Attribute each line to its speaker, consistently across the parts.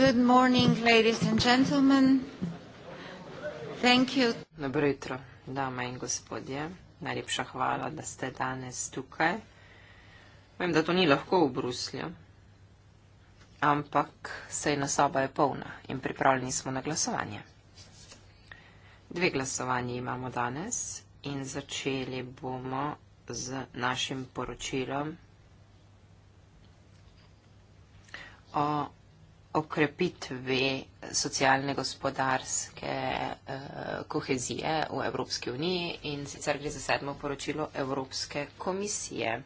Speaker 1: Good morning, ladies and gentlemen.
Speaker 2: Thank you. Dobro jutro, dame in gospodje. Najlepša hvala, da ste danes tukaj. Vem, da to ni lahko v Bruslju, ampak sejna soba je polna in pripravljeni smo na glasovanje. Dve glasovanji imamo danes in začeli bomo z našim poročilom o glasovanju okrepitvi socialne gospodarske eh, kohezije v Evropski uniji in sicer gre za sedmo poročilo Evropske komisije.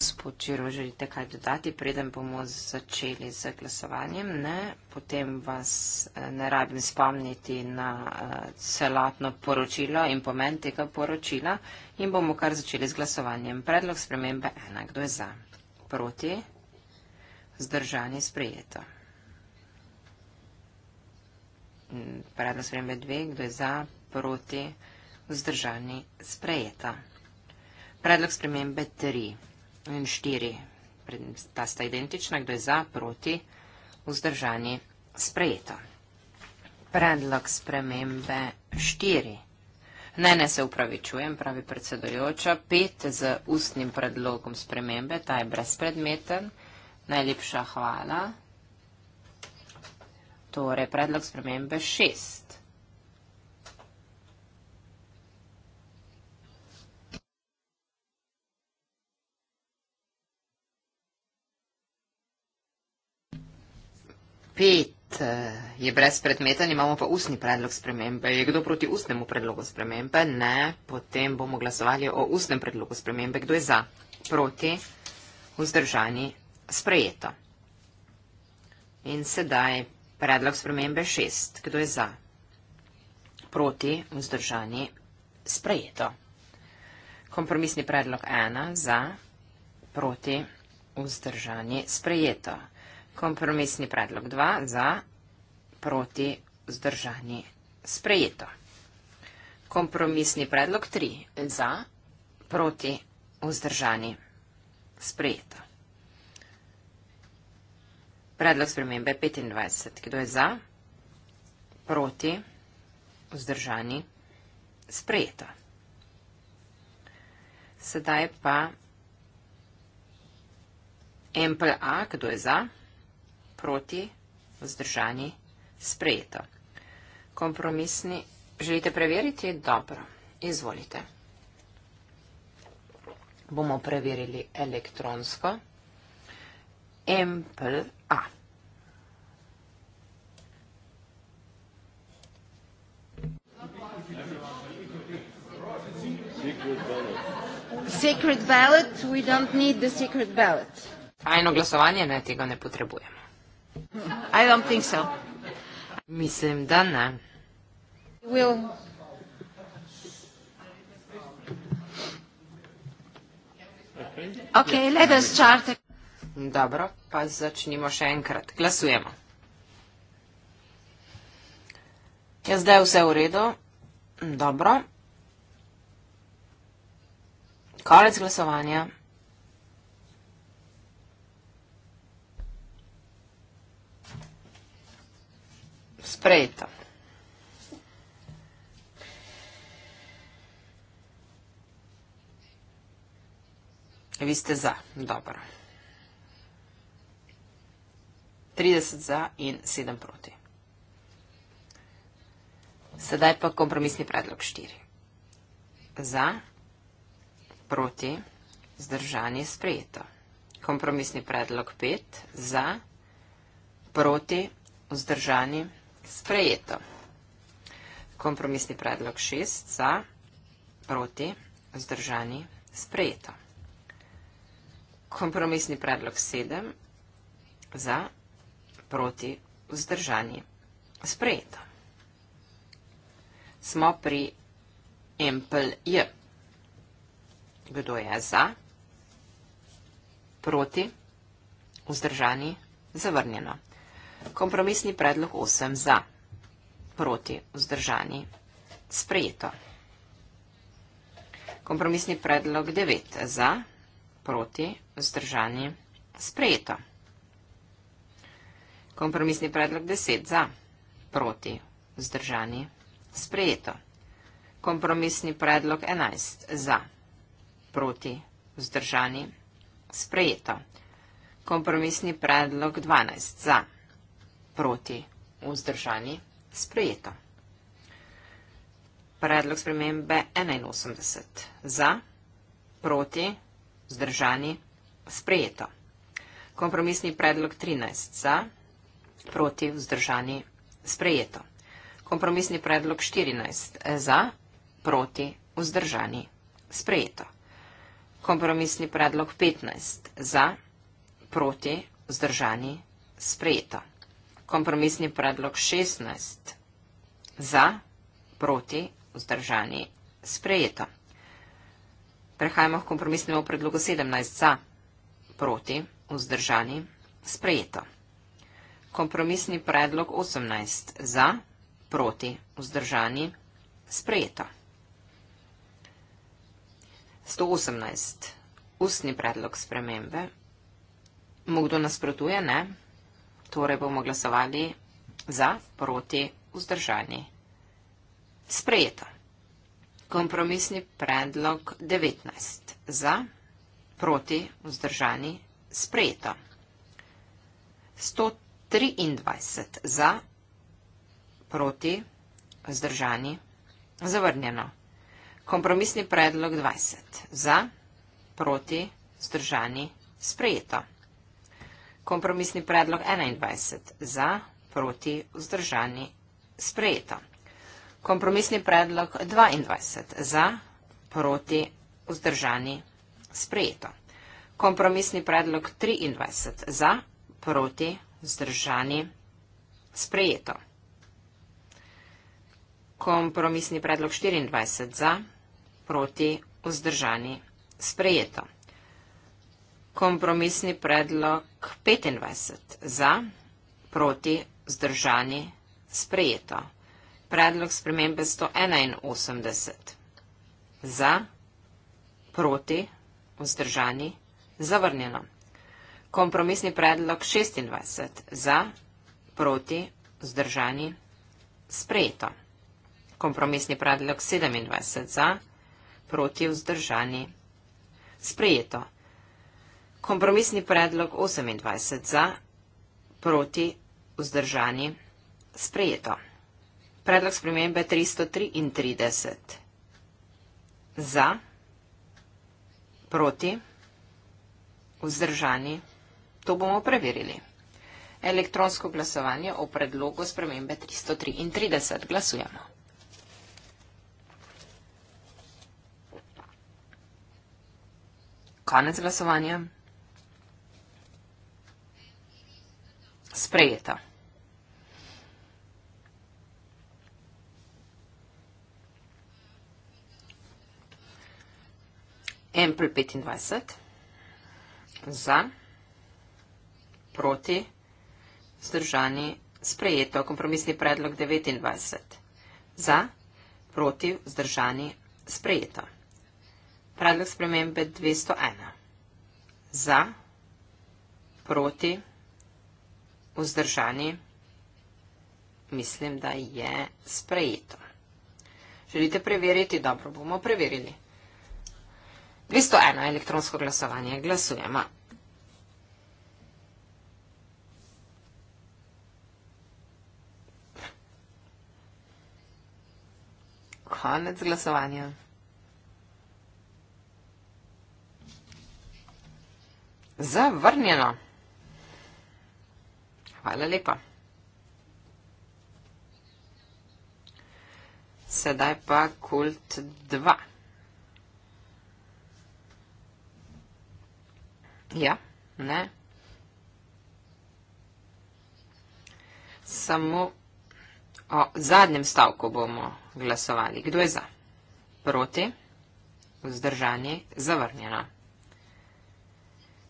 Speaker 2: Gospod Čiro, želite kaj dodati, preden bomo začeli z glasovanjem? Ne, potem vas eh, ne rabim spomniti na eh, celotno poročilo in pomen tega poročila in bomo kar začeli z glasovanjem. Predlog spremembe ena. Kdo je za? Proti? zdržanje sprejeto. Parada sprejme dve, kdo je za, proti, vzdržani, sprejeta. Predlog spremembe 3 in 4. Ta sta identična, kdo je za, proti, vzdržani, sprejeta. Predlog spremembe 4. Ne, ne se upravičujem, pravi predsedojoča. 5 z ustnim predlogom spremembe, ta je brezpredmeten. Najlepša hvala. Torej, predlog spremembe šest. Pet eh, je brezpredmeten, imamo pa ustni predlog spremembe. Je kdo proti ustnemu predlogu spremembe? Ne. Potem bomo glasovali o ustnem predlogu spremembe. Kdo je za? Proti? Vzdržani? sprejeto. In sedaj predlog spremembe šest. Kdo je za? Proti vzdržani sprejeto. Kompromisni predlog ena za proti vzdržani sprejeto. Kompromisni predlog dva za proti vzdržani sprejeto. Kompromisni predlog tri za proti vzdržani sprejeto. Predlog spremembe 25. Kdo je za? Proti? Vzdržani? Sprejeto. Sedaj pa MPLA, kdo je za? Proti? Vzdržani? Sprejeto. Kompromisni. Želite preveriti? Dobro. Izvolite. Bomo preverili elektronsko. MPLA. 啊。Secret ballot, we don't need the secret ballot. Tajno glasovanje, ne, tega ne potrebujemo. I don't think so. Mislim, da ne. We'll... Okay, let us chart. A... Dobro, pa začnimo še enkrat. Glasujemo. Ja, zdaj vse v redu. Dobro. Konec glasovanja. Sprejeto. Vi ste za. Dobro. 30 za in 7 proti. Sedaj pa kompromisni predlog 4. Za, proti, zdržanje sprejeto. Kompromisni predlog 5. Za, proti, vzdržani, sprejeto. Kompromisni predlog 6. Za, proti, vzdržani, sprejeto. Kompromisni predlog 7. Za, proti, vzdržani, sprejeto proti vzdržani. Sprejeto. Smo pri empl j. Kdo je za? Proti? Vzdržani? Zavrnjeno. Kompromisni predlog 8 za. Proti? Vzdržani? Sprejeto. Kompromisni predlog 9 za. Proti? Vzdržani? Sprejeto. Sprejeto. Kompromisni predlog 10 za, proti, vzdržani, sprejeto. Kompromisni predlog 11 za, proti, vzdržani, sprejeto. Kompromisni predlog 12 za, proti, vzdržani, sprejeto. Predlog spremembe 81 za, proti, vzdržani, sprejeto. Kompromisni predlog 13 za, proti, vzdržani, sprejeto proti vzdržani sprejeto. Kompromisni predlog 14 eh, za, proti vzdržani sprejeto. Kompromisni predlog 15 za, proti vzdržani sprejeto. Kompromisni predlog 16 za, proti vzdržani sprejeto. Prehajamo v kompromisnemu predlogu 17 za, proti vzdržani sprejeto. Kompromisni predlog 18 za, proti, vzdržani, sprejeto. 118. Ustni predlog spremembe. Mu kdo nasprotuje? Ne. Torej bomo glasovali za, proti, vzdržani. Sprejeto. Kompromisni predlog 19. Za, proti, vzdržani, sprejeto. 100. 23 za, proti, vzdržani, zavrnjeno. Kompromisni predlog 20 za, proti, vzdržani, sprejeto. Kompromisni predlog 21 za, proti, vzdržani, sprejeto. Kompromisni predlog 22 za, proti, vzdržani, sprejeto. Kompromisni predlog 23 za, proti, vzdržani, sprejeto. Kompromisni predlog 23 za, proti, vzdržani, sprejeto. Zdržani. Sprejeto. Kompromisni predlog 24 za, proti, vzdržani. Sprejeto. Kompromisni predlog 25 za, proti, vzdržani. Sprejeto. Predlog spremembe 181 za, proti, vzdržani. Zavrnjeno. Kompromisni predlog 26 za, proti, zdržani, sprejeto. Kompromisni predlog 27 za, proti, vzdržani, sprejeto. Kompromisni predlog 28 za, proti, vzdržani, sprejeto. Predlog spremembe 333 za, proti, vzdržani, sprejeto. To bomo preverili. Elektronsko glasovanje o predlogu spremembe 333. Glasujemo. Konec glasovanja. Sprejeta. Ample 25. Za proti, zdržani, sprejeto, kompromisni predlog 29, za, proti, zdržani, sprejeto. Predlog spremembe 201, za, proti, vzdržani, mislim, da je sprejeto. Želite preveriti? Dobro, bomo preverili. 201 elektronsko glasovanje. Glasujemo. konec glasovanja. Zavrnjeno. Hvala lepa. Sedaj pa kult 2. Ja, ne. Samo O zadnjem stavku bomo glasovali. Kdo je za? Proti? Vzdržanje? Zavrnjena.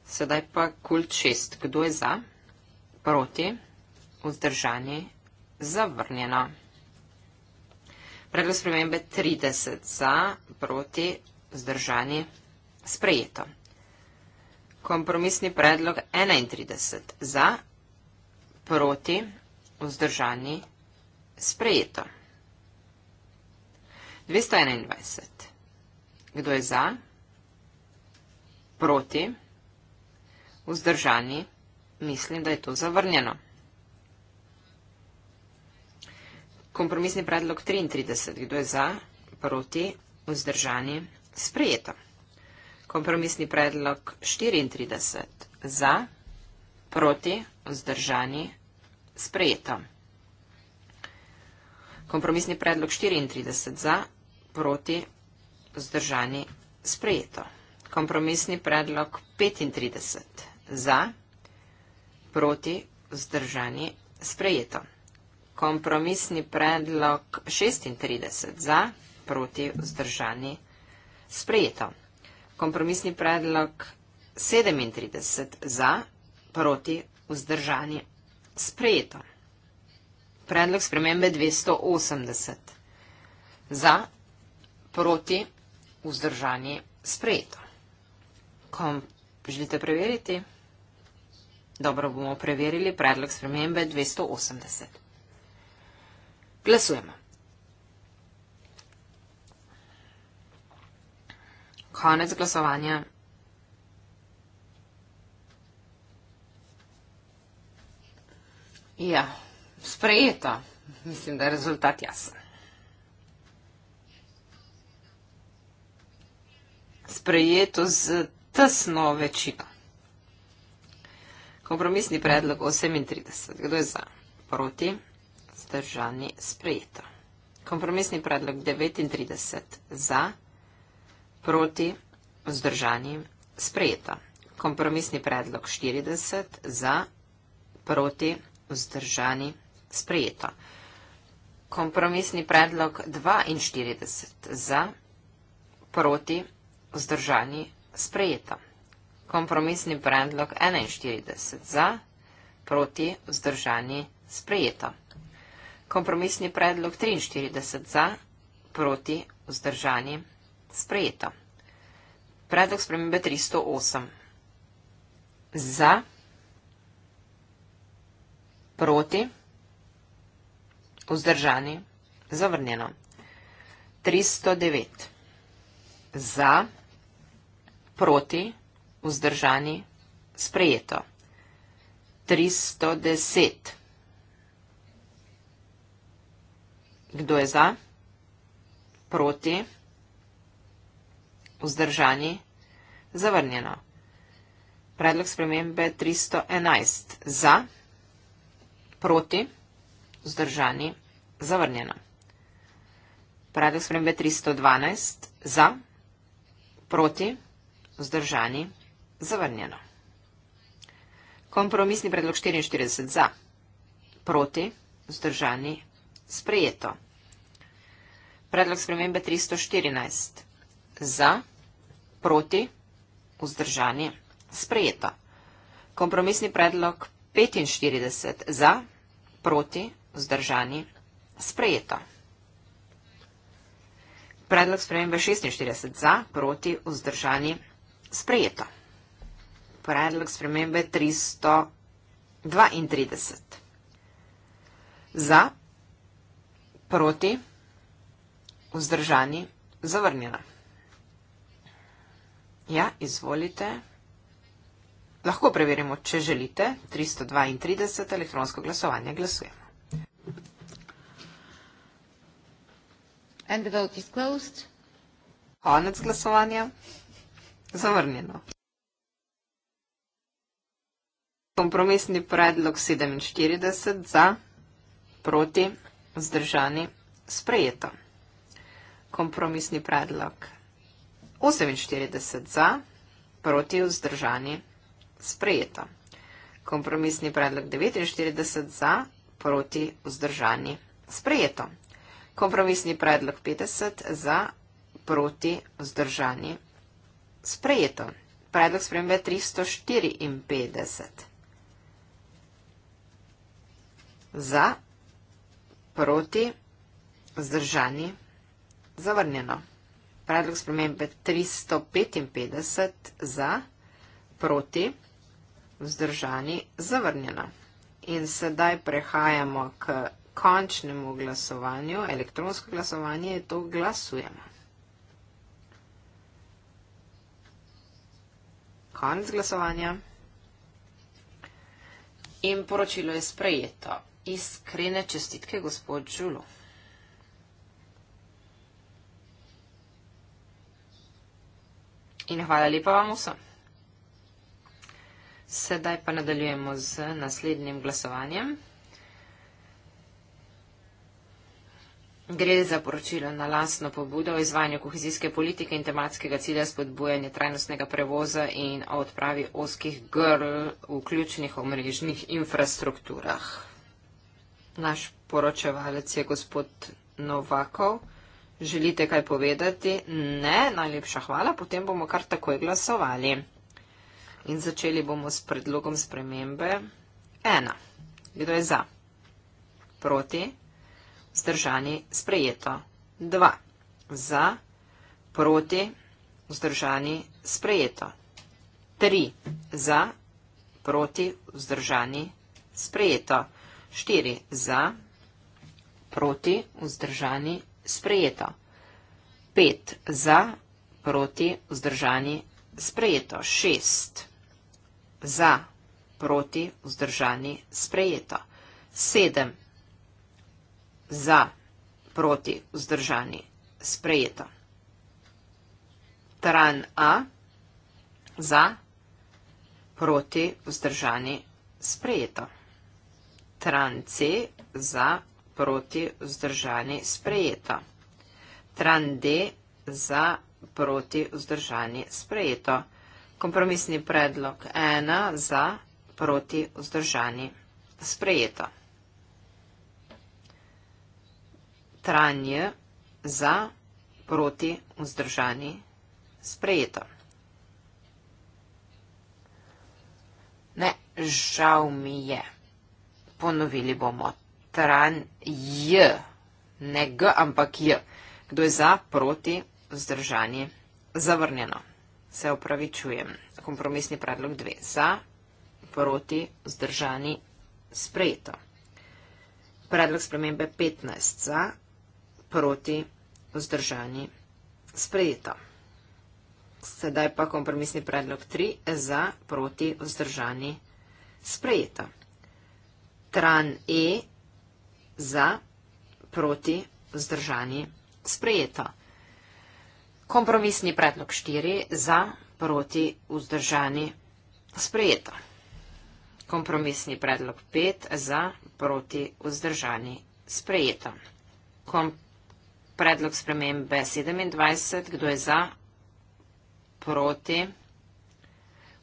Speaker 2: Sedaj pa kult šest. Kdo je za? Proti? Vzdržanje? Zavrnjena. Predlog spremembe 30 za, proti, zdržanje, sprejeto. Kompromisni predlog 31 za, proti, vzdržanje, Sprejeto. 221. Kdo je za? Proti? Vzdržani? Mislim, da je to zavrnjeno. Kompromisni predlog 33. Kdo je za? Proti? Vzdržani? Sprejeto. Kompromisni predlog 34. Za? Proti? Vzdržani? Sprejeto. Kompromisni predlog 34 za, proti, zdržani, sprejeto. Kompromisni predlog 35 za, proti, zdržani, sprejeto. Kompromisni predlog 36 za, proti, zdržani, sprejeto. Kompromisni predlog 37 za, proti, vzdržani, sprejeto predlog spremembe 280. Za, proti, vzdržanje, sprejeto. Ko želite preveriti, dobro bomo preverili predlog spremembe 280. Glasujemo. Konec glasovanja. Ja. Yeah sprejeta. Mislim, da je rezultat jasen. Sprejeto z tesno večino. Kompromisni predlog 38. Kdo je za? Proti. Zdržani. Sprejeto. Kompromisni predlog 39. Za. Proti. Zdržani. Sprejeto. Kompromisni predlog 40. Za. Proti. Zdržani. Sprejeto sprejeto. Kompromisni predlog 42 za, proti, vzdržani, sprejeto. Kompromisni predlog 41 za, proti, vzdržani, sprejeto. Kompromisni predlog 43 za, proti, vzdržani, sprejeto. Predlog spremembe 308 za, proti, vzdržani, sprejeto. Vzdržani. Zavrnjeno. 309. Za. Proti. Vzdržani. Sprejeto. 310. Kdo je za? Proti. Vzdržani. Zavrnjeno. Predlog spremembe 311. Za. Proti vzdržani, zavrnjeno. Pravi spremembe 312, za, proti, vzdržani, zavrnjeno. Kompromisni predlog 44, za, proti, vzdržani, sprejeto. Predlog spremembe 314, za, proti, vzdržani, sprejeto. Kompromisni predlog 45, za, proti, vzdržani, sprejeto vzdržani, sprejeto. Predlog spremembe 46 za, proti, vzdržani, sprejeto. Predlog spremembe 332 za, proti, vzdržani, zavrnjena. Ja, izvolite. Lahko preverimo, če želite. 332 elektronsko glasovanje glasujemo. And the vote is closed. Konec glasovanja. Zavrnjeno. Kompromisni predlog 47 za, proti, vzdržani, sprejeto. Kompromisni predlog 48 za, proti, vzdržani, sprejeto. Kompromisni predlog 49 za, proti vzdržani. Sprejeto. Kompromisni predlog 50 za proti vzdržani. Sprejeto. Predlog spremembe 354. Za proti vzdržani. Zavrnjeno. Predlog spremembe 355 za proti vzdržani. Zavrnjeno. In sedaj prehajamo k končnemu glasovanju. Elektronsko glasovanje je to glasujemo. Konec glasovanja. In poročilo je sprejeto. Iskrene čestitke, gospod Žulu. In hvala lepa vam vsem. Sedaj pa nadaljujemo z naslednjim glasovanjem. Gre za poročilo na lastno pobudo o izvajanju kohezijske politike in tematskega cilja spodbujanja trajnostnega prevoza in o odpravi oskih grl v ključnih omrežnih infrastrukturah. Naš poročevalec je gospod Novakov. Želite kaj povedati? Ne, najlepša hvala, potem bomo kar takoj glasovali. In začeli bomo s predlogom spremembe. Ena. Kdo je za? Proti. Zdržani. Sprejeto. Dva. Za. Proti. Vzdržani. Sprejeto. Tri. Za. Proti. Vzdržani. Sprejeto. Štiri. Za. Proti. Vzdržani. Sprejeto. Pet. Za. Proti. Vzdržani. Sprejeto. Šest za, proti, vzdržani, sprejeto. Sedem za, proti, vzdržani, sprejeto. Tran A za, proti, vzdržani, sprejeto. Tran C za, proti, vzdržani, sprejeto. Tran D za, proti, vzdržani, sprejeto. Kompromisni predlog ena za proti vzdržani. Sprejeto. Tranje za proti vzdržani. Sprejeto. Ne, žal mi je. Ponovili bomo. Tranje. Ne g, ampak j. Kdo je za proti vzdržani? Zavrnjeno se opravičujem. Kompromisni predlog dve. Za, proti, zdržani, sprejeto. Predlog spremembe 15. Za, proti, vzdržani, sprejeto. Sedaj pa kompromisni predlog 3. Za, proti, vzdržani, sprejeto. Tran E. Za, proti, vzdržani, sprejeto. Kompromisni predlog štiri za, proti, vzdržani, sprejeto. Kompromisni predlog pet za, proti, vzdržani, sprejeto. Kom predlog spremembe 27, kdo je za, proti,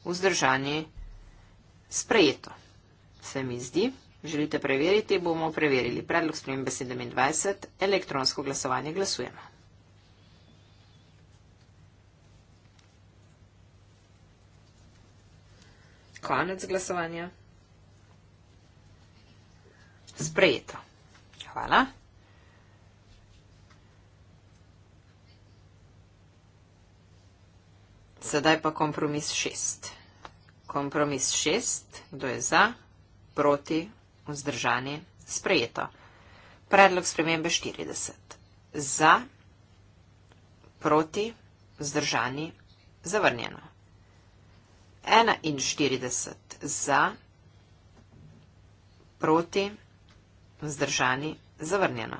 Speaker 2: vzdržani, sprejeto. Se mi zdi. Želite preveriti, bomo preverili predlog spremembe 27, elektronsko glasovanje glasujemo. konec glasovanja. Sprejeto. Hvala. Sedaj pa kompromis šest. Kompromis šest, kdo je za, proti, vzdržani, sprejeto. Predlog spremembe 40. Za, proti, vzdržani, zavrnjeno. 41 za, proti, vzdržani, zavrnjeno.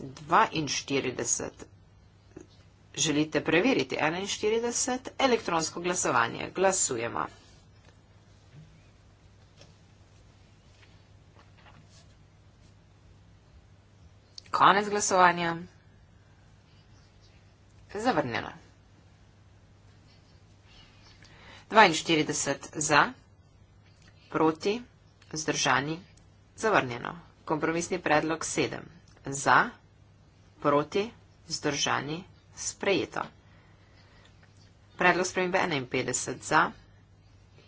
Speaker 2: 42 želite preveriti 41, elektronsko glasovanje, glasujemo. Konec glasovanja, zavrnjeno. 42 za, proti, vzdržani, zavrnjeno. Kompromisni predlog 7. Za, proti, vzdržani, sprejeto. Predlog spremembe 51 za,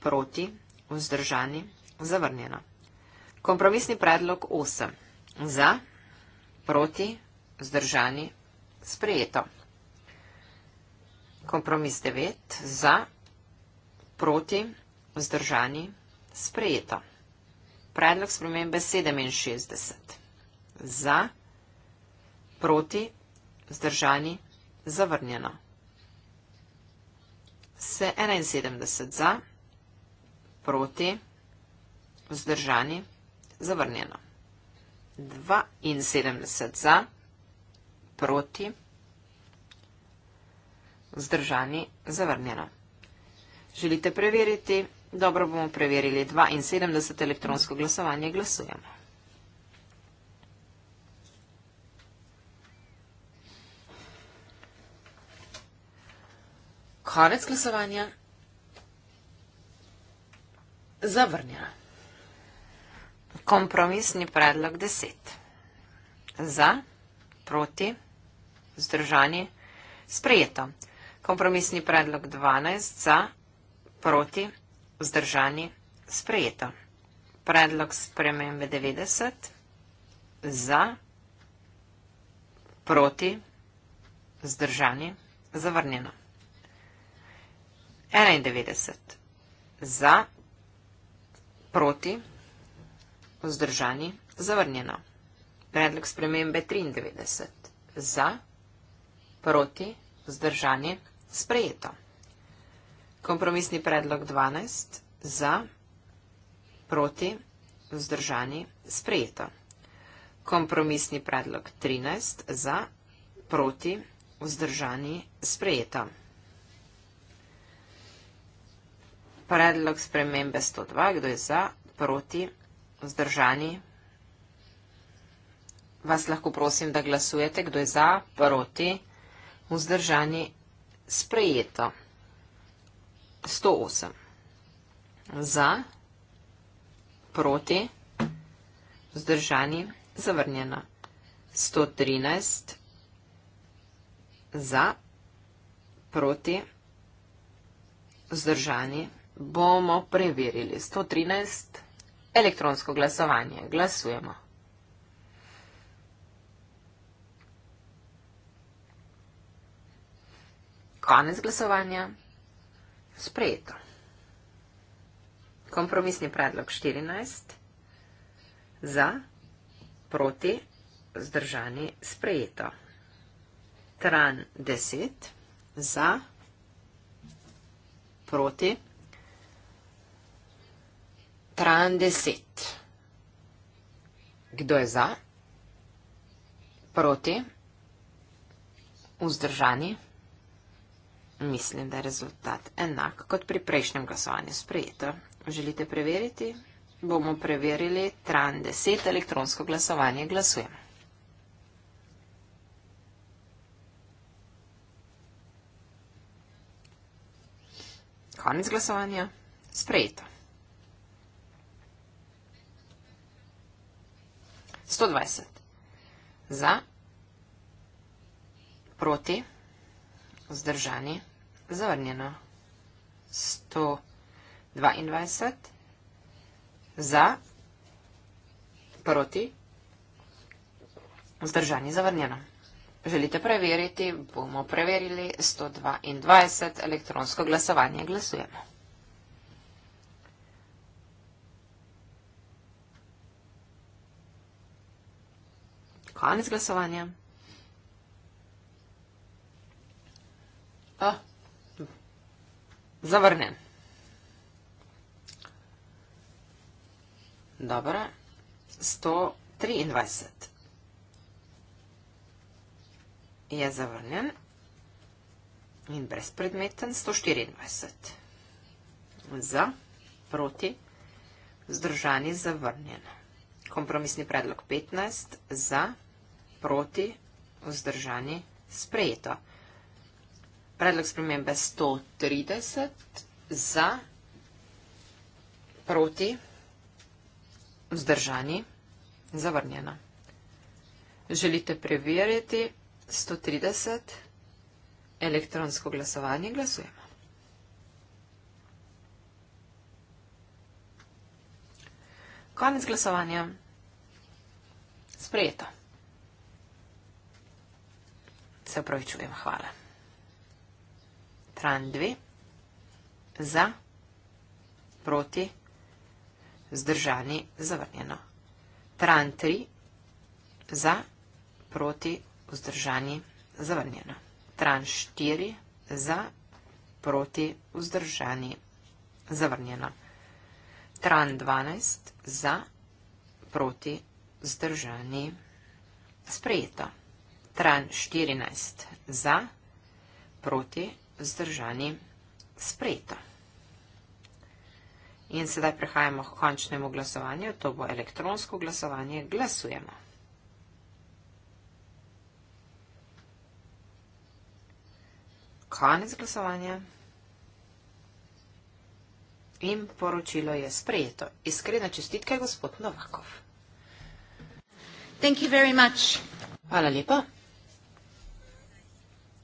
Speaker 2: proti, vzdržani, zavrnjeno. Kompromisni predlog 8. Za, proti, vzdržani, sprejeto. Kompromis 9. Za, proti, vzdržani, sprejeto. Proti, vzdržani, sprejeto. Predlog spremembe 67. Za, proti, vzdržani, zavrnjeno. Se 71 za, proti, vzdržani, zavrnjeno. 72 za, proti, vzdržani, zavrnjeno. Želite preveriti? Dobro bomo preverili. 72 elektronsko glasovanje glasujemo. Konec glasovanja. Zavrnjeno. Kompromisni predlog 10. Za, proti, zdržani, sprejeto. Kompromisni predlog 12. Za, proti, vzdržani, sprejeto. Predlog spremembe 90, za, proti, vzdržani, zavrnjeno. 91, za, proti, vzdržani, zavrnjeno. Predlog spremembe 93, za, proti, vzdržani, sprejeto. Kompromisni predlog 12 za, proti, vzdržani, sprejeto. Kompromisni predlog 13 za, proti, vzdržani, sprejeto. Predlog spremembe 102, kdo je za, proti, vzdržani. Vas lahko prosim, da glasujete, kdo je za, proti, vzdržani, sprejeto. 108. Za, proti, vzdržani, zavrnjena. 113. Za, proti, vzdržani, bomo preverili. 113. Elektronsko glasovanje. Glasujemo. Konec glasovanja sprejeto. Kompromisni predlog 14 za, proti, zdržani, sprejeto. Tran 10 za, proti, tran 10. Kdo je za, proti, vzdržani, sprejeto. Mislim, da je rezultat enak kot pri prejšnjem glasovanju sprejeto. Želite preveriti? Bomo preverili tran 10 elektronsko glasovanje. Glasujemo. Konec glasovanja. Sprejeto. 120. Za. Proti vzdržani, zavrnjeno. 122, za, proti, vzdržani, zavrnjeno. Želite preveriti, bomo preverili 122, elektronsko glasovanje, glasujemo. Konec glasovanja. Oh. Zavrnem. Dobro. 123. Je zavrnjen. In brezpredmeten. 124. Za, proti, zdržani, zavrnjen. Kompromisni predlog 15. Za, proti, vzdržani, sprejeto predlog spremembe 130 za, proti, vzdržani, zavrnjena. Želite preverjati 130 elektronsko glasovanje, glasujemo. Konec glasovanja. Sprejeto. Se upravičujem, hvala stran 2, za, proti, zdržani, zavrnjeno. Tran 3, za, proti, vzdržani, zavrnjeno. Tran 4, za, proti, vzdržani, zavrnjeno. Tran 12, za, proti, vzdržani, sprejeto. Tran 14, za, proti, vzdržani, zavrnjeno zdržani spreto. In sedaj prehajamo k končnemu glasovanju, to bo elektronsko glasovanje, glasujemo. Konec glasovanja. In poročilo je sprejeto. Iskrena čestitka, gospod Novakov. Hvala lepa.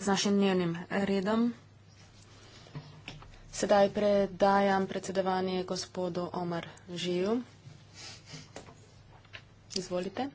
Speaker 1: z našim dnevnim redom. Sedaj predajam predsedovanje gospodu Omar Žiju. Izvolite.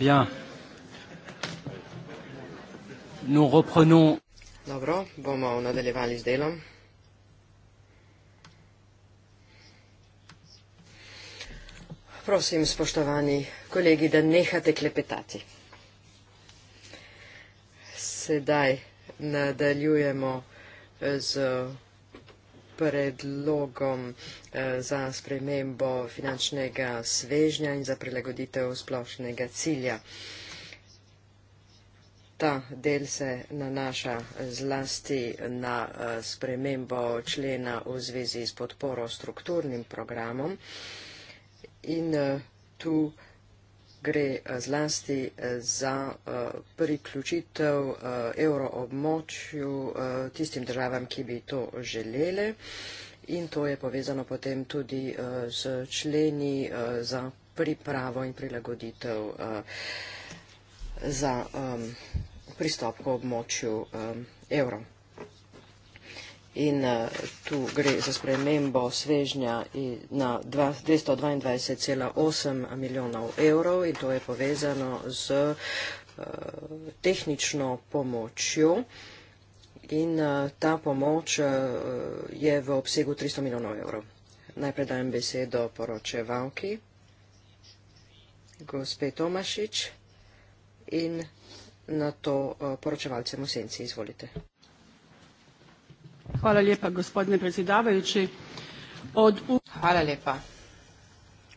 Speaker 3: Bien. Nous reprenons.
Speaker 4: Dobro, bomo nadaljevali z delom. Prosim, spoštovani kolegi, da nehate klepetati. Sedaj nadaljujemo z predlogom eh, za spremembo finančnega svežnja in za prilagoditev splošnega cilja. Ta del se nanaša zlasti na eh, spremembo člena v zvezi s podporo strukturnim programom in eh, tu gre eh, zlasti eh, za eh, priključitev euroobmočju tistim državam, ki bi to želele in to je povezano potem tudi z členi za pripravo in prilagoditev za pristop k območju evro in eh, tu gre za spremembo svežnja na 222,8 milijonov evrov in to je povezano z eh, tehnično pomočjo. In eh, ta pomoč je v obsegu 300 milijonov evrov. Najprej dajem besedo poročevalki, gospe Tomašič, in na to poročevalce Mosenci izvolite. Hvala lepa, gospodine predsedavajući.
Speaker 1: Od... Hvala
Speaker 4: lepa,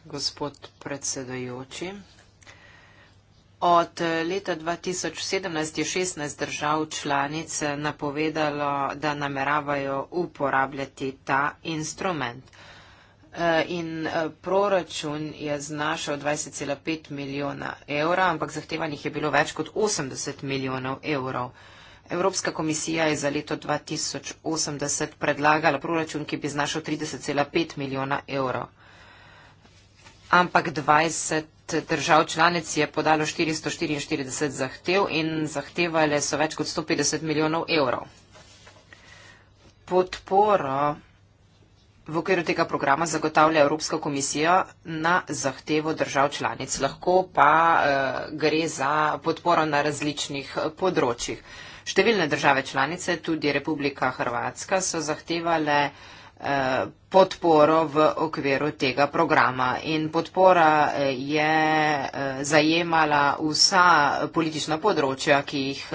Speaker 2: gospod predsedujoči. Od eh, leta 2017 je 16 držav članic eh, napovedalo, da nameravajo uporabljati ta instrument. Eh, in proračun je znašal 20,5 milijona evra, ampak zahtevanih je bilo več kot 80 milijonov evrov. Evropska komisija je za leto 2080 predlagala proračun, ki bi znašal 30,5 milijona evrov. Ampak 20 držav članic je podalo 444 zahtev in zahtevale so več kot 150 milijonov evrov. Podporo v okviru tega programa zagotavlja Evropska komisija na zahtevo držav članic. Lahko pa eh, gre za podporo na različnih področjih. Številne države članice, tudi Republika Hrvatska, so zahtevale eh, podporo v okviru tega programa. In podpora eh, je eh, zajemala vsa politična področja, ki jih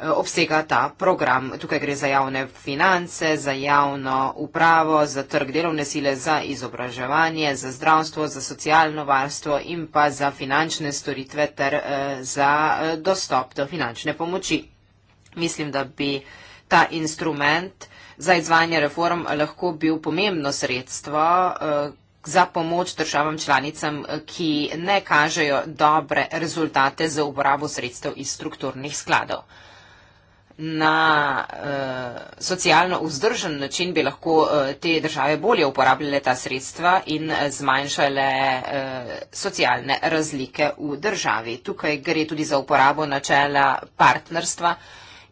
Speaker 2: Eh, obsega ta program. Tukaj gre za javne finance, za javno upravo, za trg delovne sile, za izobraževanje, za zdravstvo, za socialno varstvo in pa za finančne storitve ter eh, za eh, dostop do finančne pomoči. Mislim, da bi ta instrument za izvajanje reform lahko bil pomembno sredstvo za pomoč državam članicam, ki ne kažejo dobre rezultate za uporabo sredstev iz strukturnih skladov na uh, socialno vzdržen način bi lahko uh, te države bolje uporabljale ta sredstva in uh, zmanjšale uh, socialne razlike v državi. Tukaj gre tudi za uporabo načela partnerstva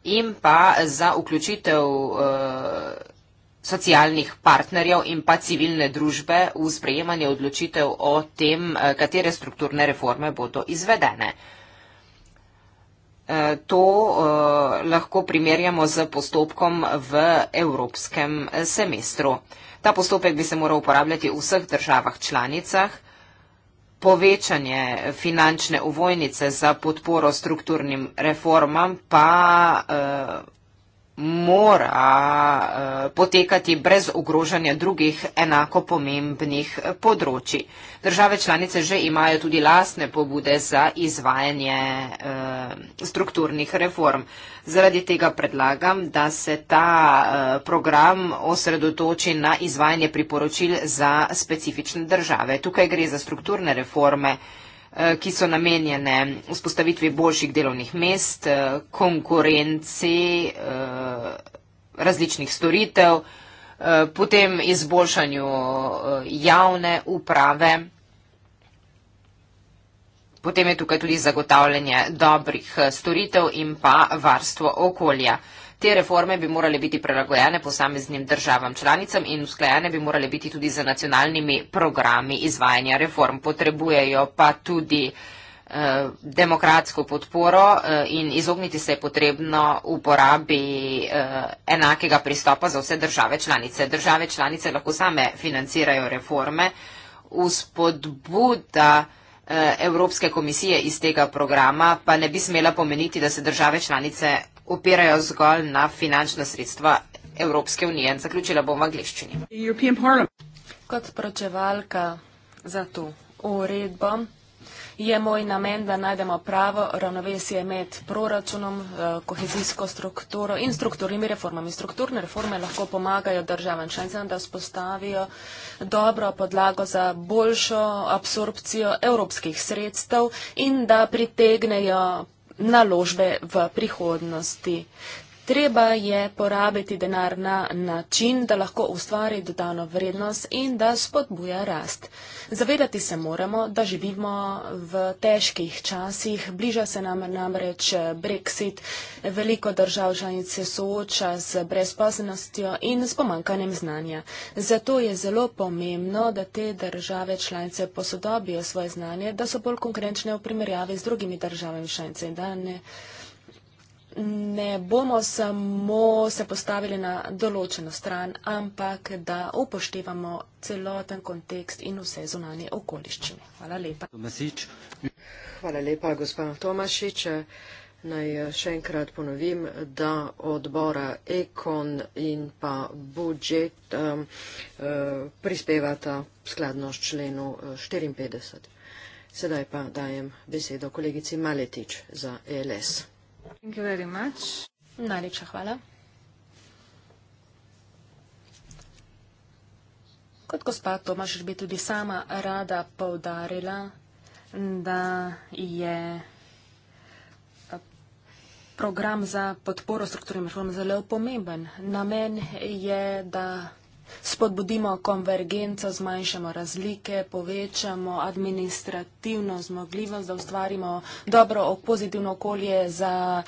Speaker 2: in pa za vključitev uh, socialnih partnerjev in pa civilne družbe v sprejemanje odločitev o tem, uh, katere strukturne reforme bodo izvedene. Eh, to eh, lahko primerjamo z postopkom v evropskem eh, semestru. Ta postopek bi se moral uporabljati v vseh državah članicah. Povečanje finančne uvojnice za podporo strukturnim reformam pa mora eh, potekati brez ogrožanja drugih enako pomembnih področji. Države članice že imajo tudi lasne pobude za izvajanje eh, strukturnih reform. Zaradi tega predlagam, da se ta eh, program osredotoči na izvajanje priporočil za specifične države. Tukaj gre za strukturne reforme, Eh, ki so namenjene vzpostavitvi boljših delovnih mest, eh, konkurenci eh, različnih storitev, potem izboljšanju javne uprave, potem je tukaj tudi zagotavljanje dobrih storitev in pa varstvo okolja. Te reforme bi morale biti prelagojene posameznim državam članicam in usklajene bi morale biti tudi za nacionalnimi programi izvajanja reform. Potrebujejo pa tudi eh, demokratsko podporo eh, in izogniti se je potrebno uporabi eh, enakega pristopa za vse države članice. Države članice lahko same financirajo reforme v spodbuda. Eh, Evropske komisije iz tega programa pa ne bi smela pomeniti, da se države članice upirajo zgolj na finančna sredstva Evropske unije. Zaključila bom v angliščini.
Speaker 1: Kot pročevalka za to uredbo. Je moj namen, da najdemo pravo ravnovesje med proračunom, eh, kohezijsko strukturo in strukturnimi reformami. Strukturne reforme lahko pomagajo državam članicam, da spostavijo dobro podlago za boljšo absorpcijo evropskih sredstev in da pritegnejo naložbe v prihodnosti. Treba je porabiti denar na način, da lahko ustvari dodano vrednost in da spodbuja rast. Zavedati se moramo, da živimo v težkih časih, bliža se nam namreč Brexit, veliko držav članic se sooča z brezposobnostjo in s pomankanjem znanja. Zato je zelo pomembno, da te države članice posodobijo svoje znanje, da so bolj konkurenčne v primerjavi z drugimi državami članicami ne bomo samo se postavili na določeno stran, ampak da upoštevamo celoten kontekst in vse zunanje okoliščine. Hvala
Speaker 3: lepa.
Speaker 4: Hvala lepa, gospod Tomašič. Naj eh, še enkrat ponovim, da odbora Ekon in pa budžet um, prispevata skladno s členu 54. Eh, Sedaj pa dajem besedo kolegici Maletič za ELS.
Speaker 1: Thank you very much. Najlepša hvala. Kot gospa Tomaš bi tudi sama rada povdarila, da je eh, program za podporo strukturnim reform zelo pomemben. Namen je, da spodbudimo konvergenco, zmanjšamo razlike, povečamo administrativno zmogljivost, da ustvarimo dobro pozitivno okolje za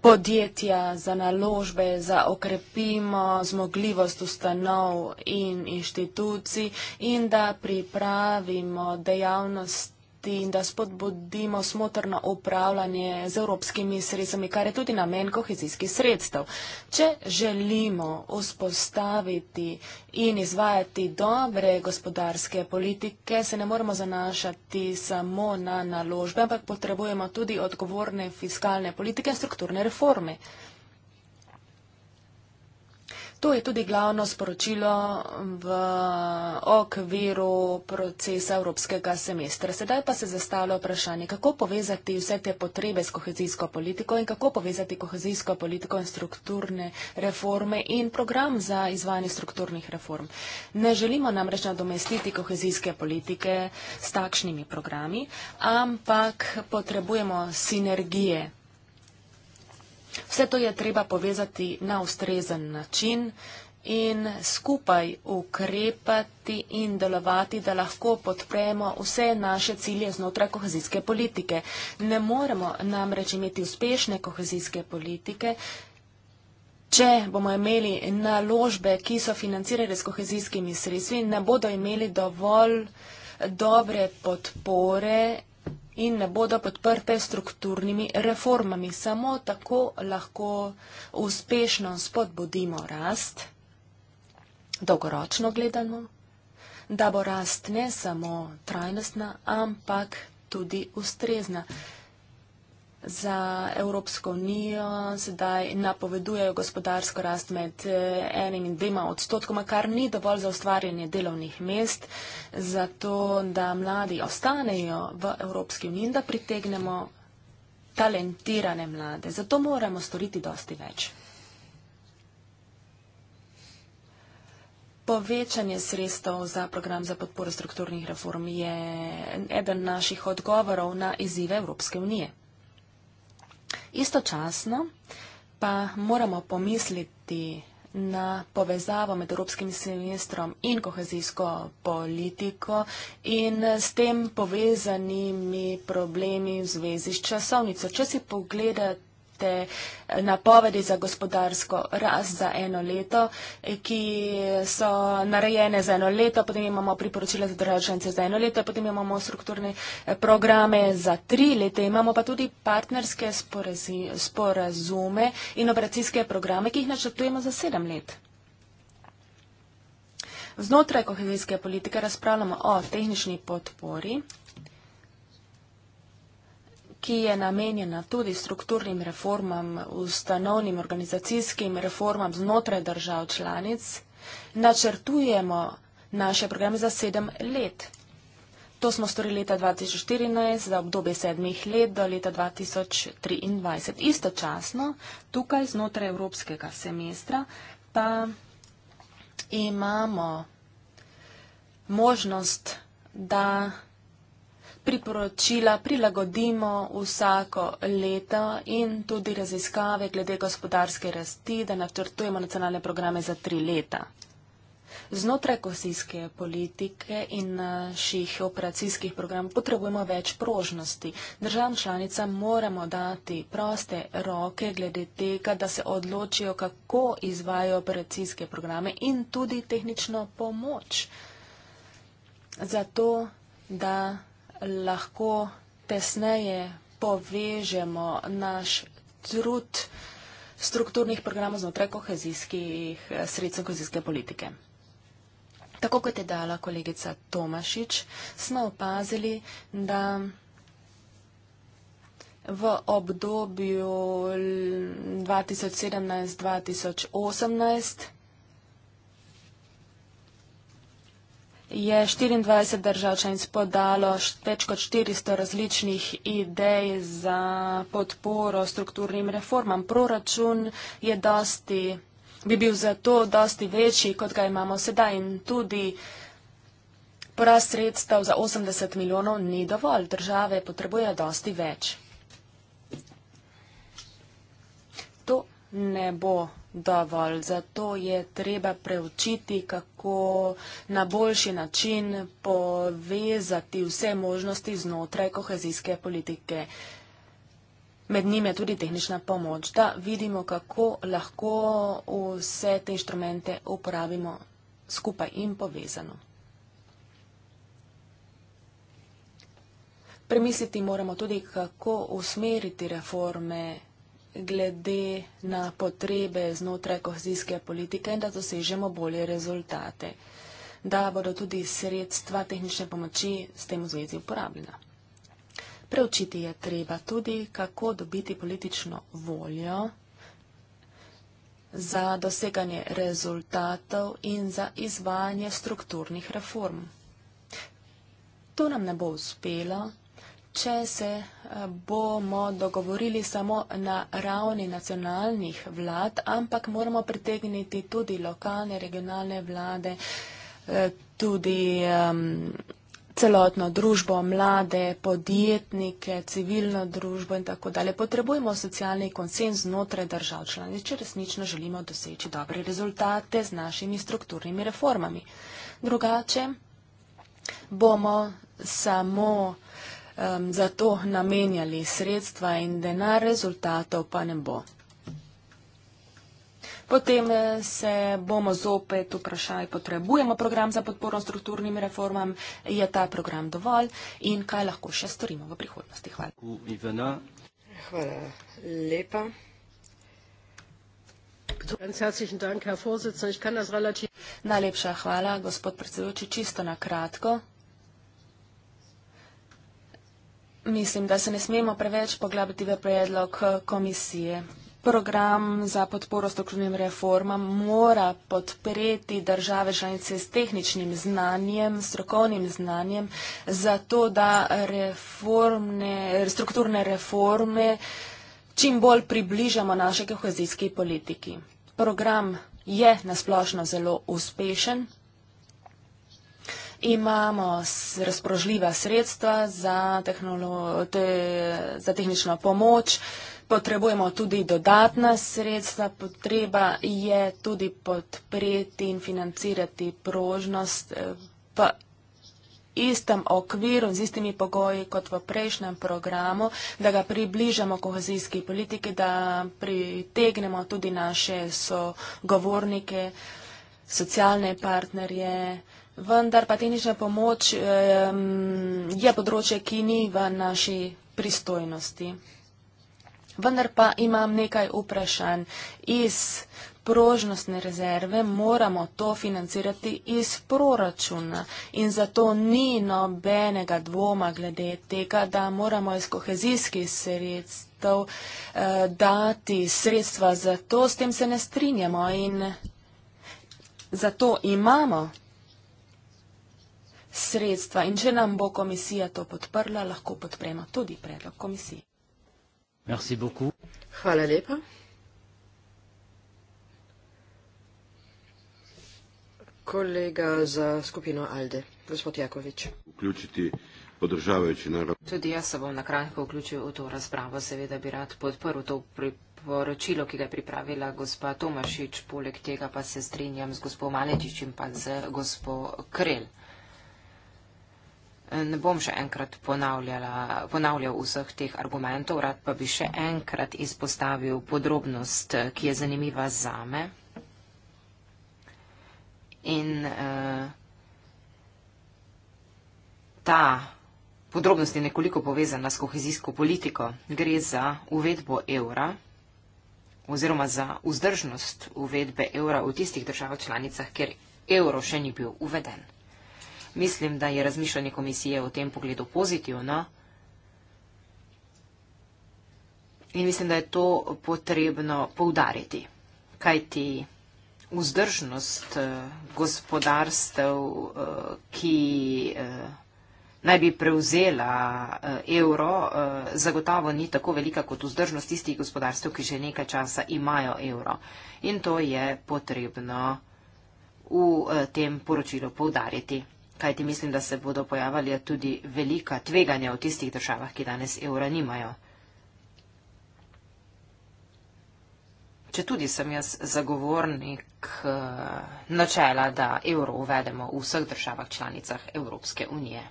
Speaker 1: podjetja, za naložbe, za okrepimo zmogljivost ustanov in inštitucij in da pripravimo dejavnosti, zavarovati in da spodbudimo smotrno upravljanje z evropskimi sredstvami, kar je tudi namen kohezijskih sredstev. Če želimo vzpostaviti in izvajati dobre gospodarske politike, se ne moramo zanašati samo na naložbe, ampak potrebujemo tudi odgovorne fiskalne politike in strukturne reforme. To je tudi glavno sporočilo v okviru procesa Evropskega semestra. Sedaj pa se zastavlja vprašanje, kako povezati vse te potrebe s kohezijsko politiko in kako povezati kohezijsko politiko in strukturne reforme in program za izvajanje strukturnih reform. Ne želimo namreč nadomestiti kohezijske politike s takšnimi programi, ampak potrebujemo sinergije Vse to je treba povezati na ustrezen način in skupaj ukrepati in delovati, da lahko podpremo vse naše cilje znotraj kohezijske politike. Ne moremo namreč imeti uspešne kohezijske politike, če bomo imeli naložbe, ki so financirane s kohezijskimi sredstvi, ne bodo imeli dovolj dobre podpore in ne bodo podprte strukturnimi reformami. Samo tako lahko uspešno spodbudimo rast, dolgoročno gledano, da bo rast ne samo trajnostna, ampak tudi ustrezna za Evropsko unijo sedaj napovedujejo gospodarsko rast med eh, enim in dvema odstotkoma, kar ni dovolj za ustvarjanje delovnih mest, zato da mladi ostanejo v Evropski uniji in da pritegnemo talentirane mlade. Zato moramo storiti dosti več. Povečanje sredstev za program za podporo strukturnih reform je eden naših odgovorov na izzive Evropske unije. Istočasno pa moramo pomisliti na povezavo med evropskim semestrom in kohezijsko politiko in s tem povezanimi problemi v zvezi s časovnico. Če si pogledate, te napovedi za gospodarsko rast za eno leto, ki so narejene za eno leto, potem imamo priporočila za državljance za eno leto, potem imamo strukturne eh, programe za tri leta, imamo pa tudi partnerske sporazume in operacijske programe, ki jih načrtujemo za sedem let. Znotraj kohezijske politike razpravljamo o tehnični podpori ki je namenjena tudi strukturnim reformam, ustanovnim organizacijskim reformam znotraj držav članic, načrtujemo naše programe za sedem let. To smo storili leta 2014 za obdobje sedmih let do leta 2023. Istočasno, tukaj znotraj evropskega semestra, pa imamo možnost, da priporočila prilagodimo vsako leto in tudi raziskave glede gospodarske rasti, da načrtujemo nacionalne programe za tri leta. Znotraj kosijske politike in naših operacijskih programov potrebujemo več prožnosti. Državam članicam moramo dati proste roke glede tega, da se odločijo, kako izvajo operacijske programe in tudi tehnično pomoč. Zato, da lahko tesneje povežemo naš trud strukturnih programov znotraj kohezijskih eh, sredstv kohezijske politike. Tako kot je dala kolegica Tomašič, smo opazili, da v obdobju 2017-2018 je 24 držav članic podalo več kot 400 različnih idej za podporo strukturnim reformam. Proračun je dosti, bi bil zato dosti večji, kot ga imamo sedaj in tudi porast sredstev za 80 milijonov ni dovolj. Države potrebuje dosti več. ne bo dovolj. Zato je treba preučiti, kako na boljši način povezati vse možnosti znotraj kohezijske politike. Med njime tudi tehnična pomoč, da vidimo, kako lahko vse te inštrumente uporabimo skupaj in povezano. Premisliti moramo tudi, kako usmeriti reforme glede na potrebe znotraj kohezijske politike in da dosežemo bolje rezultate, da bodo tudi sredstva tehnične pomoči s tem v zvezi uporabljena. Preučiti je treba tudi, kako dobiti politično voljo za doseganje rezultatov in za izvajanje strukturnih reform. To nam ne bo uspelo, če se bomo dogovorili samo na ravni nacionalnih vlad, ampak moramo pritegniti tudi lokalne, regionalne vlade, eh, tudi celotno družbo, mlade, podjetnike, civilno družbo in tako dalje. Potrebujemo socialni konsens znotraj držav članic, če resnično želimo doseči dobre rezultate z našimi strukturnimi reformami. Drugače bomo samo uh, um, za to namenjali sredstva in denar, rezultatov pa ne bo. Potem eh, se bomo zopet vprašali, potrebujemo program za podporo strukturnim reformam, je ta program dovolj in kaj lahko še storimo v prihodnosti. Hvala.
Speaker 4: Hvala lepa.
Speaker 1: Najlepša hvala, gospod predsedujoči, čisto na kratko. mislim, da se ne smemo preveč poglabiti v predlog eh, komisije. Program za podporo strukturnim reformam mora podpreti države članice s tehničnim znanjem, strokovnim znanjem, zato da reformne, strukturne reforme čim bolj približamo naše kohezijske politiki. Program je nasplošno zelo uspešen, Imamo razpoložljiva sredstva za, te, za tehnično pomoč, potrebujemo tudi dodatna sredstva, potreba je tudi podpreti in financirati prožnost eh, v istem okviru, z istimi pogoji kot v prejšnjem programu, da ga približamo kohezijski politiki, da pritegnemo tudi naše sogovornike, socialne partnerje vendar pa tehnična pomoč eh, je področje, ki ni v naši pristojnosti. Vendar pa imam nekaj vprašanj. Iz prožnostne rezerve moramo to financirati iz proračuna in zato ni nobenega dvoma glede tega, da moramo iz kohezijskih sredstev eh, dati sredstva za to, s tem se ne strinjamo in zato imamo sredstva in če nam bo komisija to podprla, lahko podpremo tudi predlog komisije. Hvala lepa.
Speaker 4: Kolega za skupino Alde, gospod Jakovič.
Speaker 3: Vključiti podržavajoči narod.
Speaker 4: Tudi jaz se bom
Speaker 2: na kratko vključil v to razpravo. Seveda bi rad podprl to priporočilo, ki ga je pripravila gospa Tomašič. Poleg tega pa se strinjam z gospod Maletič in pa z gospod Krel. Ne bom še enkrat ponavljal vseh teh argumentov, rad pa bi še enkrat izpostavil podrobnost, ki je zanimiva zame. In eh, ta podrobnost je nekoliko povezana s kohezijsko politiko. Gre za uvedbo evra oziroma za vzdržnost uvedbe evra v tistih držav članicah, kjer evro še ni bil uveden. Mislim, da je razmišljanje komisije v tem pogledu pozitivno. In mislim, da je to potrebno poudariti, kajti vzdržnost eh, gospodarstv, eh, ki eh, naj bi prevzela evro, zagotavo ni tako velika kot vzdržnost tistih gospodarstv, ki že nekaj časa imajo evro. In to je potrebno v tem poročilu poudariti kajti mislim, da se bodo pojavali tudi velika tveganja v tistih državah, ki danes evra nimajo. Če tudi sem jaz zagovornik eh, načela, da evro uvedemo v vseh državah članicah Evropske unije.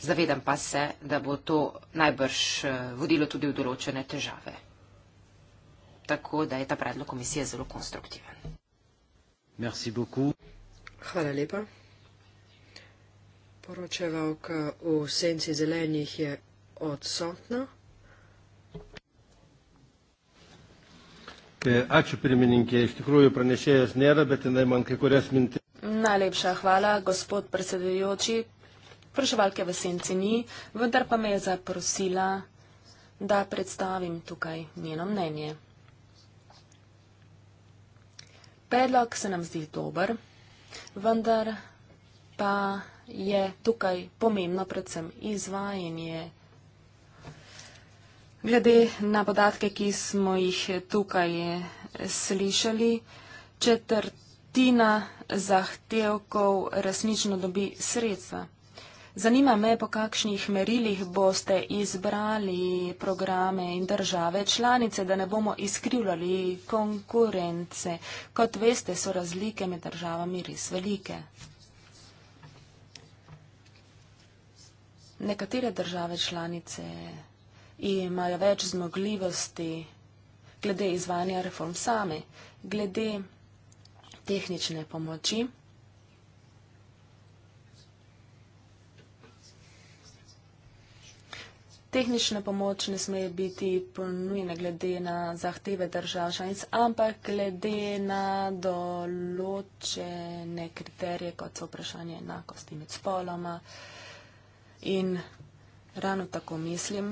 Speaker 2: Zavedam pa se, da bo to najbrž eh, vodilo tudi v določene težave. Tako da je ta predlog komisije zelo konstruktiven.
Speaker 3: Merci beaucoup.
Speaker 4: Hvala lepa. Poročevalka v senci zelenih je odsotna.
Speaker 3: Ačiū pirmininkė, iš tikrųjų pranešėjas nėra, bet jinai man kai kurias mintis.
Speaker 1: Najlepša hvala, gospod predsedujoči. Prošovalke v senci ni, vendar pa me je zaprosila, da predstavim tukaj njeno mnenje. Predlog se nam zdi dober, vendar pa je tukaj pomembno predvsem izvajanje. Glede na podatke, ki smo jih tukaj slišali, četrtina zahtevkov resnično dobi sredstva. Zanima me, po kakšnih merilih boste izbrali programe in države članice, da ne bomo izkrivljali konkurence. Kot veste, so razlike med državami res velike. Nekatere države članice imajo več zmogljivosti glede izvanja reform same, glede tehnične pomoči. tehnične pomoč ne sme biti ponujene glede na zahteve držav članic, ampak glede na določene kriterije, kot so vprašanje enakosti med spoloma. In ravno tako mislim,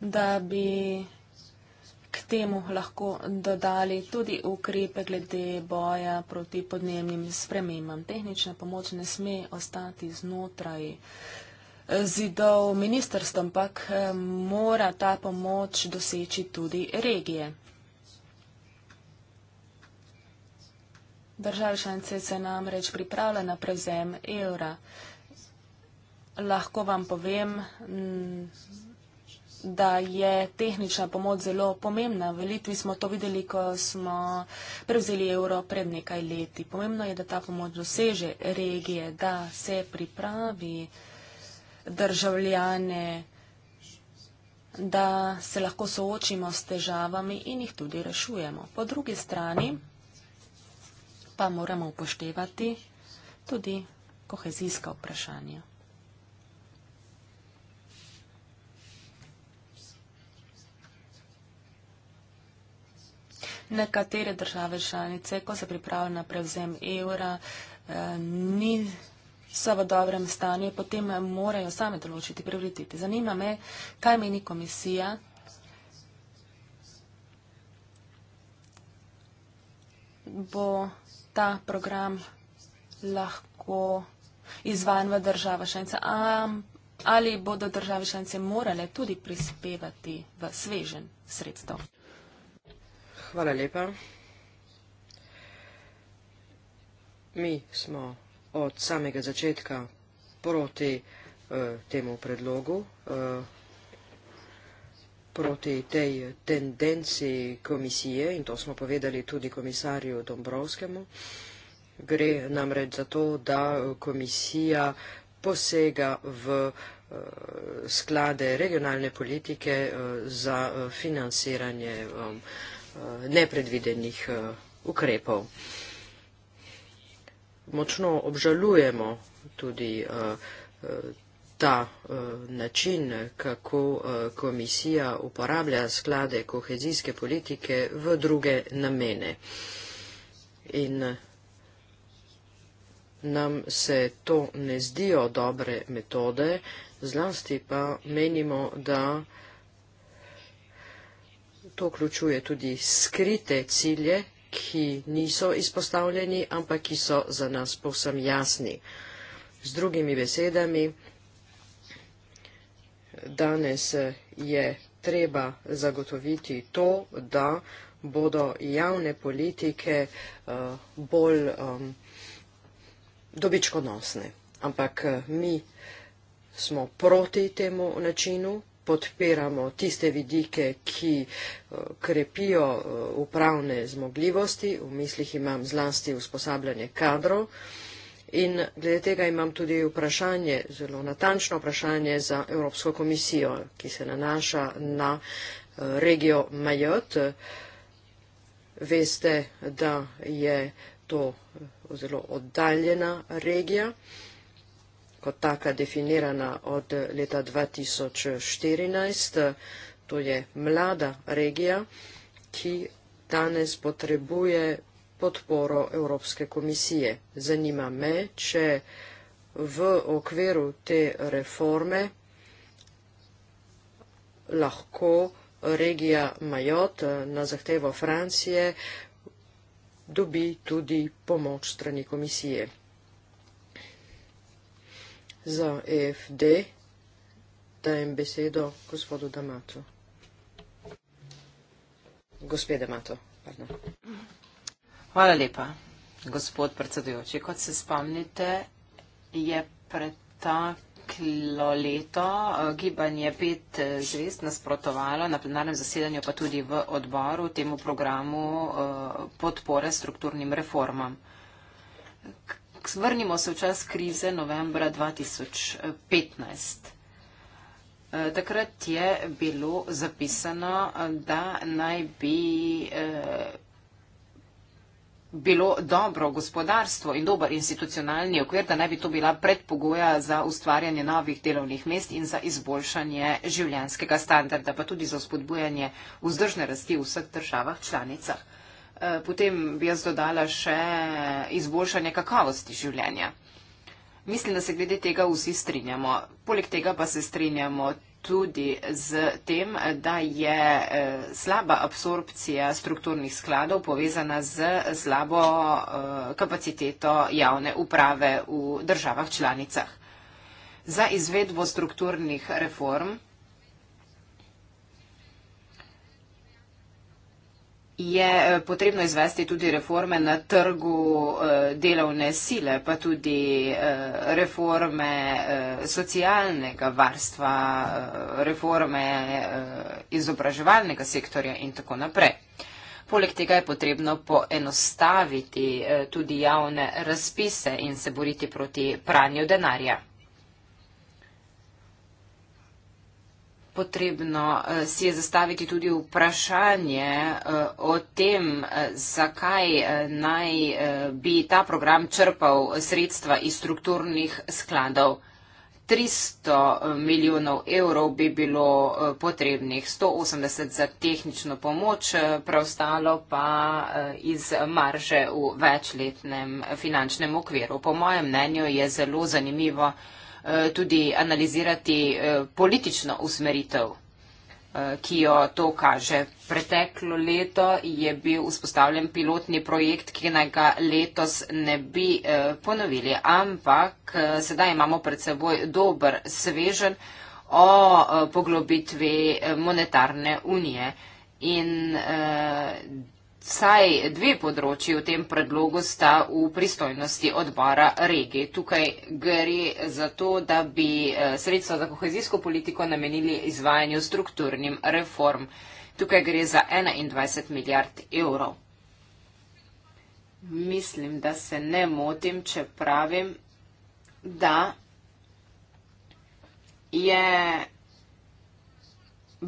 Speaker 1: da bi k temu lahko dodali tudi ukrepe glede boja proti podnebnim spremembam. Tehnična pomoč ne sme ostati znotraj zidov ministrstv, ampak eh, mora ta pomoč doseči tudi regije. Države članice se namreč pripravlja na prevzem evra. Lahko vam povem, mm, da je tehnična pomoč zelo pomembna. V Litvi smo to videli, ko smo prevzeli evro pred nekaj leti. Pomembno je, da ta pomoč doseže regije, da se pripravi državljane, da se lahko soočimo s težavami in jih tudi rešujemo. Po drugi strani pa moramo upoštevati tudi kohezijska vprašanja. Nekatere države članice, ko se pripravljajo na prevzem evra, eh, ni so v dobrem stanju, potem morajo same določiti prioritete. Zanima me, kaj meni komisija, bo ta program lahko izvan v država šence, ali bodo države šence morale tudi prispevati v svežen sredstvo?
Speaker 4: Hvala lepa. Mi smo od samega začetka proti eh, temu predlogu, eh, proti tej tendenci komisije in to smo povedali tudi komisarju Dombrovskemu. Gre namreč za to, da komisija posega v eh, sklade regionalne politike eh, za eh, financiranje nepredvidenih ukrepov močno obžalujemo tudi eh, eh, ta eh, način, kako komisija uporablja sklade kohezijske politike v druge namene. In nam se to ne zdijo dobre metode, zlasti pa menimo, da to vključuje tudi skrite cilje, ki niso izpostavljeni, ampak ki so za nas povsem jasni. Z drugimi besedami, danes je treba zagotoviti to, da bodo javne politike uh, bolj um, dobičkonosne. Ampak eh, mi smo proti temu načinu podpiramo tiste vidike, ki eh, krepijo eh, upravne zmogljivosti, v mislih imam zlasti usposabljanje kadrov. In glede tega imam tudi vprašanje, zelo natančno vprašanje za Evropsko komisijo, ki se nanaša na eh, regijo Majot. Veste, da je to zelo oddaljena regija kot taka definirana od leta 2014. To je mlada regija, ki danes potrebuje podporo Evropske komisije. Zanima me, če v okviru te reforme lahko regija Majot eh, na zahtevo Francije dobi tudi pomoč strani komisije za EFD. Dajem besedo gospodu Damato. Gospe Damato, pardon.
Speaker 2: Hvala lepa, gospod predsedujoči. Kot se spomnite, je preteklo leto eh, gibanje pet eh, zvest nasprotovalo na plenarnem zasedanju, pa tudi v odboru temu programu eh, podpore strukturnim reformam vrnimo se v čas krize novembra 2015. Eh, takrat je bilo zapisano, da naj bi eh, bilo dobro gospodarstvo in dober institucionalni okvir, da naj bi to bila predpogoja za ustvarjanje novih delovnih mest in za izboljšanje življenskega standarda, pa tudi za spodbujanje vzdržne rasti v vseh državah članicah. Eh, potem bi jaz dodala še izboljšanje kakovosti življenja. Mislim, da se glede tega vsi strinjamo. Poleg tega pa se strinjamo tudi z tem, da je eh, slaba absorpcija strukturnih skladov povezana z slabo eh, kapaciteto javne uprave v državah članicah. Za izvedbo strukturnih reform je eh, potrebno izvesti tudi reforme na trgu eh, delovne sile, pa tudi eh, reforme socialnega varstva, reforme izobraževalnega sektorja in tako naprej. Poleg tega je potrebno poenostaviti tudi javne razpise in se boriti proti pranju denarja. potrebno eh, si je zastaviti tudi vprašanje eh, o tem, eh, zakaj naj bi ta program črpal sredstva iz strukturnih skladov. 300 milijonov evrov bi bilo potrebnih, 180 za tehnično pomoč, preostalo pa iz marže v večletnem finančnem okviru. Po mojem mnenju je zelo zanimivo, Eh, tudi analizirati eh, politično usmeritev, eh, ki jo to kaže. Preteklo leto je bil vzpostavljen pilotni projekt, ki naj ga letos ne bi ponovili, ampak sedaj imamo pred seboj dober svežen o poglobitvi monetarne unije. In eh, vsaj dve področji v tem predlogu sta v pristojnosti odbora regije. Tukaj gre za to, da bi eh, sredstva za kohezijsko politiko namenili izvajanju strukturnim reform. Tukaj gre za 21 milijard evrov. Mislim, da se ne motim, če pravim, da je. Yeah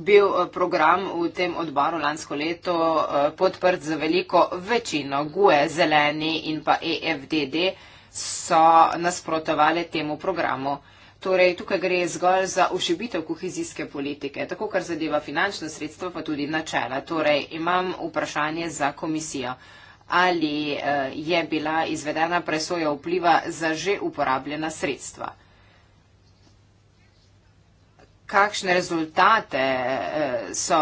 Speaker 2: bil eh, program v tem odboru lansko leto eh, podprt z veliko večino. GUE, Zeleni in pa EFDD so nasprotovali temu programu. Torej, tukaj gre zgolj za ušibitev kohezijske politike, tako kar zadeva finančna sredstva, pa tudi načela. Torej, imam vprašanje za komisijo. Ali eh, je bila izvedena presoja vpliva za že uporabljena sredstva? kakšne rezultate eh, so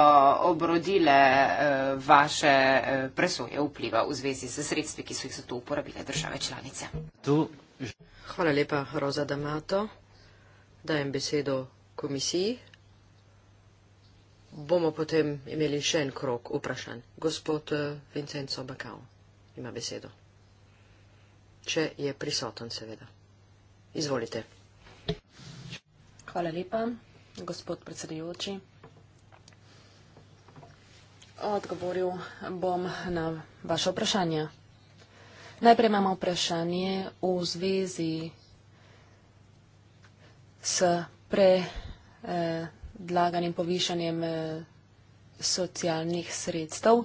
Speaker 2: obrodile eh, vaše eh, presoje vpliva v zvezi s sredstvi, ki so jih za to uporabile države članice.
Speaker 4: Hvala lepa, Roza Damato. Dajem besedo komisiji. Bomo potem imeli še en krok vprašanj. Gospod Vincenzo Bakao ima besedo. Če je prisoten, seveda.
Speaker 1: Izvolite. Hvala lepa gospod predsedujoči. Odgovoril bom na vaše vprašanje. Najprej imamo vprašanje v zvezi s predlaganim povišanjem eh, socialnih sredstev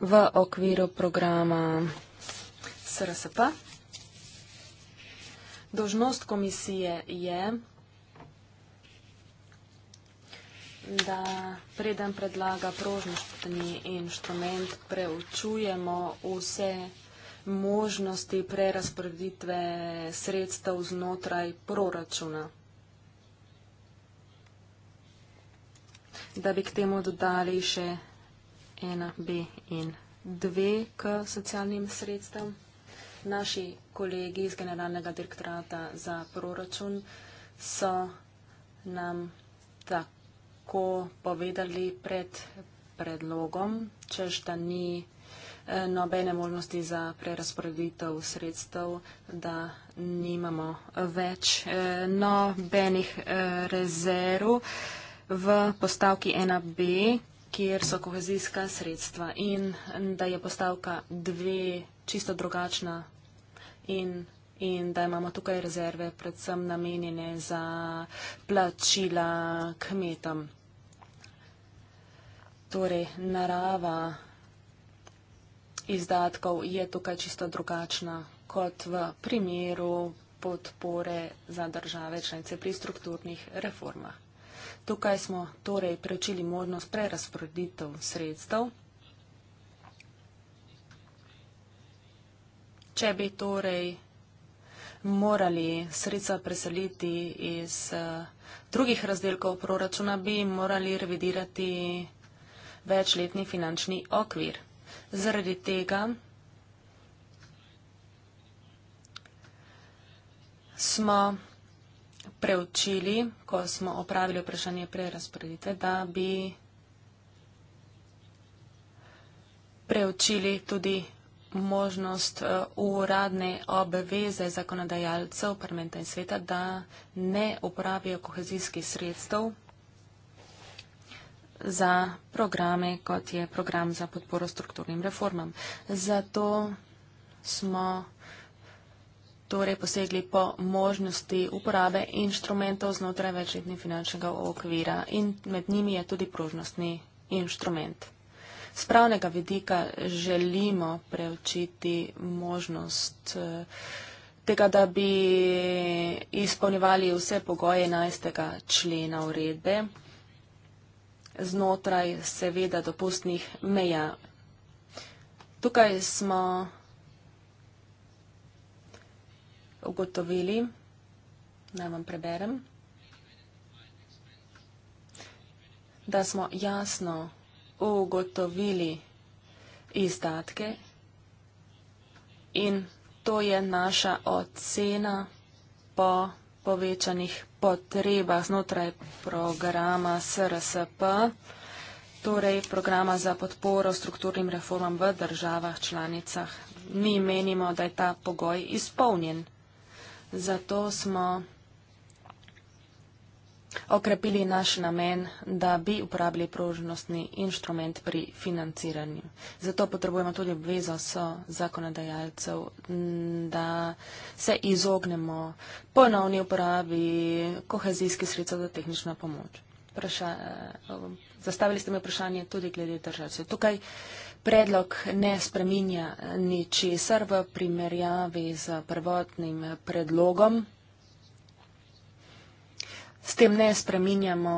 Speaker 1: v okviru programa SRSP. Dožnost komisije je, da preden predlaga prožnostni inštrument, preučujemo vse možnosti prerasporeditve sredstev znotraj proračuna. Da bi k temu dodali še 1B in 2 k socialnim sredstvom. Naši kolegi iz Generalnega direktorata za proračun so nam tako lahko povedali pred predlogom, čež da ni eh, nobene možnosti za prerasporeditev sredstev, da nimamo več eh, nobenih eh, rezerv v postavki 1b, kjer so kohezijska sredstva in da je postavka 2 čisto drugačna in in da imamo tukaj rezerve predvsem namenjene za plačila kmetom. Torej, narava izdatkov je tukaj čisto drugačna kot v primeru podpore za države članice pri strukturnih reformah. Tukaj smo torej preučili možnost prerasporeditev sredstev. Če bi torej morali sredstva preseliti iz eh, drugih razdelkov proračuna, bi morali revidirati večletni finančni okvir. Zaradi tega smo preučili, ko smo opravili vprašanje prerazporeditve, da bi preučili tudi možnost eh, uradne obveze zakonodajalcev parlamenta in sveta, da ne uporabijo kohezijskih sredstev za programe, kot je program za podporo strukturnim reformam. Zato smo torej posegli po možnosti uporabe inštrumentov znotraj večletnih finančnega okvira in med njimi je tudi prožnostni inštrument spravnega vidika želimo preučiti možnost eh, tega, da bi izpolnjevali vse pogoje 11. člena uredbe znotraj seveda dopustnih meja. Tukaj smo ugotovili, naj vam preberem, da smo jasno ugotovili izdatke in to je naša ocena po povečanih potrebah znotraj programa SRSP, torej programa za podporo strukturnim reformam v državah članicah. Mi menimo, da je ta pogoj izpolnjen. Zato smo okrepili naš namen, da bi uporabili prožnostni inštrument pri financiranju. Zato potrebujemo tudi obvezo so zakonodajalcev, da se izognemo ponovni uporabi kohezijskih sredstev za tehnično pomoč. Praša, eh, zastavili ste mi vprašanje tudi glede držav. Tukaj predlog ne spreminja ničesar v primerjavi z prvotnim predlogom s tem ne spreminjamo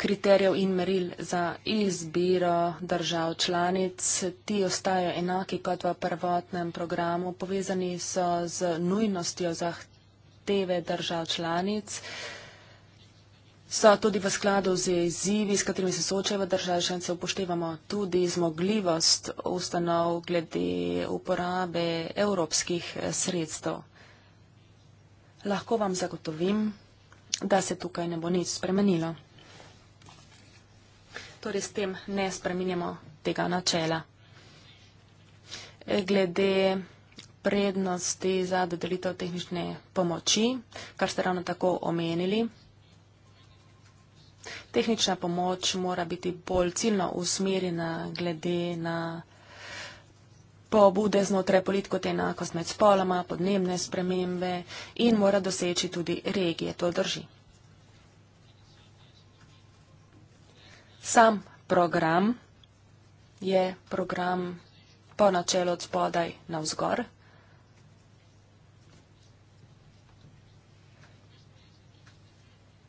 Speaker 1: kriterijev in meril za izbiro držav članic. Ti ostajajo enaki kot v prvotnem programu. Povezani so z nujnostjo zahteve držav članic. So tudi v skladu z izzivi, s katerimi se soočajo države članice, upoštevamo tudi zmogljivost ustanov glede uporabe evropskih sredstev. Lahko vam zagotovim, da se tukaj ne bo nič spremenilo. Torej s tem ne spreminjamo tega načela. Glede prednosti za dodelitev tehnične pomoči, kar ste ravno tako omenili. Tehnična pomoč mora biti bolj ciljno usmerjena glede na tehnične pomoči pobude znotraj politiko te enakost med spoloma, podnebne spremembe in mora doseči tudi regije. To drži. Sam program je program po načelu od spodaj na vzgor.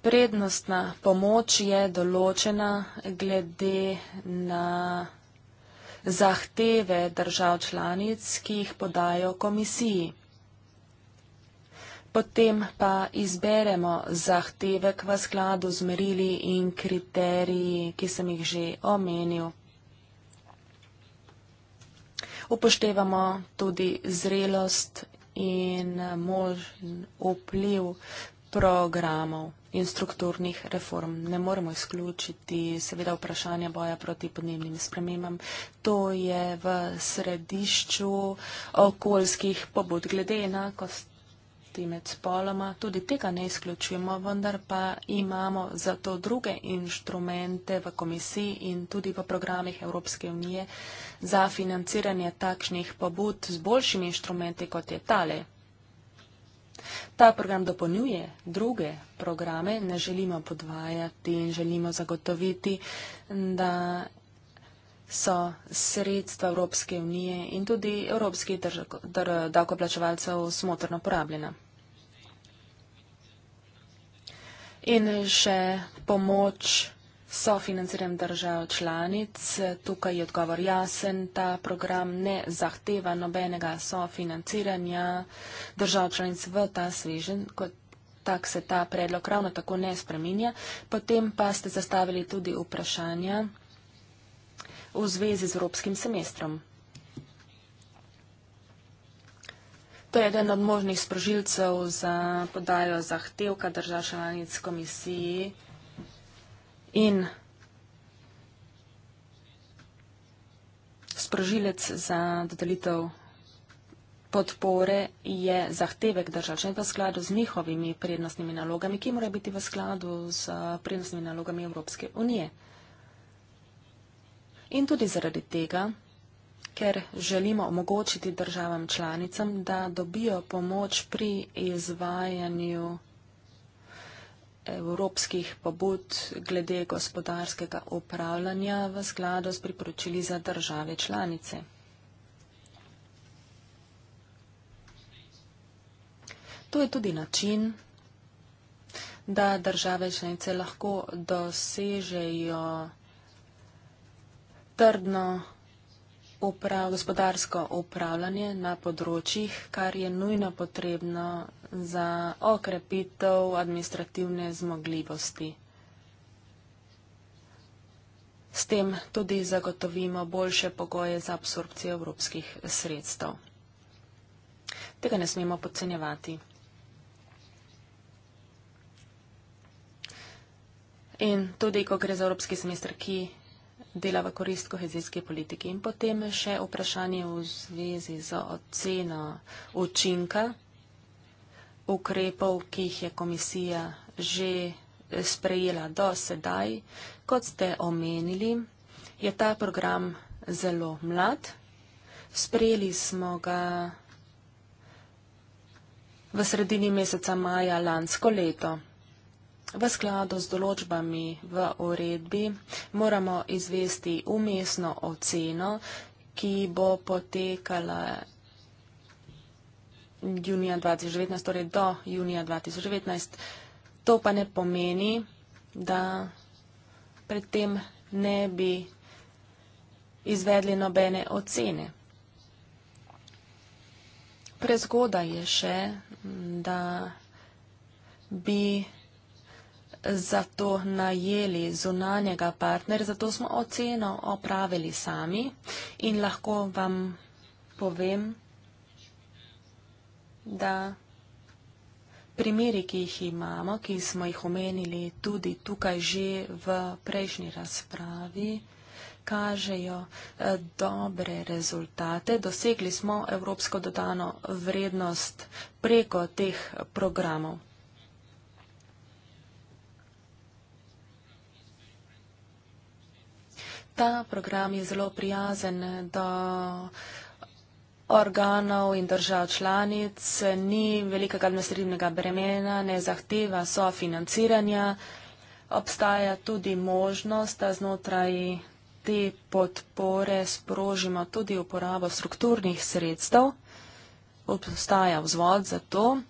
Speaker 1: Prednostna pomoč je določena glede na vzgor zahteve držav članic, ki jih podajo komisiji. Potem pa izberemo zahtevek v skladu z merili in kriteriji, ki sem jih že omenil. Upoštevamo tudi zrelost in možen vpliv programov in strukturnih reform. Ne moremo izključiti seveda vprašanja boja proti podnebnim spremembam. To je v središču okoljskih pobud. Glede enakosti med spoloma, tudi tega ne izključujemo, vendar pa imamo za to druge inštrumente v komisiji in tudi v programih Evropske unije za financiranje takšnih pobud z boljšimi inštrumenti, kot je tale Ta program dopolnjuje druge programe, ne želimo podvajati in želimo zagotoviti, da so sredstva Evropske unije in tudi evropskih davkoplačevalcev smotrno porabljena. In še pomoč vsega sofinanciranjem držav članic. Tukaj je odgovor jasen, ta program ne zahteva nobenega sofinanciranja držav članic v ta svežen, kot tak se ta predlog ravno tako ne spreminja. Potem pa ste zastavili tudi vprašanja v zvezi z evropskim semestrom. To je eden od možnih sprožilcev za podajo zahtevka držav članic komisiji in sprožilec za dodelitev podpore je zahtevek držav članic v skladu z njihovimi prednostnimi nalogami, ki morajo biti v skladu z prednostnimi nalogami Evropske unije. In tudi zaradi tega, ker želimo omogočiti državam članicam, da dobijo pomoč pri izvajanju evropskih pobud glede gospodarskega upravljanja v skladu s priporočili za države članice. To je tudi način, da države članice lahko dosežejo trdno uprav, gospodarsko upravljanje na področjih, kar je nujno potrebno za okrepitev administrativne zmogljivosti. S tem tudi zagotovimo boljše pogoje za absorpcijo evropskih sredstev. Tega ne smemo podcenjevati. In tudi, ko gre za evropski semester, ki dela v korist kohezijski politiki. In potem še vprašanje v zvezi z oceno učinka ukrepov, ki jih je komisija že eh, sprejela do sedaj. Kot ste omenili, je ta program zelo mlad. Sprejeli smo ga v sredini meseca maja lansko leto. V skladu z določbami v uredbi moramo izvesti umestno oceno, ki bo potekala junija 2019, torej do junija 2019. To pa ne pomeni, da predtem ne bi izvedli nobene ocene. Prezgoda je še, da bi izvedli zato najeli zunanjega partnerja, zato smo oceno opravili sami in lahko vam povem, da primeri, ki jih imamo, ki smo jih omenili tudi tukaj že v prejšnji razpravi, kažejo eh, dobre rezultate. Dosegli smo evropsko dodano vrednost preko teh programov. ta program je zelo prijazen do organov in držav članic, ni velikega administrativnega bremena, ne zahteva sofinanciranja, obstaja tudi možnost, da znotraj te podpore sprožimo tudi uporabo strukturnih sredstev, obstaja vzvod za to. Uh,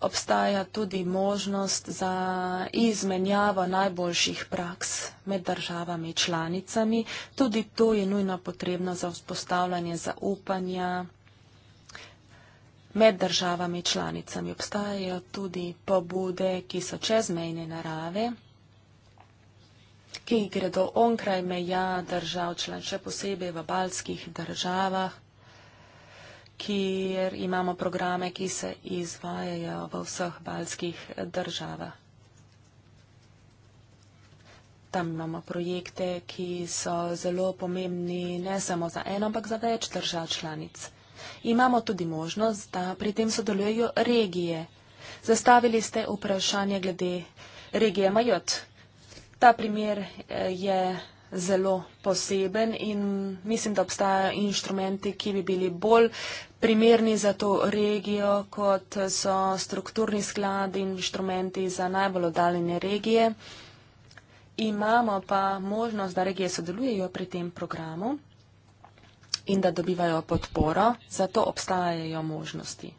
Speaker 1: obstaja tudi možnost za izmenjavo najboljših praks med državami članicami. Tudi to je nujno potrebno za vzpostavljanje zaupanja med državami članicami. Obstajajo tudi pobude, ki so čezmejne narave ki gredo onkraj meja držav član, še posebej v balskih državah, kjer imamo programe, ki se izvajajo v vseh balskih državah. Tam imamo projekte, ki so zelo pomembni ne samo za eno, ampak za več držav članic. Imamo tudi možnost, da pri tem sodelujejo regije. Zastavili ste vprašanje glede regije Majot. Ta primer eh, je zelo poseben in mislim, da obstajajo inštrumenti, ki bi bili bolj primerni za to regijo, kot so strukturni skladi in inštrumenti za najbolj oddaljene regije. Imamo pa možnost, da regije sodelujejo pri tem programu in da dobivajo podporo, zato obstajajo možnosti.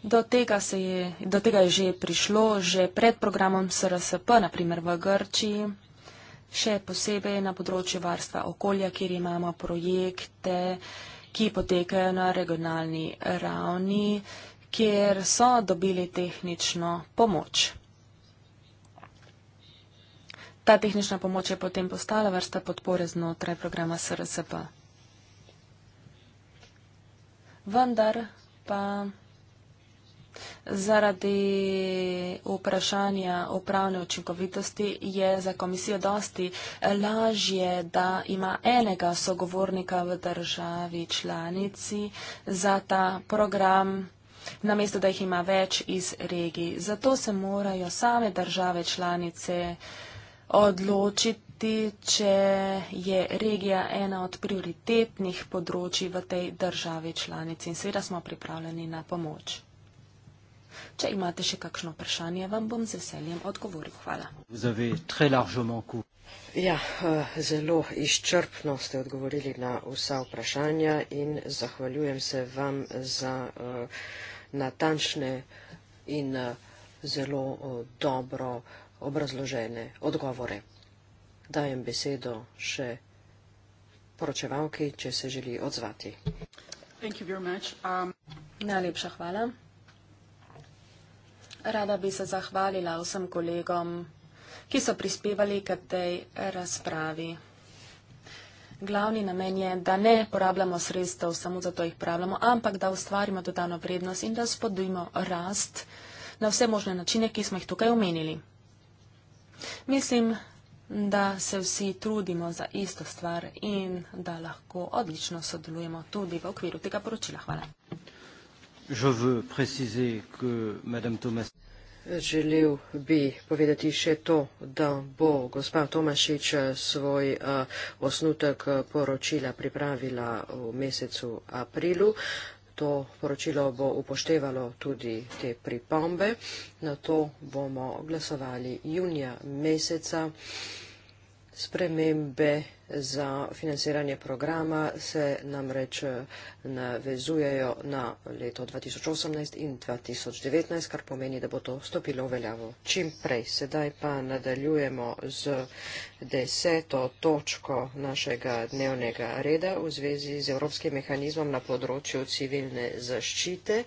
Speaker 1: Do tega, je, do tega je že prišlo, že pred programom SRSP, naprimer v Grčiji, še posebej na področju varstva okolja, kjer imamo projekte, ki potekajo na regionalni ravni, kjer so dobili tehnično pomoč. Ta tehnična pomoč je potem postala vrsta podpore znotraj programa SRSP. Vendar pa. Zaradi vprašanja upravne učinkovitosti je za komisijo dosti eh, lažje, da ima enega sogovornika v državi članici za ta program namesto da jih ima več iz regij. Zato se morajo same države članice odločiti, če je regija ena od prioritetnih področji v tej državi članici in seveda smo pripravljeni na pomoč. Če imate še kakšno vprašanje, vam bom z veseljem odgovoril. Hvala.
Speaker 4: Ja, eh, zelo izčrpno ste odgovorili na vsa vprašanja in zahvaljujem se vam za eh, natančne in eh, zelo dobro obrazložene odgovore. Dajem besedo še poročevalki, če se želi odzvati.
Speaker 1: Um, Najlepša hvala. Rada bi se zahvalila vsem kolegom, ki so prispevali k tej razpravi. Glavni namen je, da ne porabljamo sredstev samo zato jih porabljamo, ampak da ustvarimo dodano vrednost in da spodujmo rast na vse možne načine, ki smo jih tukaj omenili. Mislim, da se vsi trudimo za isto stvar in da lahko odlično sodelujemo tudi v okviru tega poročila. Hvala.
Speaker 3: Želel
Speaker 4: bi povedati še to, da bo gospa Tomašič eh, svoj eh, osnutek eh, poročila pripravila v mesecu aprilu. To poročilo bo upoštevalo tudi te pripombe. Na to bomo glasovali junija meseca. Spremembe za financiranje programa se namreč eh, navezujejo na leto 2018 in 2019, kar pomeni, da bo to stopilo v veljavo čim prej. Sedaj pa nadaljujemo z deseto točko našega dnevnega reda v zvezi z Evropskim mehanizmom na področju civilne zaščite.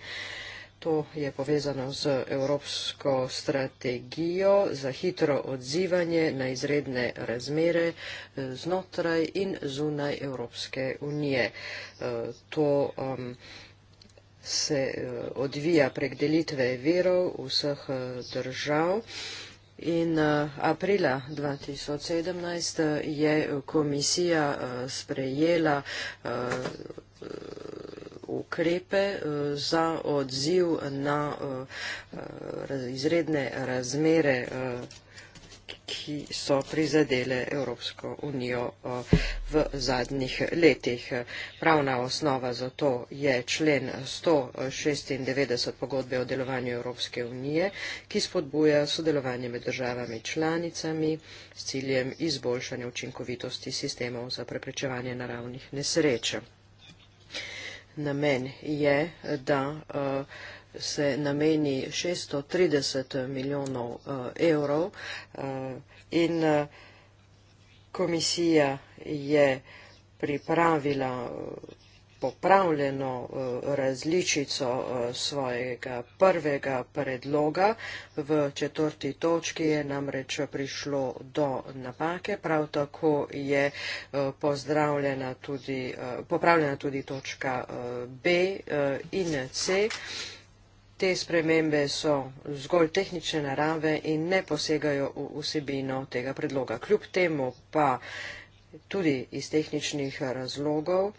Speaker 4: To je povezano z evropsko strategijo za hitro odzivanje na izredne razmere eh, znotraj in zunaj Evropske unije. Eh, to se eh, odvija prek delitve verov vseh držav. In aprila 2017 je komisija sprejela ukrepe eh, za odziv na eh, eh, izredne razmere, ki so prizadele Evropsko unijo v zadnjih letih. Pravna osnova za to je člen 196 pogodbe o delovanju Evropske unije, ki spodbuja sodelovanje med državami članicami s ciljem izboljšanja učinkovitosti sistemov za preprečevanje naravnih nesreče namen je, da eh, se nameni 630 milijonov eh, evrov eh, in komisija je pripravila vsega, popravljeno eh, različico eh, svojega prvega predloga. V četrti točki je namreč prišlo do napake, prav tako je eh, pozdravljena tudi, popravljena tudi točka B in C. Te spremembe so zgolj tehnične narave in ne posegajo v vsebino tega predloga. Kljub temu pa tudi iz tehničnih razlogov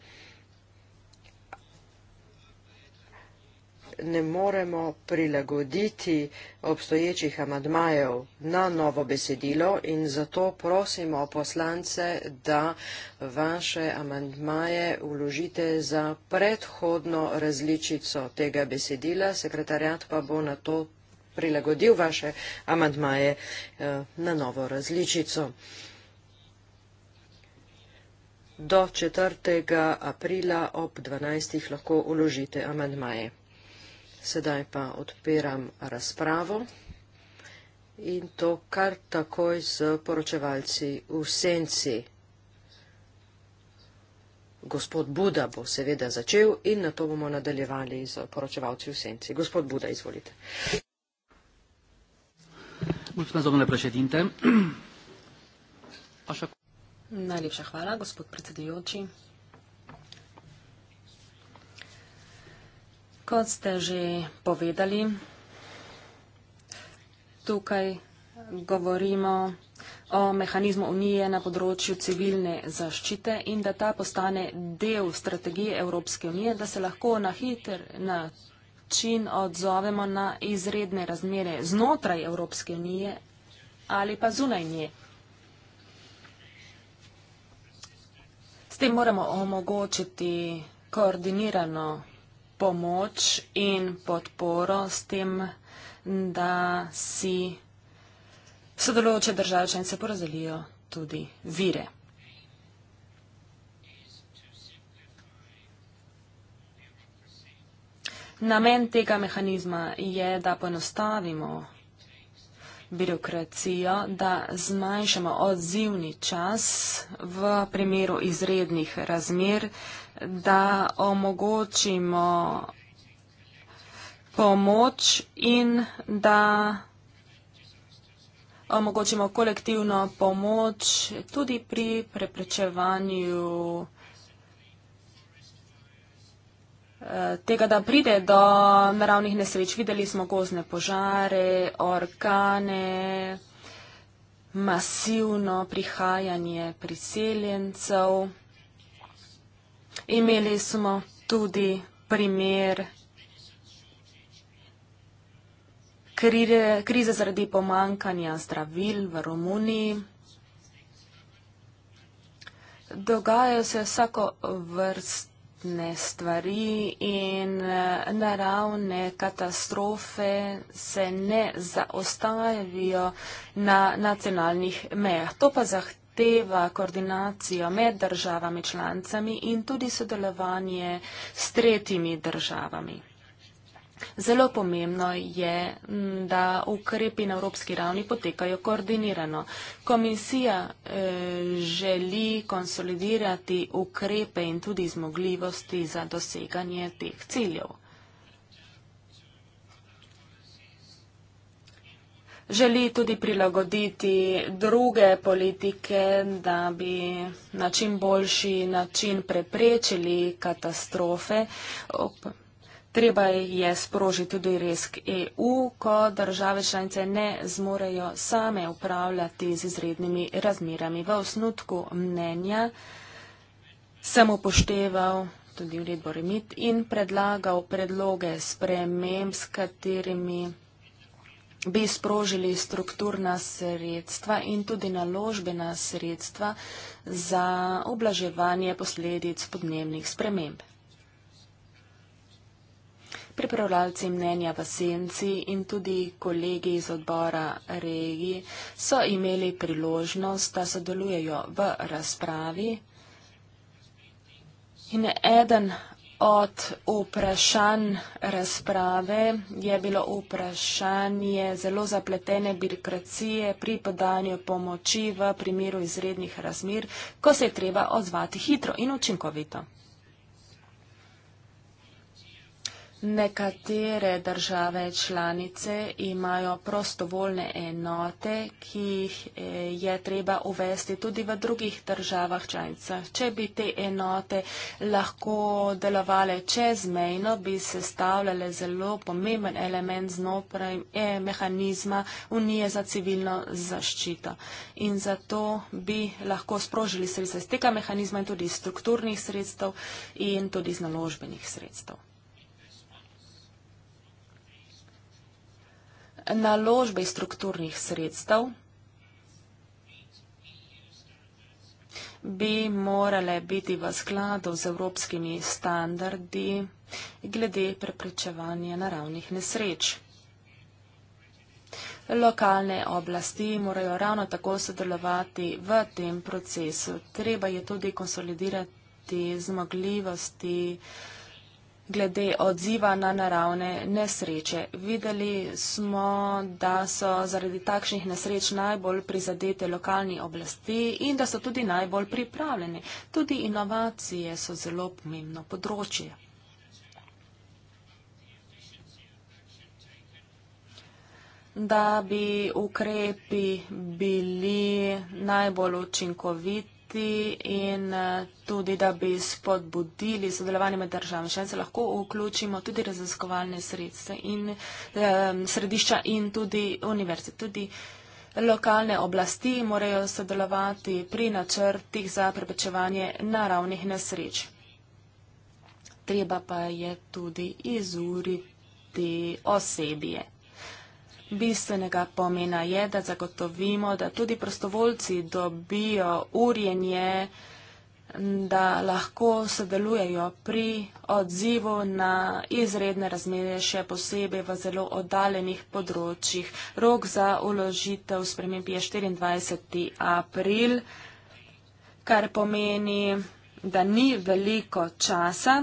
Speaker 4: ne moremo prilagoditi obstoječih amadmajev na novo besedilo in zato prosimo poslance, da vaše amadmaje uložite za predhodno različico tega besedila. Sekretarjat pa bo na to prilagodil vaše amadmaje eh, na novo različico. Do 4. aprila ob 12. lahko uložite amadmaje. Sedaj pa odpiram razpravo in to kar takoj z poročevalci v senci. Gospod Buda bo seveda začel in na to bomo nadaljevali z poročevalci v senci. Gospod
Speaker 3: Buda, izvolite.
Speaker 1: Najlepša hvala, gospod predsedujoči. Kot ste že povedali, tukaj govorimo o mehanizmu Unije na področju civilne zaščite in da ta postane del strategije Evropske unije, da se lahko na hiter način odzovemo na izredne razmere znotraj Evropske unije ali pa zunaj nje. S tem moramo omogočiti koordinirano pomoč in podporo s tem, da si sodelujoče države članice porazdelijo tudi vire. Namen tega mehanizma je, da poenostavimo birokracijo, da zmanjšamo odzivni čas v primeru izrednih razmer, da omogočimo pomoč in da omogočimo kolektivno pomoč tudi pri preprečevanju eh, tega, da pride do naravnih nesreč. Videli smo gozne požare, orkane, masivno prihajanje priseljencev. Imeli smo tudi primer krize zaradi pomankanja zdravil v Romuniji. Dogajajo se vsako vrst stvari in eh, naravne katastrofe se ne zaostavijo na nacionalnih mejah. To pa zahteva zahteva koordinacijo med državami članicami in tudi sodelovanje s tretjimi državami. Zelo pomembno je, da ukrepi na evropski ravni potekajo koordinirano. Komisija eh, želi konsolidirati ukrepe in tudi zmogljivosti za doseganje teh ciljev. želi tudi prilagoditi druge politike, da bi na čim boljši način preprečili katastrofe. Op. Treba je sprožiti tudi risk EU, ko države članice ne zmorejo same upravljati z izrednimi razmirami. V osnutku mnenja sem upošteval tudi uredbo remit in predlagal predloge sprememb, s katerimi bi sprožili strukturna sredstva in tudi naložbena sredstva za oblaževanje posledic podnebnih sprememb. Pripravljalci mnenja v senci in tudi kolegi iz odbora regiji so imeli priložnost, da sodelujejo v razpravi. In eden od vprašanj razprave je bilo vprašanje zelo zapletene birokracije pri podanju pomoči v primeru izrednih razmir, ko se je treba odzvati hitro in učinkovito. Nekatere države članice imajo prostovoljne enote, ki jih eh, je treba uvesti tudi v drugih državah članicah. Če bi te enote lahko delovale čezmejno, bi se stavljale zelo pomemben element znotraj eh, mehanizma Unije za civilno zaščito. In zato bi lahko sprožili sredstva iz tega mehanizma in tudi iz strukturnih sredstev in tudi iz naložbenih sredstev. naložbe iz strukturnih sredstev bi morale biti v skladu z evropskimi standardi glede preprečevanja naravnih nesreč. Lokalne oblasti morajo ravno tako sodelovati v tem procesu. Treba je tudi konsolidirati zmogljivosti uh, glede odziva na naravne nesreče. Videli smo, da so zaradi takšnih nesreč najbolj prizadete lokalni oblasti in da so tudi najbolj pripravljeni. Tudi inovacije so zelo pomembno področje. Da bi ukrepi bili najbolj učinkoviti, skupnosti in eh, tudi, da bi spodbudili sodelovanje med državami članice, lahko vključimo tudi raziskovalne sredstve in eh, središča in tudi univerze. Tudi lokalne oblasti morajo sodelovati pri načrtih za prepečevanje naravnih nesreč. Treba pa je tudi izuriti osebje bistvenega pomena je, da zagotovimo, da tudi prostovoljci dobijo urjenje, da lahko sodelujejo pri odzivu na izredne razmere, še posebej v zelo oddaljenih področjih. Rok za uložitev sprememb je 24. april, kar pomeni, da ni veliko časa.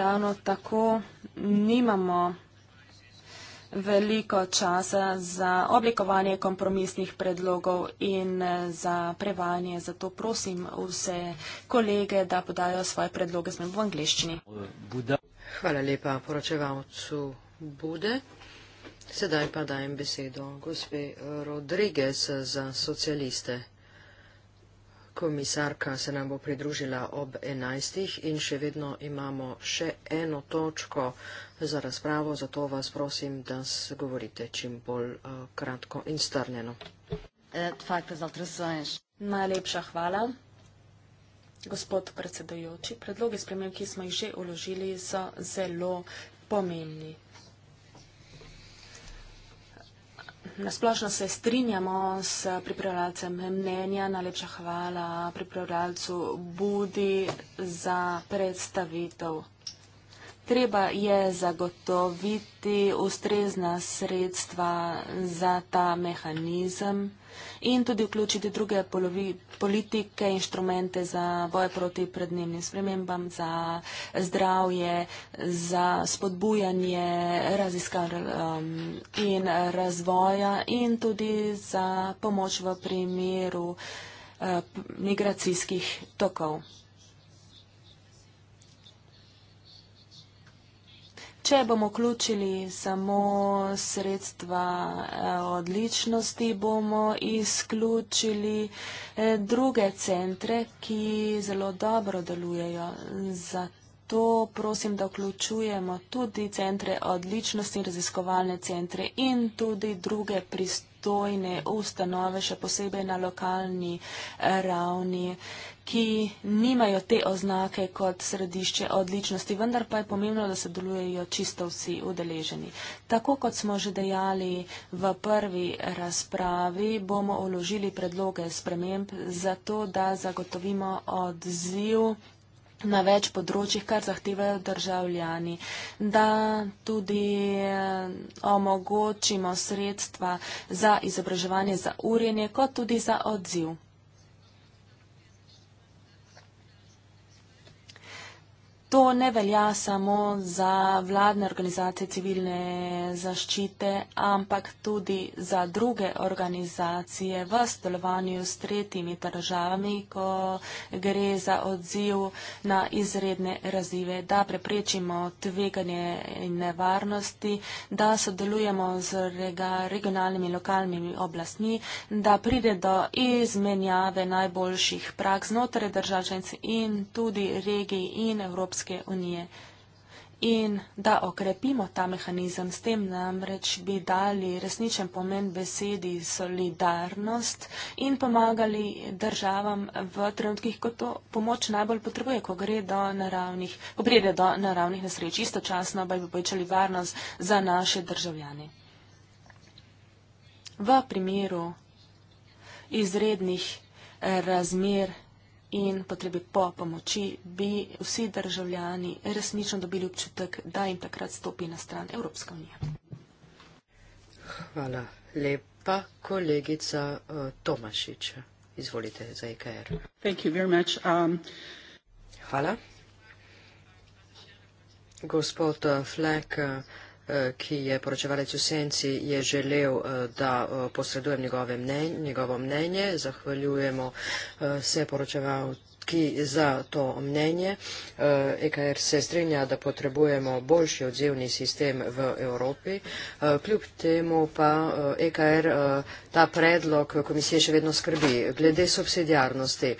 Speaker 1: Ravno tako nimamo veliko časa za oblikovanje kompromisnih predlogov in eh, za prevajanje. Zato prosim vse kolege, da podajo svoje predloge z menim v angliščini.
Speaker 4: Hvala lepa poročevalcu Bude. Sedaj pa dajem besedo gospe Rodriguez za socialiste. Komisarka se nam bo pridružila ob enajstih in še vedno imamo še eno točko za razpravo, zato vas prosim, da se govorite čim bolj uh, kratko in strnjeno.
Speaker 1: Eh, Najlepša hvala, gospod predsedojoči. Predlogi sprememb, ki smo jih že uložili, so zelo pomembni. Nasplošno se strinjamo s pripravljalcem mnenja. Najlepša hvala pripravljalcu Budi za predstavitev Treba je zagotoviti ustrezna sredstva za ta mehanizem in tudi vključiti druge polovi, politike, inštrumente za boj proti prednjemnim spremembam, za zdravje, za spodbujanje raziskav um, in razvoja in tudi za pomoč v primeru uh, migracijskih tokov. Če bomo vključili samo sredstva eh, odličnosti, bomo izključili eh, druge centre, ki zelo dobro delujejo. Zato prosim, da vključujemo tudi centre odličnosti, raziskovalne centre in tudi druge pristojne ustanove, še posebej na lokalni eh, ravni ki nimajo te oznake kot središče odličnosti, vendar pa je pomembno, da se delujejo čisto vsi udeleženi. Tako kot smo že dejali v prvi razpravi, bomo uložili predloge sprememb za to, da zagotovimo odziv na več področjih, kar zahtevajo državljani, da tudi eh, omogočimo sredstva za izobraževanje, za urjenje, kot tudi za odziv. To ne velja samo za vladne organizacije civilne zaščite, ampak tudi za druge organizacije v sodelovanju s tretjimi državami, ko gre za odziv na izredne razive, da preprečimo tveganje in nevarnosti, da sodelujemo z regionalnimi in lokalnimi oblastmi, da pride do izmenjave najboljših praks znotraj držav članic in tudi regij in Evropske. Evropske unije. In da okrepimo ta mehanizem, s tem namreč bi dali resničen pomen besedi solidarnost in pomagali državam v trenutkih, ko to pomoč najbolj potrebuje, ko, gre do naravnih, ko pride do naravnih nesreč. Istočasno pa bi povečali varnost za naše državljane. V primeru izrednih razmer in potrebi po pomoči, bi vsi državljani resnično dobili občutek, da jim takrat stopi na stran Evropska unija.
Speaker 4: Hvala lepa, kolegica uh, Tomašič. Izvolite za IKR. E um, Hvala. Gospod Flek, Eh, ki je poročevalec v senci, je želel, eh, da eh, posredujem njegove mnenje, njegovo mnenje. Zahvaljujemo se poročeval ki za to mnenje, EKR e se strinja, da potrebujemo boljši odzivni sistem v Evropi. Kljub temu pa EKR e ta predlog komisije še vedno skrbi. Glede subsidijarnosti,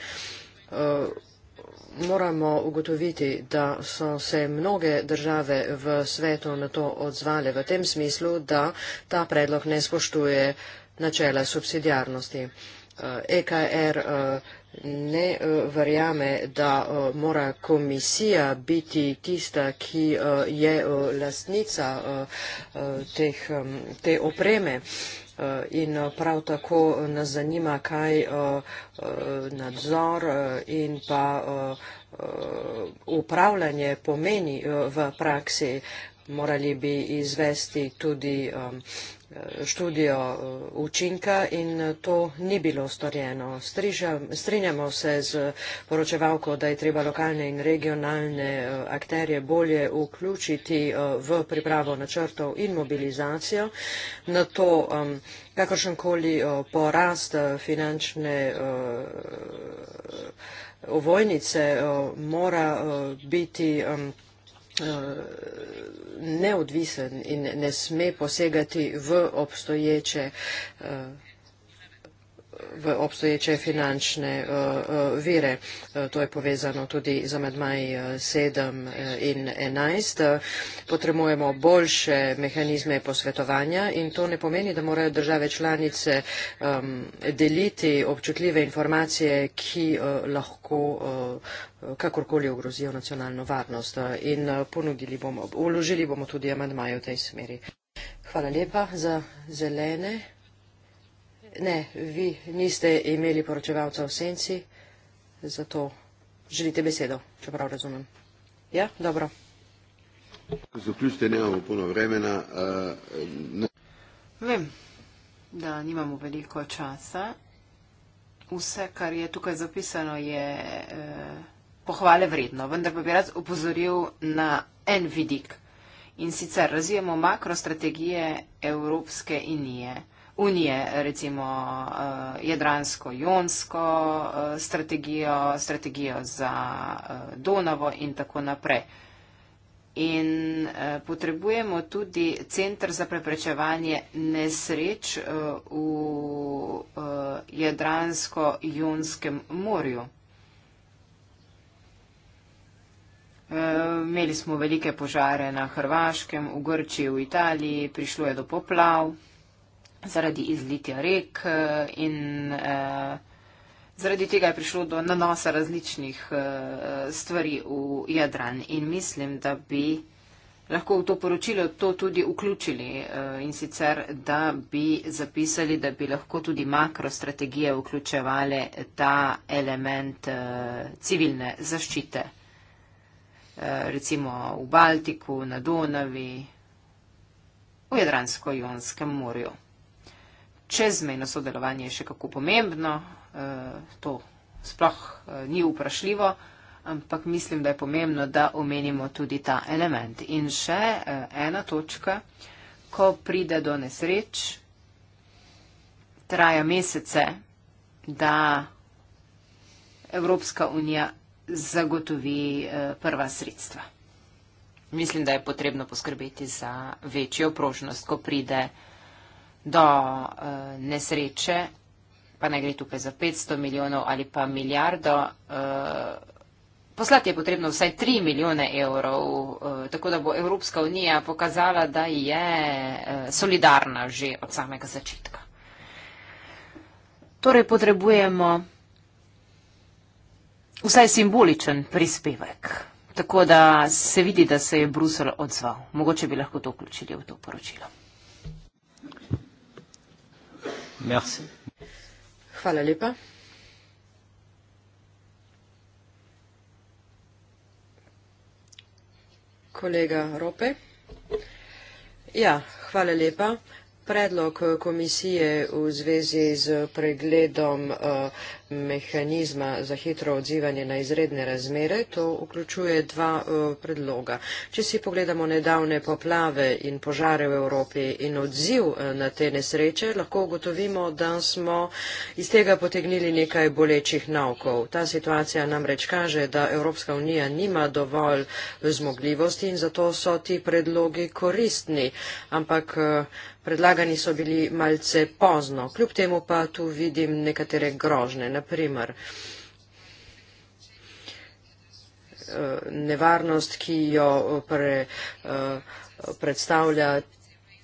Speaker 4: moramo ugotoviti, da so se mnoge države v svetu na to odzvale v tem smislu, da ta predlog ne spoštuje načela subsidijarnosti. EKR eh, e eh, ne eh, verjame, da mora komisija biti tista, ki je lastnica teh, te opreme. Eh, in eh, prav tako nas zanima, kaj eh, nadzor in pa upravljanje pomeni v praksi. Morali bi izvesti tudi um, študijo eh, učinka in eh, to ni bilo storjeno. Strinjamo se z poročevalko, da je treba lokalne in regionalne eh, akterje bolje vključiti v pripravo načrtov in mobilizacijo. Na to kakršenkoli porast finančne ovojnice mora biti neodvisen in ne sme posegati v obstoječe eh, v obstoječe finančne eh, eh, vire. Eh, to je povezano tudi z amedmaji 7 in 11. Potrebujemo boljše mehanizme posvetovanja in to ne pomeni, da morajo države članice ehm, deliti občutljive informacije, ki lahko kakorkoli ogrozijo nacionalno varnost. In ponudili bomo, uložili bomo tudi amedmaje v tej smeri. Hvala lepa za zelene. Ne, vi niste imeli poročevalca v senci, zato želite besedo, čeprav razumem. Ja, dobro.
Speaker 3: Zaključite, nemamo puno vremena. Uh, ne.
Speaker 4: Vem, da nimamo veliko
Speaker 2: časa. Vse, kar je tukaj zapisano, je eh, pohvale vredno, vendar pa bi rad upozoril na en vidik. In sicer razvijamo makrostrategije Evropske unije. In unije, recimo eh, jadransko-jonsko eh, strategijo, strategijo za eh, Donavo in tako naprej. In potrebujemo tudi centr za preprečevanje nesreč v jadransko-jonskem morju. Imeli smo velike požare na Hrvaškem, v Grčiji, v Italiji, prišlo je do poplav zaradi izlitja rek eh, in eh, zaradi tega je prišlo do nanosa različnih eh, stvari v Jadran. In mislim, da bi lahko v to poročilo to tudi vključili eh, in sicer, da bi zapisali, da bi lahko tudi makrostrategije vključevale ta element eh, civilne zaščite. Eh, recimo v Baltiku, na Donavi, v Jadransko-Jonskem morju čezmejno sodelovanje je še kako pomembno, eh, to sploh eh, ni vprašljivo, ampak mislim, da je pomembno, da omenimo tudi ta element. In še eh, ena točka, ko pride do nesreč, traja mesece, da Evropska unija zagotovi prva sredstva. Mislim, da je potrebno poskrbeti za večjo prožnost, ko pride nesreč do uh, nesreče, pa ne gre tukaj za 500 milijonov ali pa milijardo, uh, poslati je potrebno vsaj 3 milijone evrov, uh, tako da bo Evropska unija pokazala, da je uh, solidarna že od samega začetka. Torej potrebujemo vsaj simboličen prispevek, tako da se vidi, da se je Brusel odzval. Mogoče bi lahko to vključili v to poročilo.
Speaker 4: Hvala lepa. Kolega Rope. Ja, hvala lepa. Predlog eh, komisije v zvezi z pregledom uh, mehanizma za hitro odzivanje na izredne razmere, to vključuje dva eh, predloga. Če si pogledamo nedavne poplave in požare v Evropi in odziv eh, na te nesreče, lahko ugotovimo, da smo iz tega potegnili nekaj bolečih naukov. Ta situacija namreč kaže, da Evropska unija nima dovolj eh, zmogljivosti in zato so ti predlogi koristni, ampak predlagani so bili malce pozno. Kljub temu pa tu vidim nekatere grožne naprimer. Eh, nevarnost, ki jo pre, eh, predstavlja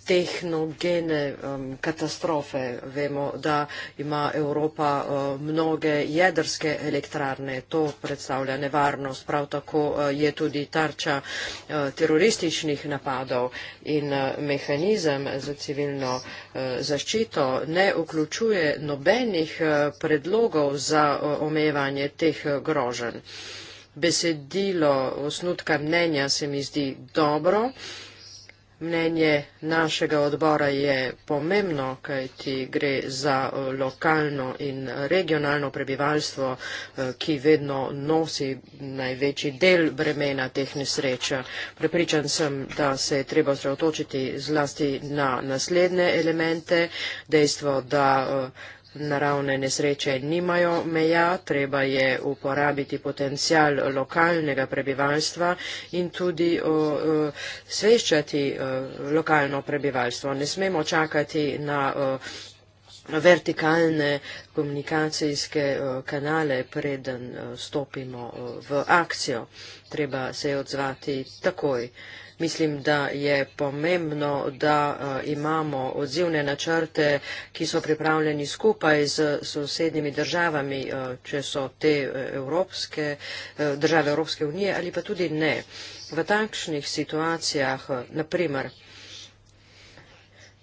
Speaker 4: tehnogene um, katastrofe. Vemo, da ima Evropa uh, mnoge jedrske elektrarne. To predstavlja nevarnost. Prav tako uh, je tudi tarča uh, terorističnih napadov in uh, mehanizem za civilno uh, zaščito ne vključuje nobenih uh, predlogov za uh, omejevanje teh uh, groženj. Besedilo osnutka mnenja se mi zdi dobro. Uh, Mnenje našega odbora je pomembno, kajti gre za eh, lokalno in regionalno prebivalstvo, eh, ki vedno nosi največji del bremena teh nesreč. Prepričan sem, da se je treba sreotočiti zlasti na naslednje elemente, dejstvo, da eh, naravne nesreče nimajo meja, treba je uporabiti potencial lokalnega prebivalstva in tudi o, o, sveščati o, lokalno prebivalstvo. Ne smemo čakati na. O, vertikalne komunikacijske kanale, preden stopimo v akcijo. Treba se je odzvati takoj. Mislim, da je pomembno, da eh, imamo odzivne načrte, ki so pripravljeni skupaj z sosednjimi državami, eh, če so te eh, evropske, države Evropske unije ali pa tudi ne. V takšnih situacijah, naprimer,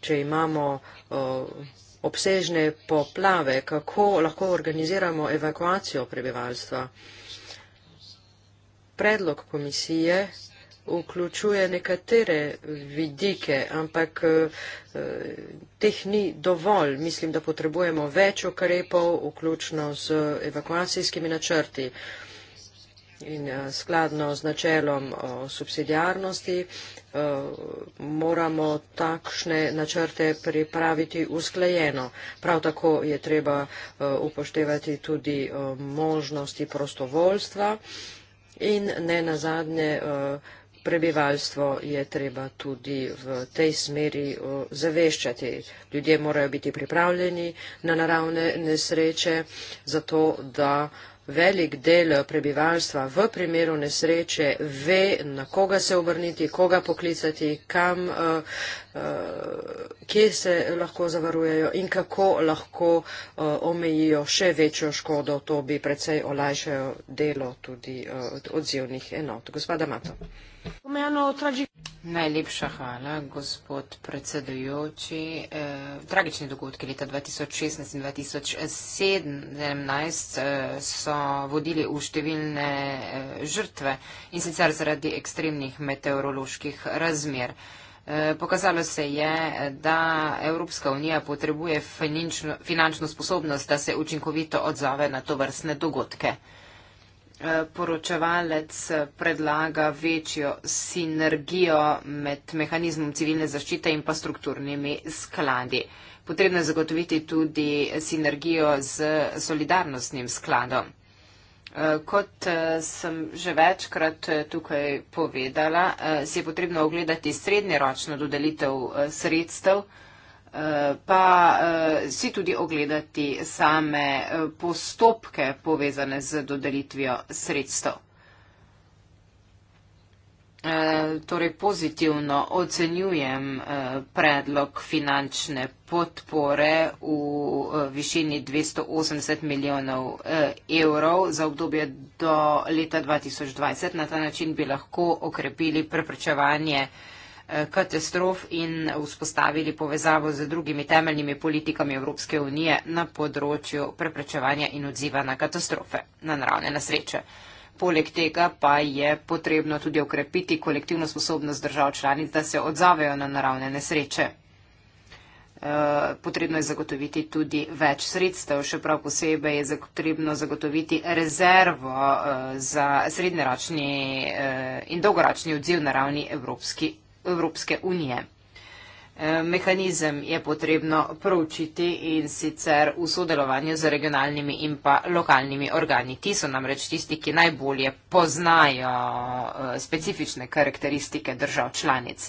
Speaker 4: če imamo obsežne poplave, kako lahko organiziramo evakuacijo prebivalstva. Predlog komisije vključuje nekatere vidike, ampak eh, teh ni dovolj. Mislim, da potrebujemo več ukrepov, vključno z evakuacijskimi načrti in eh, skladno z načelom subsidijarnosti eh, moramo takšne načrte pripraviti usklajeno. Prav tako je treba upoštevati tudi možnosti prostovoljstva in ne nazadnje prebivalstvo je treba tudi v tej smeri zaveščati. Ljudje morajo biti pripravljeni na naravne nesreče, zato da velik del prebivalstva v primeru nesreče ve, na koga se obrniti, koga poklicati, kam, kje se lahko zavarujejo in kako lahko omejijo še večjo škodo. To bi precej olajšalo delo tudi odzivnih enot. Gospoda Mato.
Speaker 2: Najlepša hvala, gospod predsedujoči. Eh, tragični dogodki leta 2016 in 2017 eh, so vodili v številne eh, žrtve in sicer zaradi ekstremnih meteoroloških razmer. Eh, pokazalo se je, da Evropska unija potrebuje finančno sposobnost, da se učinkovito odzove na to vrstne dogodke. Eh, poročevalec predlaga večjo sinergijo med mehanizmom civilne zaščite in pa strukturnimi skladi. Potrebno je zagotoviti tudi sinergijo z solidarnostnim skladom. Eh, kot eh, sem že večkrat tukaj povedala, si je potrebno ogledati srednjeročno dodelitev sredstev, pa eh, si tudi ogledati same eh, postopke povezane z dodelitvijo sredstev. Eh, torej pozitivno ocenjujem predlog finančne podpore v višini 280 milijonov evrov za obdobje do leta 2020. Na ta način bi lahko okrepili preprečevanje Eh, katastrof in vzpostavili povezavo z drugimi temeljnimi politikami Evropske unije na področju preprečevanja in odziva na katastrofe, na naravne nasreče. Poleg tega pa je potrebno tudi okrepiti kolektivno sposobnost držav članic, da se odzavejo na naravne nesreče. Eh, potrebno je zagotoviti tudi več sredstev, še prav posebej je potrebno zagotoviti rezervo eh, za srednjeročni in dolgoročni odziv na ravni Evropske Evropske unije. E, mehanizem je potrebno proučiti in sicer v sodelovanju z regionalnimi in pa lokalnimi organi. Ti so namreč tisti, ki najbolje poznajo e, specifične karakteristike držav članic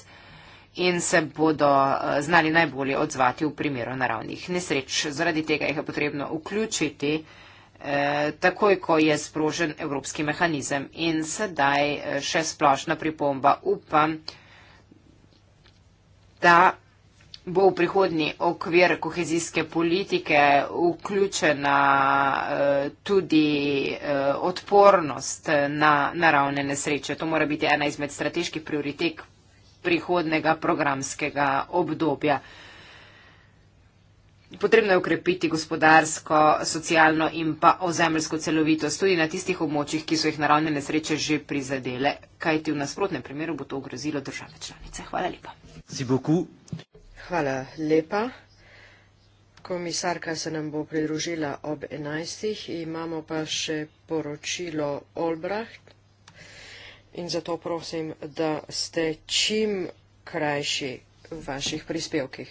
Speaker 2: in se bodo e, znali najbolje odzvati v primeru naravnih nesreč. Zaradi tega jih je potrebno vključiti takoj, ko je sprožen evropski mehanizem. In sedaj še splošna pripomba upam, da bo v prihodnji okvir kohezijske politike vključena eh, tudi eh, odpornost na naravne nesreče. To mora biti ena izmed strateških prioritek prihodnega programskega obdobja. Potrebno je ukrepiti gospodarsko, socialno in pa ozemljsko celovitost tudi na tistih območjih, ki so jih naravne nesreče že prizadele, kajti v nasprotnem primeru bo to ogrozilo države članice. Hvala lepa.
Speaker 4: Hvala lepa. Komisarka se nam bo pridružila ob 11. Imamo pa še poročilo Olbracht in zato prosim, da ste čim krajši v vaših prispevkih.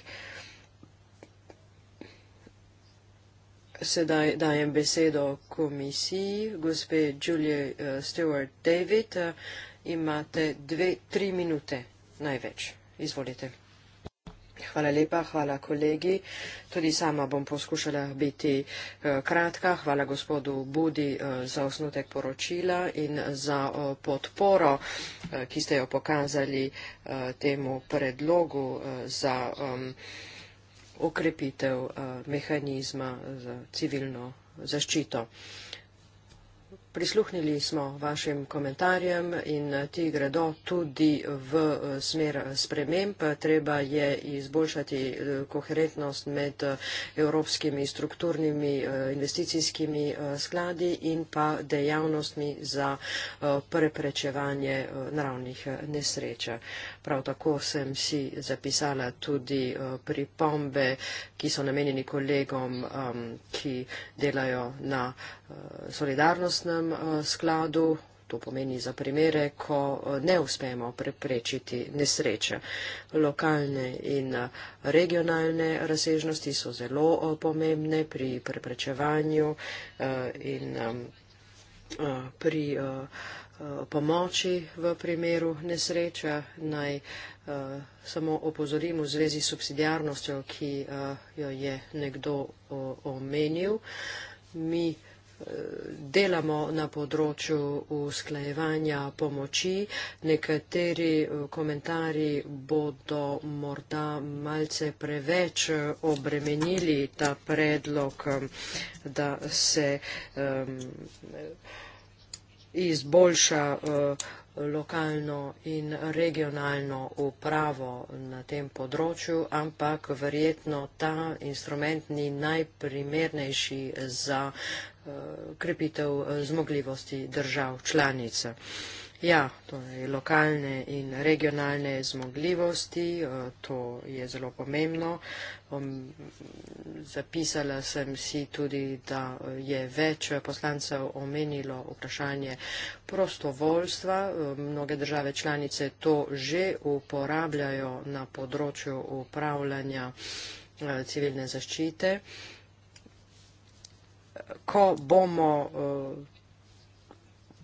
Speaker 4: Sedaj dajem besedo komisiji, gospe Julie eh, Stewart-David, eh, imate dve, tri minute največ. Izvolite. Hvala lepa, hvala kolegi. Tudi sama bom poskušala biti eh, kratka. Hvala gospodu Budi eh, za osnutek poročila in za eh, podporo, ki ste jo pokazali temu predlogu za um, okrepitev mehanizma za civilno zaščito. Prisluhnili smo vašim komentarjem in eh, ti gredo tudi v eh, smer eh, sprememb. Treba je izboljšati koherentnost med evropskimi strukturnimi investicijskimi skladi in pa dejavnostmi za preprečevanje naravnih nesreč. Prav tako sem si zapisala tudi pripombe, ki so namenjeni kolegom, ki delajo na solidarnostnem tem eh, skladu, to pomeni za primere, ko eh, ne uspemo preprečiti nesreče. Lokalne in eh, regionalne razsežnosti so zelo pomembne pri preprečevanju in pri pomoči v primeru nesreča naj samo opozorim v zvezi s subsidijarnostjo, ki jo je nekdo omenil. Mi uh, delamo na področju usklajevanja pomoči. Nekateri eh, komentarji bodo morda malce preveč eh, obremenili ta predlog, eh, da se izboljša lokalno in regionalno upravo na tem področju, ampak verjetno ta instrument ni najprimernejši za uh, Eh, krepitev eh, zmogljivosti držav članic. Ja, to je lokalne in regionalne zmogljivosti, eh, to je zelo pomembno. Zapisala sem si tudi, da je več poslancev omenilo vprašanje prostovoljstva. Mnoge države članice to že uporabljajo na področju upravljanja civilne zaščite ko bomo eh,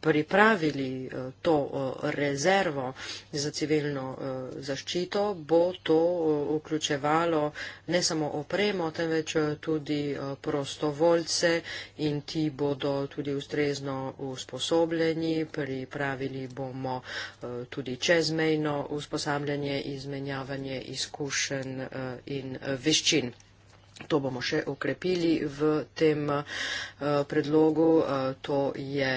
Speaker 4: pripravili eh, to eh, rezervo za civilno zaščito, bo to vključevalo ne samo opremo, temveč tudi prostovoljce in ti bodo tudi ustrezno usposobljeni. Pripravili bomo tudi čezmejno usposabljanje, izmenjavanje izkušenj in veščin. To bomo še okrepili v tem eh, predlogu. Eh, to je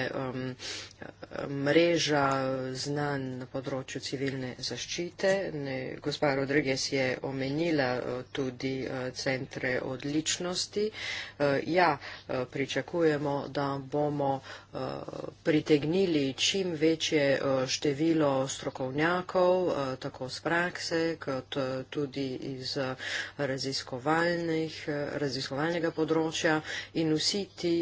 Speaker 4: mreža znan na področju civilne zaščite. Ne, gospa Rodriguez je omenila eh, tudi eh, centre odličnosti. Eh, ja, pričakujemo, da bomo pritegnili čim večje število strokovnjakov, tako z prakse, kot tudi iz raziskovalnega področja in vsi ti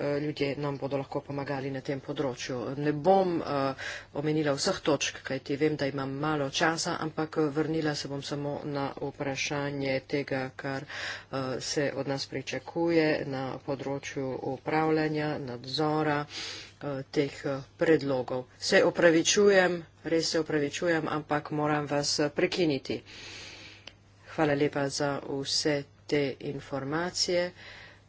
Speaker 4: Eh, ljudje nam bodo lahko pomagali na tem področju. Ne bom eh, omenila vseh točk, kajti vem, da imam malo časa, ampak eh, vrnila se bom samo na vprašanje tega, kar se od nas pričakuje na področju upravljanja, nadzora teh predlogov. Se opravičujem, res se opravičujem, ampak moram vas prekiniti. Hvala lepa za vse te informacije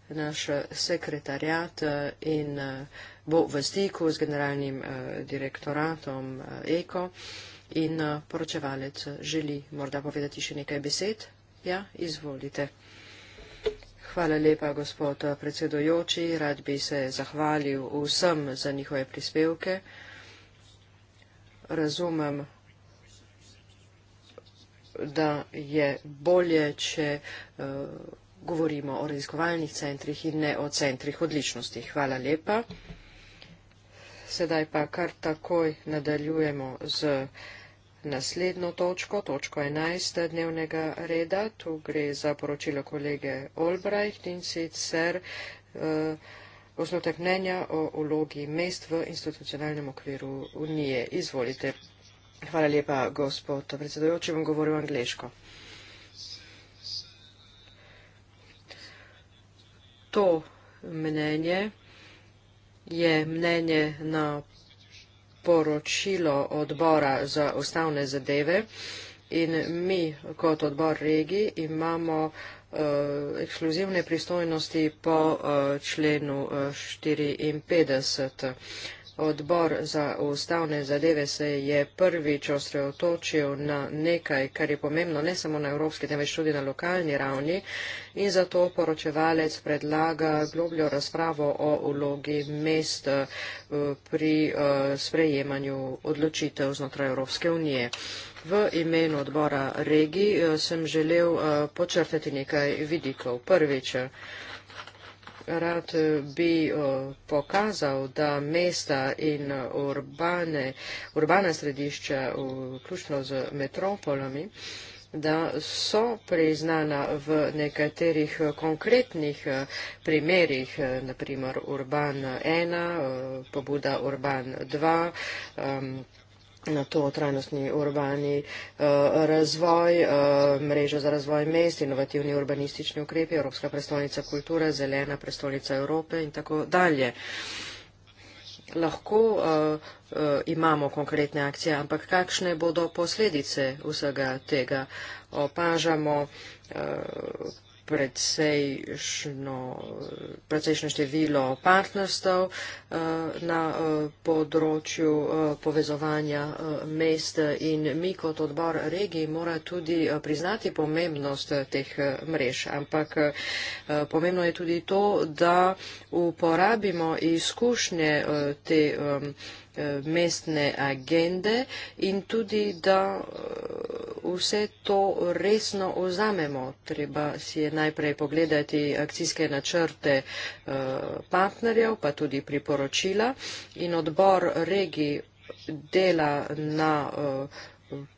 Speaker 4: naš eh, sekretarjat eh, in eh, bo v stiku z generalnim direktoratom EKO in poročevalec želi morda povedati še nekaj besed. Ja, izvolite. Hvala lepa, gospod predsedojoči. Rad bi se zahvalil vsem za njihove prispevke. Razumem, da je bolje, če uh, govorimo o raziskovalnih centrih in ne o centrih odličnosti. Hvala lepa. Sedaj pa kar takoj nadaljujemo z naslednjo točko, točko 11. dnevnega reda. Tu gre za poročilo kolege Olbrajht in sicer eh, osnotek mnenja o ulogi mest v institucionalnem okviru Unije. Izvolite. Hvala lepa, gospod predsedujoči, bom govoril angliško. to mnenje je mnenje na poročilo odbora za ustavne zadeve in mi kot odbor regi imamo eh, ekskluzivne pristojnosti po eh, členu 54. Eh, Odbor za ustavne zadeve se je prvič osredotočil na nekaj, kar je pomembno ne samo na evropski, temveč tudi na lokalni ravni in zato poročevalec predlaga globljo razpravo o vlogi mest eh, pri eh, sprejemanju odločitev znotraj Evropske unije. V imenu odbora regij eh, sem želel počrtati nekaj vidikov. Prvič, rad bi pokazal, da mesta in urbane, urbana središča, vključno z metropolami, da so priznana v nekaterih konkretnih primerjih, naprimer Urban 1, pobuda Urban 2, na to trajnostni urbani uh, razvoj, uh, mreža za razvoj mest, inovativni urbanistični ukrepi, Evropska prestolnica kulture, zelena prestolnica Evrope in tako dalje. Lahko uh, uh, imamo konkretne akcije, ampak kakšne bodo posledice vsega tega? Opažamo uh, precejšno, precejšno število partnerstv eh, na eh, področju eh, povezovanja mest in mi kot odbor regij mora tudi priznati pomembnost teh mrež. Ampak pomembno je tudi to, da uporabimo izkušnje te mreže Eh, mestne agende in tudi, da eh, vse to resno ozamemo. Treba si je najprej pogledati akcijske načrte eh, partnerjev, pa tudi priporočila in odbor regij dela na uh,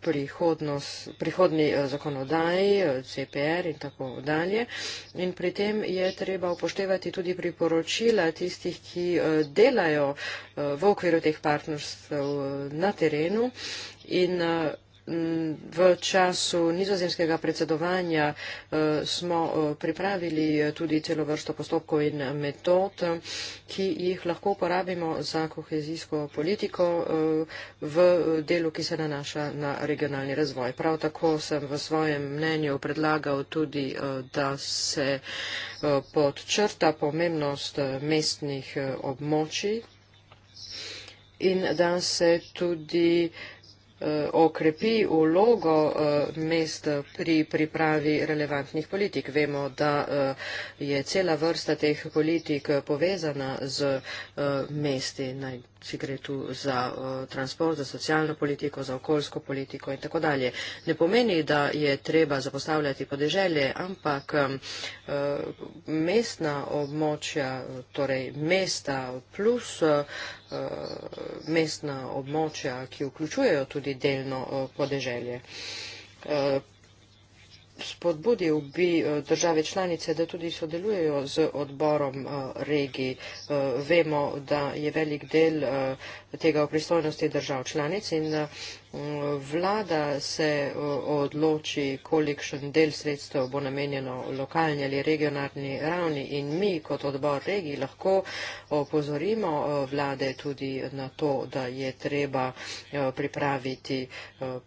Speaker 4: prihodnost, prihodni eh, zakonodaji, eh, CPR in tako dalje. In pri tem je treba upoštevati tudi priporočila tistih, ki eh, delajo v okviru teh partnerstv na terenu in v času nizozemskega predsedovanja eh, smo eh, pripravili eh, tudi celo vrsto postopkov in metod, ki jih lahko uporabimo za kohezijsko politiko v delu, ki se nanaša na regionalni razvoj. Prav tako sem v svojem mnenju predlagal tudi, da se podčrta pomembnost mestnih območij in da se tudi Eh, okrepi vlogo eh, mest pri pripravi relevantnih politik. Vemo, da eh, je cela vrsta teh politik povezana z mesti, naj si gre tu za uh, transport, za socialno politiko, za okoljsko politiko in tako dalje. Ne pomeni, da je treba zapostavljati podeželje, ampak uh, mestna območja, torej mesta plus uh, mestna območja, ki vključujejo tudi delno uh, podeželje spodbudil bi eh, države članice, da tudi sodelujejo z odborom eh, regij. Eh, vemo, da je velik del tega v pristojnosti držav članic in eh, vlada se eh, odloči, kolikšen del sredstev bo namenjeno lokalni ali regionalni ravni in mi kot odbor regij lahko eh, opozorimo vlade tudi na to, da je treba pripraviti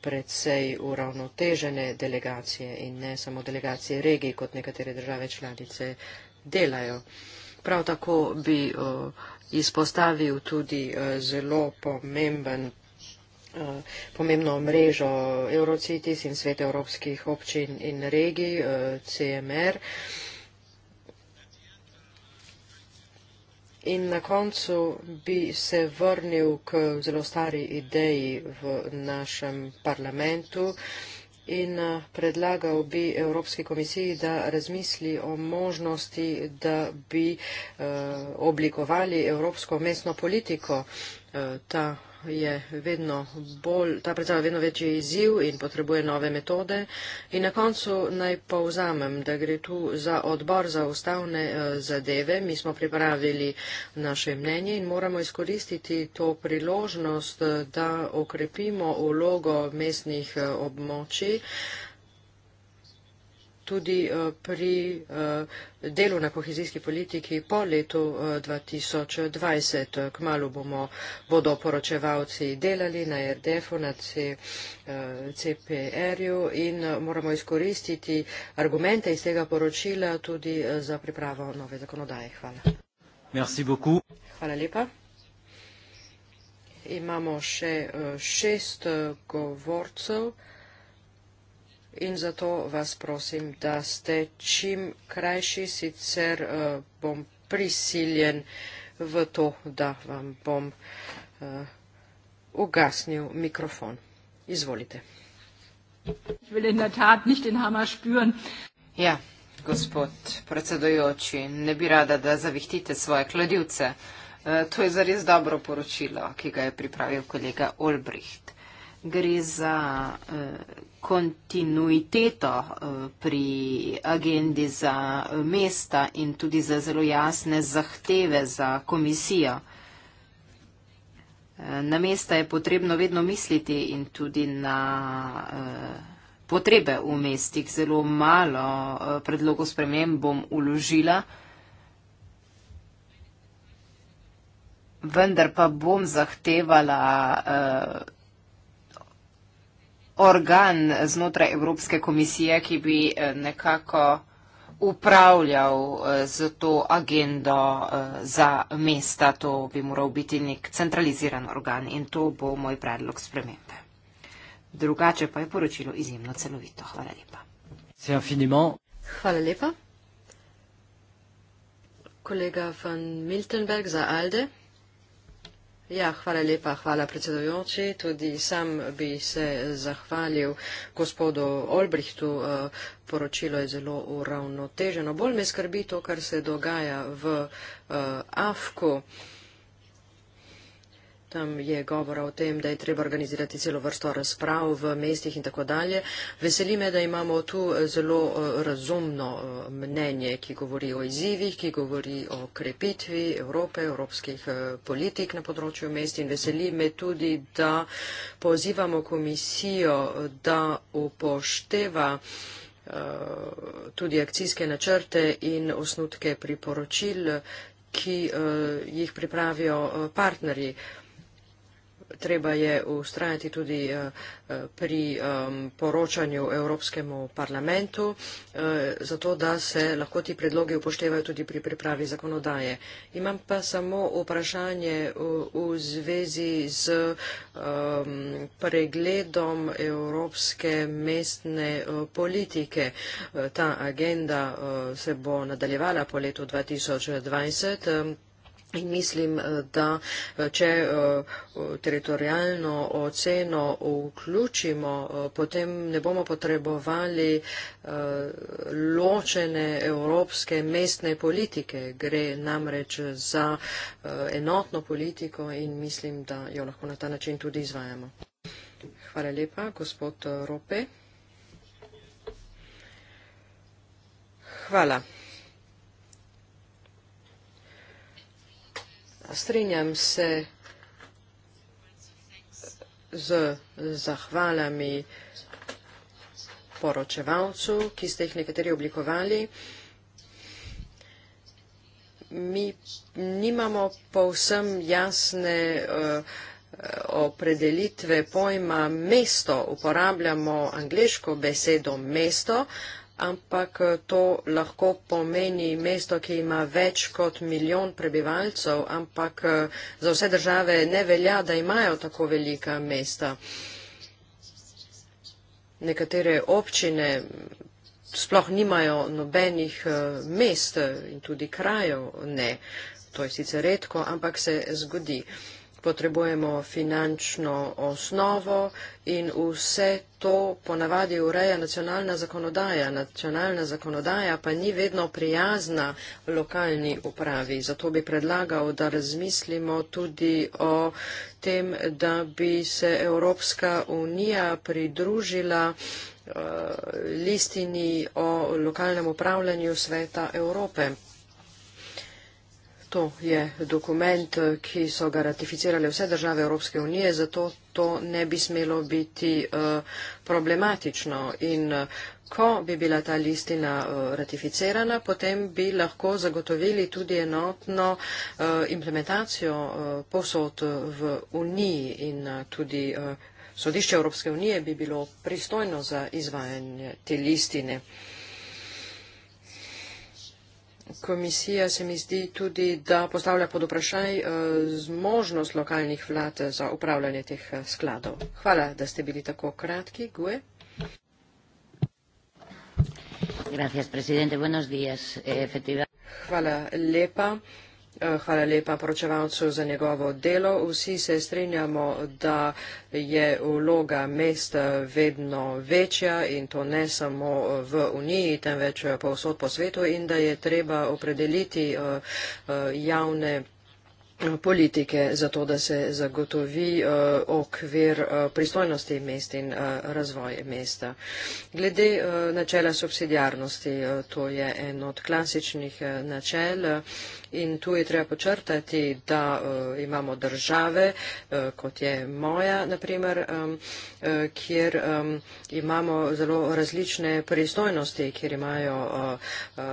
Speaker 4: predvsej uravnotežene delegacije in ne samo delegacije regij, kot nekatere države članice delajo. Prav tako bi uh, izpostavil tudi eh, zelo pomemben, eh, pomembno mrežo Eurocitis in Svet Evropskih občin in regij, eh, CMR. In na koncu bi se vrnil k zelo stari ideji v našem parlamentu, in eh, predlagal bi Evropski komisiji, da razmisli o možnosti, da bi uh, oblikovali evropsko mestno politiko. Uh, ta je vedno bolj, ta predstava vedno večji izziv in potrebuje nove metode. In na koncu naj povzamem, da gre tu za odbor za ustavne eh, zadeve. Mi smo pripravili naše mnenje in moramo izkoristiti to priložnost, eh, da okrepimo vlogo mestnih eh, območij tudi eh, pri eh, delu na kohezijski politiki po letu 2020. Eh, Kmalo bomo, bodo poročevalci delali na RDF-u, na CPR-ju in moramo izkoristiti argumente iz tega poročila tudi za pripravo nove zakonodaje. Hvala.
Speaker 3: Merci beaucoup.
Speaker 4: Hvala lepa. Imamo še šest govorcev in zato vas prosim, da ste čim krajši, sicer uh, bom prisiljen v to, da vam bom uh, ugasnil mikrofon. Izvolite. Ja, gospod predsedojoči, ne bi rada, da
Speaker 2: zavihtite svoje kladivce. Eh, to je zares dobro poročilo, ki ga je pripravil kolega Olbricht. Gre za kontinuiteto eh, pri agendi za mesta in tudi za zelo jasne zahteve za komisijo. Eh, na mesta je potrebno vedno misliti in tudi na eh, potrebe v mestih. Zelo malo predlogov spremem bom uložila. Vendar pa bom zahtevala uh, organ znotraj Evropske komisije, ki bi eh, nekako upravljal z eh, to agendo eh, za mesta. To bi moral biti nek centraliziran organ in to bo moj predlog spremembe. Drugače pa je poročilo izjemno celovito. Hvala lepa.
Speaker 4: Hvala lepa. Kolega van Miltenberg za Alde. Ja, hvala lepa, hvala predsedujoči. Tudi sam bi se zahvalil gospodu Olbrihtu. Eh, poročilo je zelo uravnoteženo. Bolj me skrbi to, kar se dogaja v eh, Afku. Tam je govora o tem, da je treba organizirati celo vrsto razprav v mestih in tako dalje. Veseli me, da imamo tu eh, zelo eh, razumno eh, mnenje, ki govori o izzivih, ki govori o krepitvi Evrope, evropskih politik na področju mest in veseli me tudi, da pozivamo komisijo, da upošteva tudi akcijske načrte in osnutke priporočil, ki jih pripravijo partnerji treba je ustrajati tudi eh, eh, pri poročanju Evropskemu parlamentu, eh, zato da se lahko ti predlogi upoštevajo tudi pri pripravi zakonodaje. Imam pa samo vprašanje v zvezi z pregledom Evropske mestne politike. Ta agenda se bo nadaljevala po letu 2020. In mislim, eh, da eh, če eh, teritorijalno oceno vključimo, potem ne bomo potrebovali ločene evropske mestne politike. Gre namreč za enotno politiko in mislim, da jo lahko na ta način tudi izvajamo. Hvala lepa, gospod Rope. Hvala. Strenjam se z zahvalami poročevalcu, ki ste jih nekateri oblikovali. Mi nimamo povsem jasne eh, opredelitve pojma mesto. Uporabljamo angliško besedo mesto, ampak eh, to lahko pomeni mesto, ki ima več kot milijon prebivalcev, ampak eh, za vse države ne velja, da imajo tako velika mesta. Nekatere občine sploh nimajo nobenih eh, mest in tudi krajev ne. To je sicer redko, ampak se zgodi potrebujemo finančno osnovo in vse to ponavadi ureja nacionalna zakonodaja. Nacionalna zakonodaja pa ni vedno prijazna lokalni upravi. Zato bi predlagal, da razmislimo tudi o tem, da bi se Evropska unija pridružila eh, listini o lokalnem upravljanju sveta Evrope. To je dokument, ki so ga ratificirale vse države Evropske unije, zato to ne bi smelo biti uh, problematično. In uh, ko bi bila ta listina uh, ratificirana, potem bi lahko zagotovili tudi enotno uh, implementacijo uh, posod v Uniji in uh, tudi. Uh, Sodišče Evropske unije bi bilo pristojno za izvajanje te listine. Uh, komisija se mi zdi tudi, da postavlja pod vprašaj eh, zmožnost lokalnih vlad za upravljanje teh eh, skladov. Hvala, da ste bili tako kratki. Gue. Gracias, presidente. Buenos días. Eh, Efectivamente. Hvala lepa. Eh, hvala lepa poročevalcu za njegovo delo. Vsi se strinjamo, da je vloga mest vedno večja in to ne samo v Uniji, temveč povsod po svetu in da je treba opredeliti eh, eh, javne politike za to, da se zagotovi uh, okvir uh, pristojnosti mest in uh, razvoj mesta. Glede uh, načela subsidiarnosti, uh, to je en od klasičnih uh, načel. Uh, in tu je treba počrtati, da uh, imamo države, uh, kot je moja, naprimer, um, uh, eh, kjer um, imamo zelo različne pristojnosti, kjer imajo uh, uh,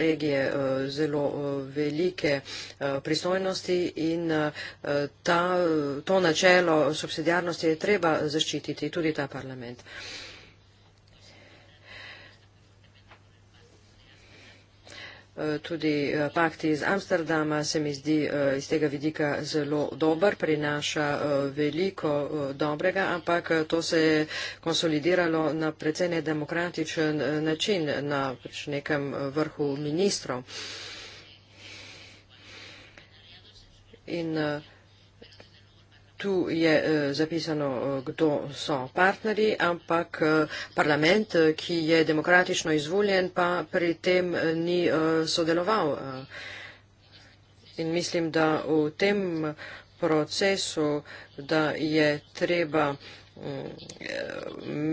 Speaker 4: regije uh, zelo uh, velike uh, pristojnosti in uh, ta, to načelo subsidijarnosti je treba zaščititi, tudi ta parlament. Uh, tudi eh, pakt iz Amsterdama se mi zdi eh, iz tega vidika zelo dober, prinaša eh, veliko dobrega, ampak to se je konsolidiralo na precej nedemokratičen način na pač nekem vrhu ministrov. In uh, tu je eh, zapisano, eh, kdo so partnerji, ampak eh, parlament, ki je demokratično izvoljen, pa pri tem ni sodeloval. In mislim, da v tem procesu, da je treba mm,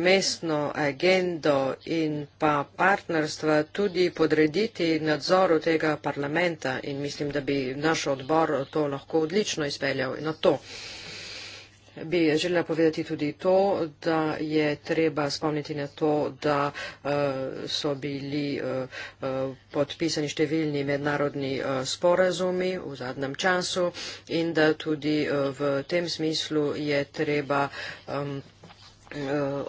Speaker 4: mestno agendo in pa partnerstva tudi podrediti nadzoru tega parlamenta in mislim, da bi naš odbor to lahko odlično izpeljal na to bi želela povedati tudi to, da je treba spomniti na to, da eh, so bili eh, eh, podpisani številni mednarodni sporazumi v zadnjem času in da tudi v tem smislu je treba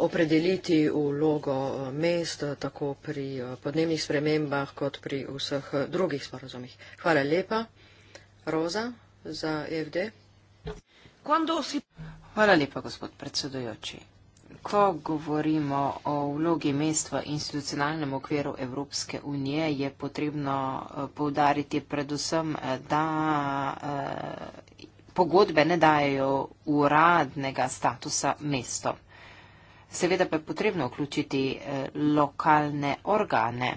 Speaker 4: opredeliti vlogo mest tako pri podnebnih spremembah kot pri vseh drugih sporazumih. Hvala lepa. Roza za EFD. Hvala
Speaker 2: lepa, gospod predsedujoči. Ko govorimo o vlogi mest v institucionalnem okviru Evropske unije, je potrebno eh, povdariti predvsem, eh, da eh, pogodbe ne dajo uradnega statusa mestom. Seveda pa je potrebno vključiti lokalne organe.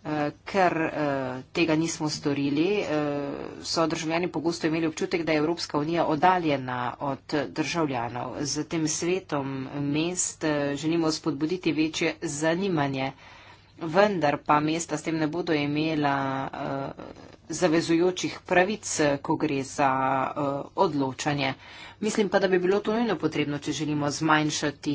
Speaker 2: Eh, ker eh, tega nismo storili, eh, so državljani pogosto imeli občutek, da je Evropska unija oddaljena od državljanov. Z tem svetom mest želimo spodbuditi večje zanimanje, vendar pa mesta s tem ne bodo imela zavezujočih pravic, ko gre za uh, odločanje. Mislim pa, da bi bilo to nujno potrebno, če želimo zmanjšati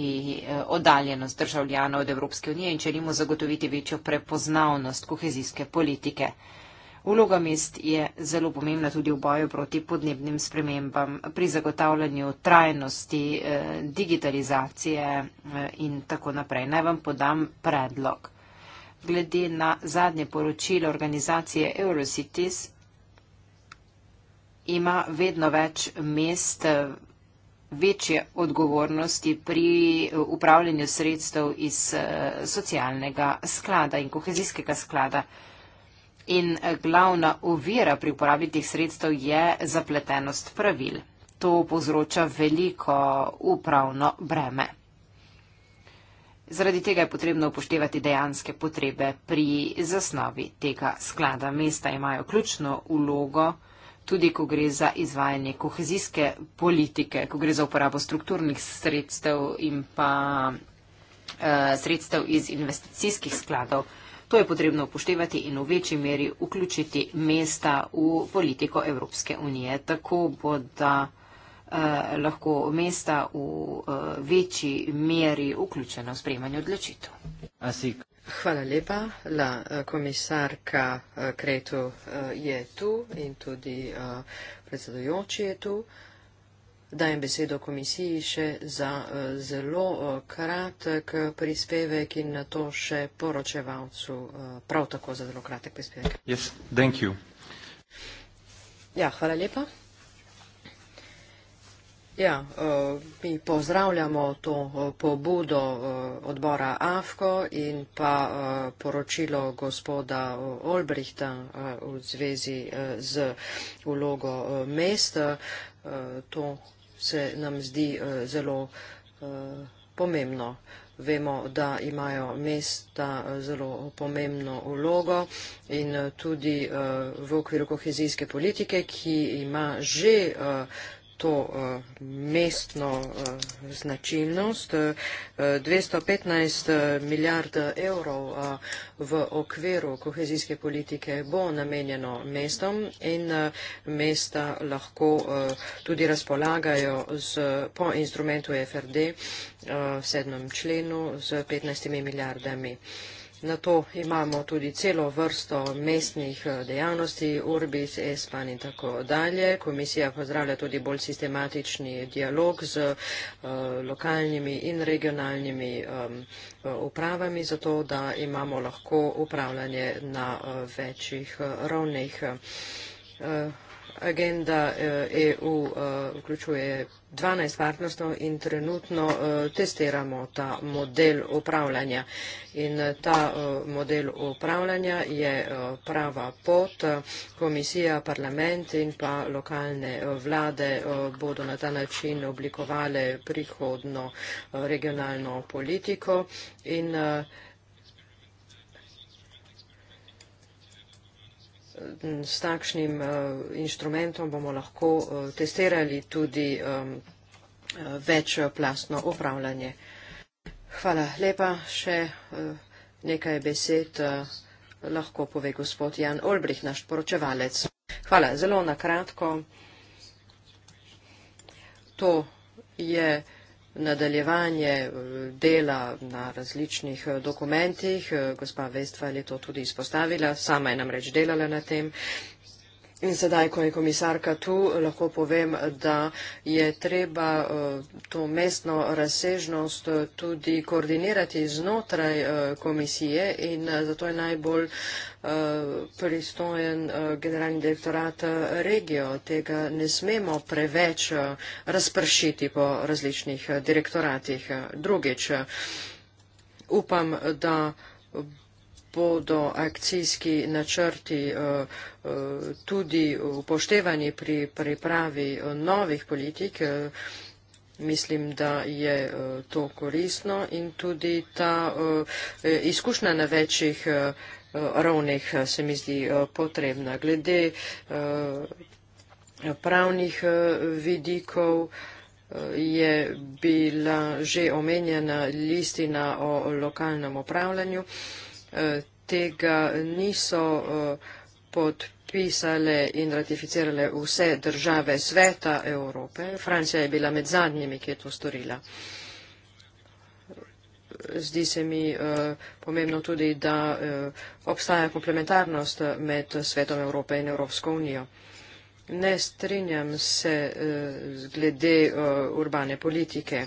Speaker 2: uh, oddaljenost državljanov od Evropske unije in če želimo zagotoviti večjo prepoznavnost kohezijske politike. Vloga mest je zelo pomembna tudi v boju proti podnebnim spremembam, pri zagotavljanju trajnosti, uh, digitalizacije uh, in tako naprej. Naj vam podam predlog glede na zadnje poročilo organizacije Eurocities, ima vedno več mest eh, večje odgovornosti pri eh, upravljanju sredstev iz eh, socialnega sklada in kohezijskega sklada. In glavna ovira pri uporabi teh sredstev je zapletenost pravil. To povzroča veliko upravno breme. Zaradi tega je potrebno upoštevati dejanske potrebe pri zasnovi tega sklada. Mesta imajo ključno ulogo, tudi ko gre za izvajanje kohezijske politike, ko gre za uporabo strukturnih sredstev in pa eh, sredstev iz investicijskih skladov. To je potrebno upoštevati in v večji meri vključiti mesta v politiko Evropske unije. Tako bo, da. Eh, lahko
Speaker 4: mesta v uh, večji meri vključena v sprejemanje odločitev. Hvala lepa. La eh, komisarka Kretu je tu in tudi predsedujoči je tu. Dajem besedo komisiji še za zelo kratek prispevek in na to še poročevalcu prav tako za zelo kratek prispevek.
Speaker 3: Yes, thank you.
Speaker 4: Ja, hvala lepa. Ja, eh, mi pozdravljamo to eh, pobudo eh, odbora AFKO in pa poročilo gospoda Olbrihta v zvezi z ulogo mesta. To se nam zdi zelo pomembno. Vemo, da imajo mesta zelo pomembno ulogo in tudi v okviru kohezijske politike, ki ima že to uh, mestno uh, značilnost. Uh, eh, 215 milijard evrov uh, v okviru kohezijske politike bo namenjeno mestom in uh, mesta lahko uh, tudi razpolagajo z, po instrumentu FRD uh, v sedmem členu z 15 milijardami. Uh, Na to imamo tudi celo vrsto mestnih eh, dejavnosti, Urbis, ESPAN in tako dalje. Komisija pozdravlja tudi bolj sistematični dialog z uh, lokalnimi in regionalnimi um, upravami, zato da imamo lahko upravljanje na uh, večjih uh, ravneh. Uh, agenda EU eh, e eh, vključuje 12 partnerstv in trenutno eh, testiramo ta model upravljanja. In ta model upravljanja je prava pot. Komisija, parlament in pa lokalne vlade bodo na ta način oblikovali prihodno regionalno politiko in s takšnim eh, inštrumentom bomo lahko eh, testirali tudi eh, večplastno upravljanje. Hvala lepa. Še nekaj besed lahko pove gospod Jan Olbrih, naš poročevalec. Hvala. Zelo nakratko. To je nadaljevanje eh, dela na različnih eh, dokumentih. Eh, gospa Vestva je to tudi izpostavila, sama je namreč delala na tem. In sedaj, ko je komisarka tu, lahko povem, da je treba eh, to mestno razsežnost eh, tudi koordinirati znotraj eh, komisije in zato je najbolj pristojen generalni direktorat regijo. Tega ne smemo preveč razpršiti po različnih direktoratih. Drugič, upam, da bodo akcijski načrti eh, eh, tudi upoštevani pri pripravi eh, novih politik. Mislim, da je to korisno in tudi ta izkušnja na večjih ravneh se mi zdi potrebna. Glede pravnih vidikov je bila že omenjena listina o lokalnem upravljanju. Eh, tega niso eh, podpisale in ratificirale vse države sveta Evrope. Francija je bila med zadnjimi, ki je to storila. Zdi se mi eh, pomembno tudi, da eh, obstaja komplementarnost med svetom Evrope in Evropsko unijo. Ne strinjam se eh, glede eh, urbane politike.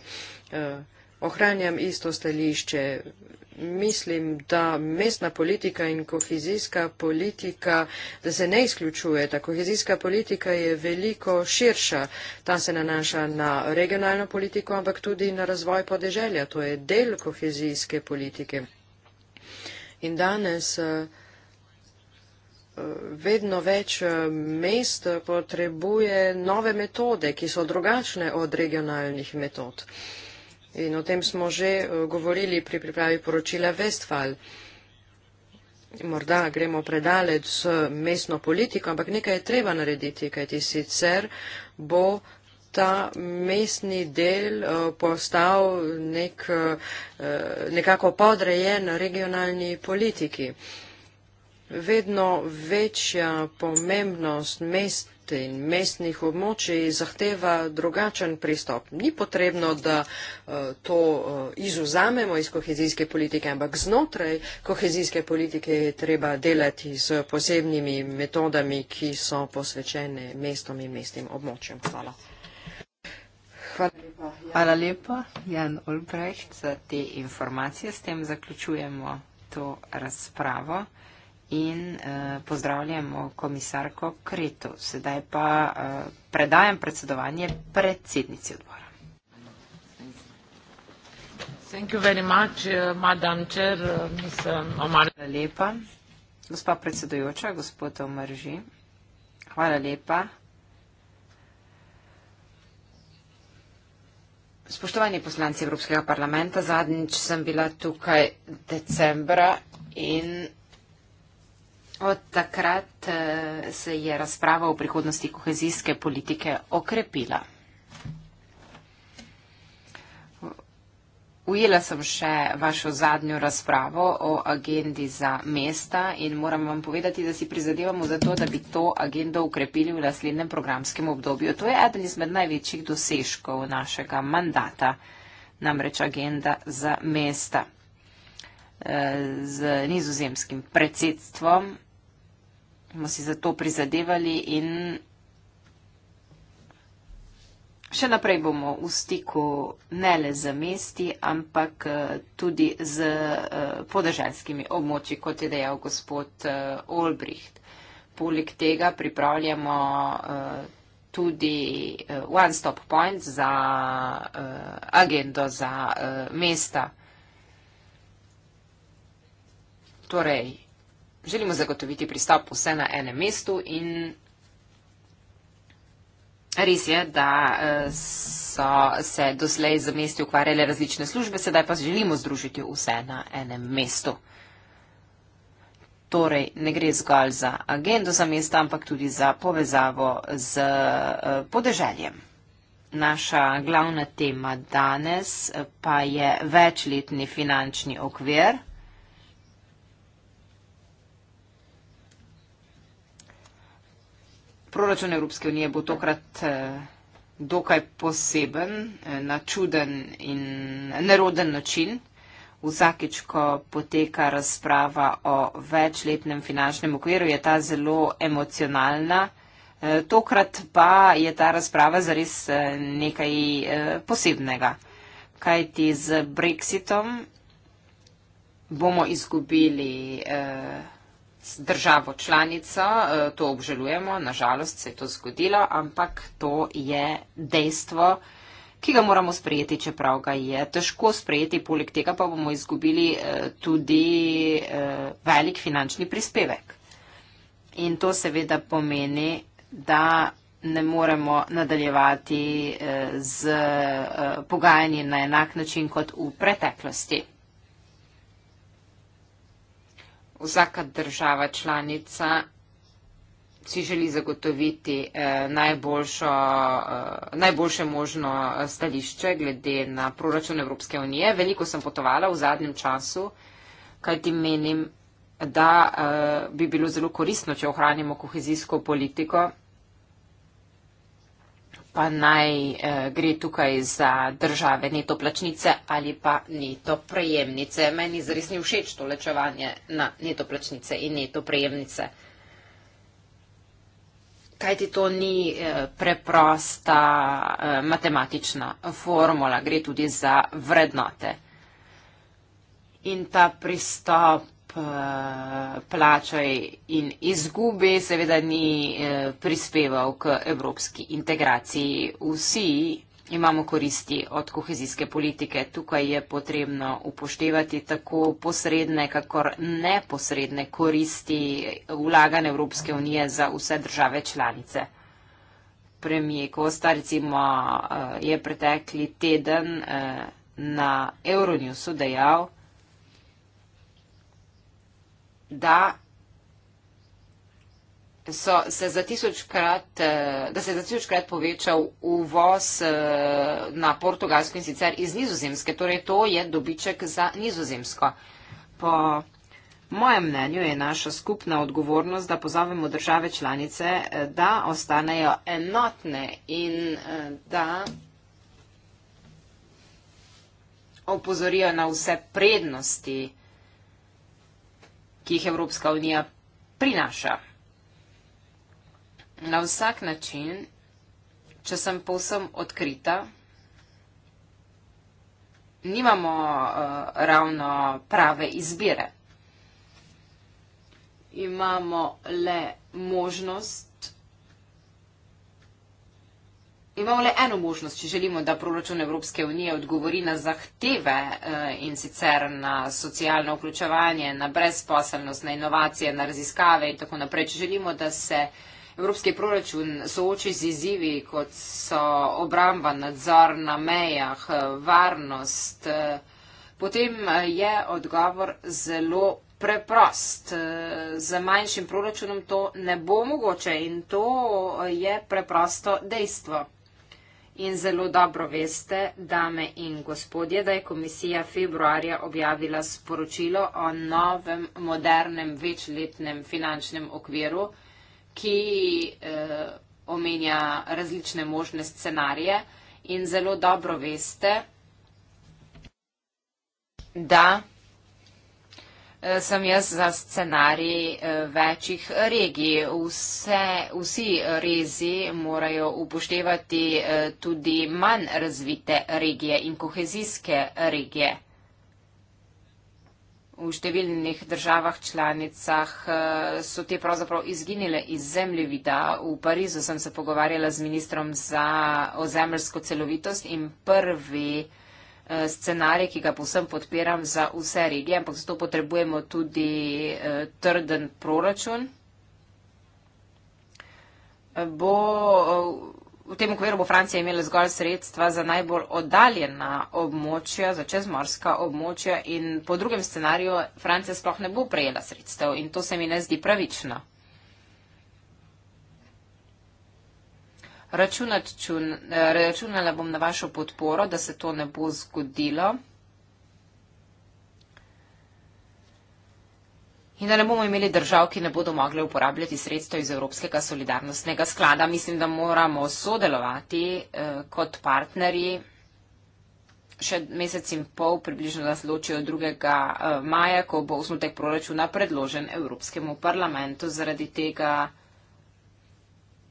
Speaker 4: Eh, ohranjam isto stališče mislim, da mestna politika in kohezijska politika, da se ne izključuje. Ta kohezijska politika je veliko širša. Ta se nanaša na regionalno politiko, ampak tudi na razvoj podeželja. To je del kohezijske politike. In danes eh, vedno več eh, mest potrebuje nove metode, ki so drugačne od regionalnih metod. In o tem smo že eh, govorili pri pripravi poročila Vestfal. Morda gremo predaleč s mestno politiko, ampak nekaj je treba narediti, kajti sicer bo ta mestni del eh, postal nek, eh, nekako podrejen regionalni politiki. Vedno večja pomembnost mest kmete in mestnih območij zahteva drugačen pristop. Ni potrebno, da eh, to eh, izuzamemo iz kohezijske politike, ampak znotraj kohezijske politike je treba delati z posebnimi metodami, ki so posvečene mestom in mestnim območjem. Hvala. Hvala
Speaker 2: lepa, Jan Olbrecht, za te informacije. S tem zaključujemo to razpravo in uh, pozdravljamo komisarko Kreto. Sedaj pa uh, predajam predsedovanje predsednici odbora. Thank you very much, eh, madam chair, Ms. Omar. Hvala lepa, gospa predsedujoča, gospod Omar Ži. Hvala lepa. Spoštovani poslanci Evropskega parlamenta, zadnjič sem bila tukaj decembra in Od takrat eh, se je razprava o prihodnosti kohezijske politike okrepila. Ujela sem še vašo zadnjo razpravo o agendi za mesta in moram vam povedati, da si prizadevamo za to, da bi to agendo ukrepili v naslednjem programskem obdobju. To je eden izmed največjih dosežkov našega mandata, namreč agenda za mesta eh, z nizozemskim predsedstvom smo si za to prizadevali in še naprej bomo v stiku ne le z mesti, ampak eh, tudi z eh, podeželskimi območji, kot je dejal gospod eh, Olbricht. Poleg tega pripravljamo tudi One Stop Point za agendo za mesta. Torej, želimo zagotoviti pristop vse na enem mestu in res je, da eh, so se doslej z mesti ukvarjale različne službe, sedaj pa želimo združiti vse na enem mestu. Torej, ne gre zgolj za agendo za mesta, ampak tudi za povezavo z eh, podeželjem. Naša glavna tema danes eh, pa je večletni finančni okvir 2021-2027. Proračun Evropske unije bo tokrat eh, dokaj poseben, eh, na čuden in neroden način. Vsakič, ko poteka razprava o večletnem finančnem okviru, je ta zelo emocionalna. Eh, tokrat pa je ta razprava zares nekaj posebnega. Kaj ti z Brexitom bomo izgubili? Eh, državo članico, e, to obžalujemo, nažalost se je to zgodilo, ampak to je dejstvo, ki ga moramo sprejeti, čeprav ga je težko sprejeti, poleg tega pa bomo izgubili e, tudi e, velik finančni prispevek. In to seveda pomeni, da ne moremo nadaljevati z pogajanjem na enak način kot v preteklosti vsaka država članica si želi zagotoviti eh, najboljšo, eh, najboljše možno eh, stališče glede na proračun Evropske unije. Veliko sem potovala v zadnjem času, kajti menim, da eh, bi bilo zelo koristno, če ohranimo kohezijsko politiko pa naj eh, gre tukaj za države neto plačnice ali pa neto prejemnice. Meni zares ni všeč to lečevanje na neto plačnice in neto prejemnice. Kaj ti to ni eh, preprosta eh, matematična formula, gre tudi za vrednote. In ta pristop Eh, plačaj in izgubi, seveda ni eh, prispeval k evropski integraciji. Vsi imamo koristi od kohezijske politike. Tukaj je potrebno upoštevati tako posredne, kakor neposredne koristi vlaganja Evropske unije za vse države članice. Premije Kosta recimo eh, je pretekli teden na Euronewsu dejal, da so se za tisočkrat, eh, da se je za tisočkrat povečal uvoz eh, na Portugalsko in sicer iz Nizozemske. Torej, to je dobiček za Nizozemsko. Po mojem mnenju je naša skupna odgovornost, da pozovemo države članice, eh, da ostanejo enotne in da opozorijo na vse prednosti ki jih Evropska unija prinaša. Na vsak način, če sem povsem odkrita, nimamo uh, ravno prave izbire. Imamo le možnost Imamo le eno možnost, če želimo, da proračun Evropske unije odgovori na zahteve eh, in sicer na socialno vključevanje, na brezposelnost, na inovacije, na raziskave in tako naprej. Če želimo, da se Evropski proračun sooči z izzivi, kot so obramba, nadzor na mejah, varnost, eh, potem eh, je odgovor zelo preprost. Z manjšim proračunom to ne bo mogoče in to je preprosto dejstvo. In zelo dobro veste, dame in gospodje, da je komisija februarja objavila sporočilo o novem, modernem, večletnem finančnem okviru, ki eh, omenja različne možne scenarije. In zelo dobro veste, da Eh, sem jaz za scenarij eh, večjih regij. Vse, vsi rezi morajo upoštevati eh, tudi manj razvite regije in kohezijske regije. V številnih državah članicah so te pravzaprav izginile iz zemljevida. V Parizu sem se pogovarjala z ministrom za ozemljsko celovitost in prvi Eh, scenarij, ki ga povsem podpiram za vse regije, ampak zato potrebujemo tudi eh, trden proračun. Eh, bo, v tem okviru bo Francija imela zgolj sredstva za najbolj oddaljena območja, za čezmorska območja in po drugem scenariju Francija sploh ne bo prejela sredstev in to se mi ne zdi pravično. ču, eh, računala bom na vašo podporo, da se to ne bo zgodilo. In da ne bomo imeli držav, ki ne bodo mogli uporabljati sredstev iz Evropskega solidarnostnega sklada. Mislim, da moramo sodelovati eh, kot partnerji. Še mesec in pol približno nas ločijo 2. Eh, maja, ko bo osnutek proračuna predložen Evropskemu parlamentu. Zaradi tega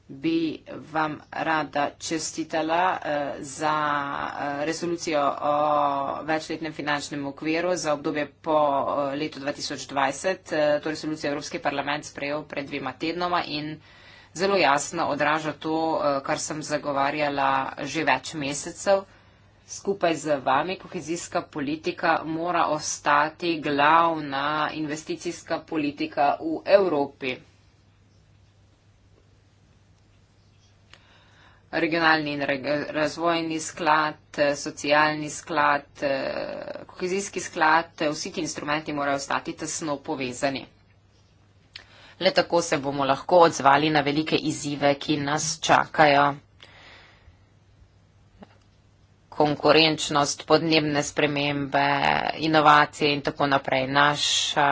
Speaker 2: bi vam rada čestitala eh, za eh, resolucijo o večletnem finančnem okviru za obdobje po eh, letu 2020. To resolucijo Evropski parlament sprejel pred dvema tednoma in zelo jasno odraža to, kar sem zagovarjala že več mesecev. Skupaj z vami kohezijska politika mora ostati glavna investicijska politika v Evropi. regionalni in razvojni sklad, eh, socialni sklad, eh, kohezijski sklad, eh, vsi ti instrumenti morajo ostati tesno povezani. Le tako se bomo lahko odzvali na velike izzive, ki nas čakajo konkurenčnost, podnebne spremembe, inovacije in tako naprej. Naša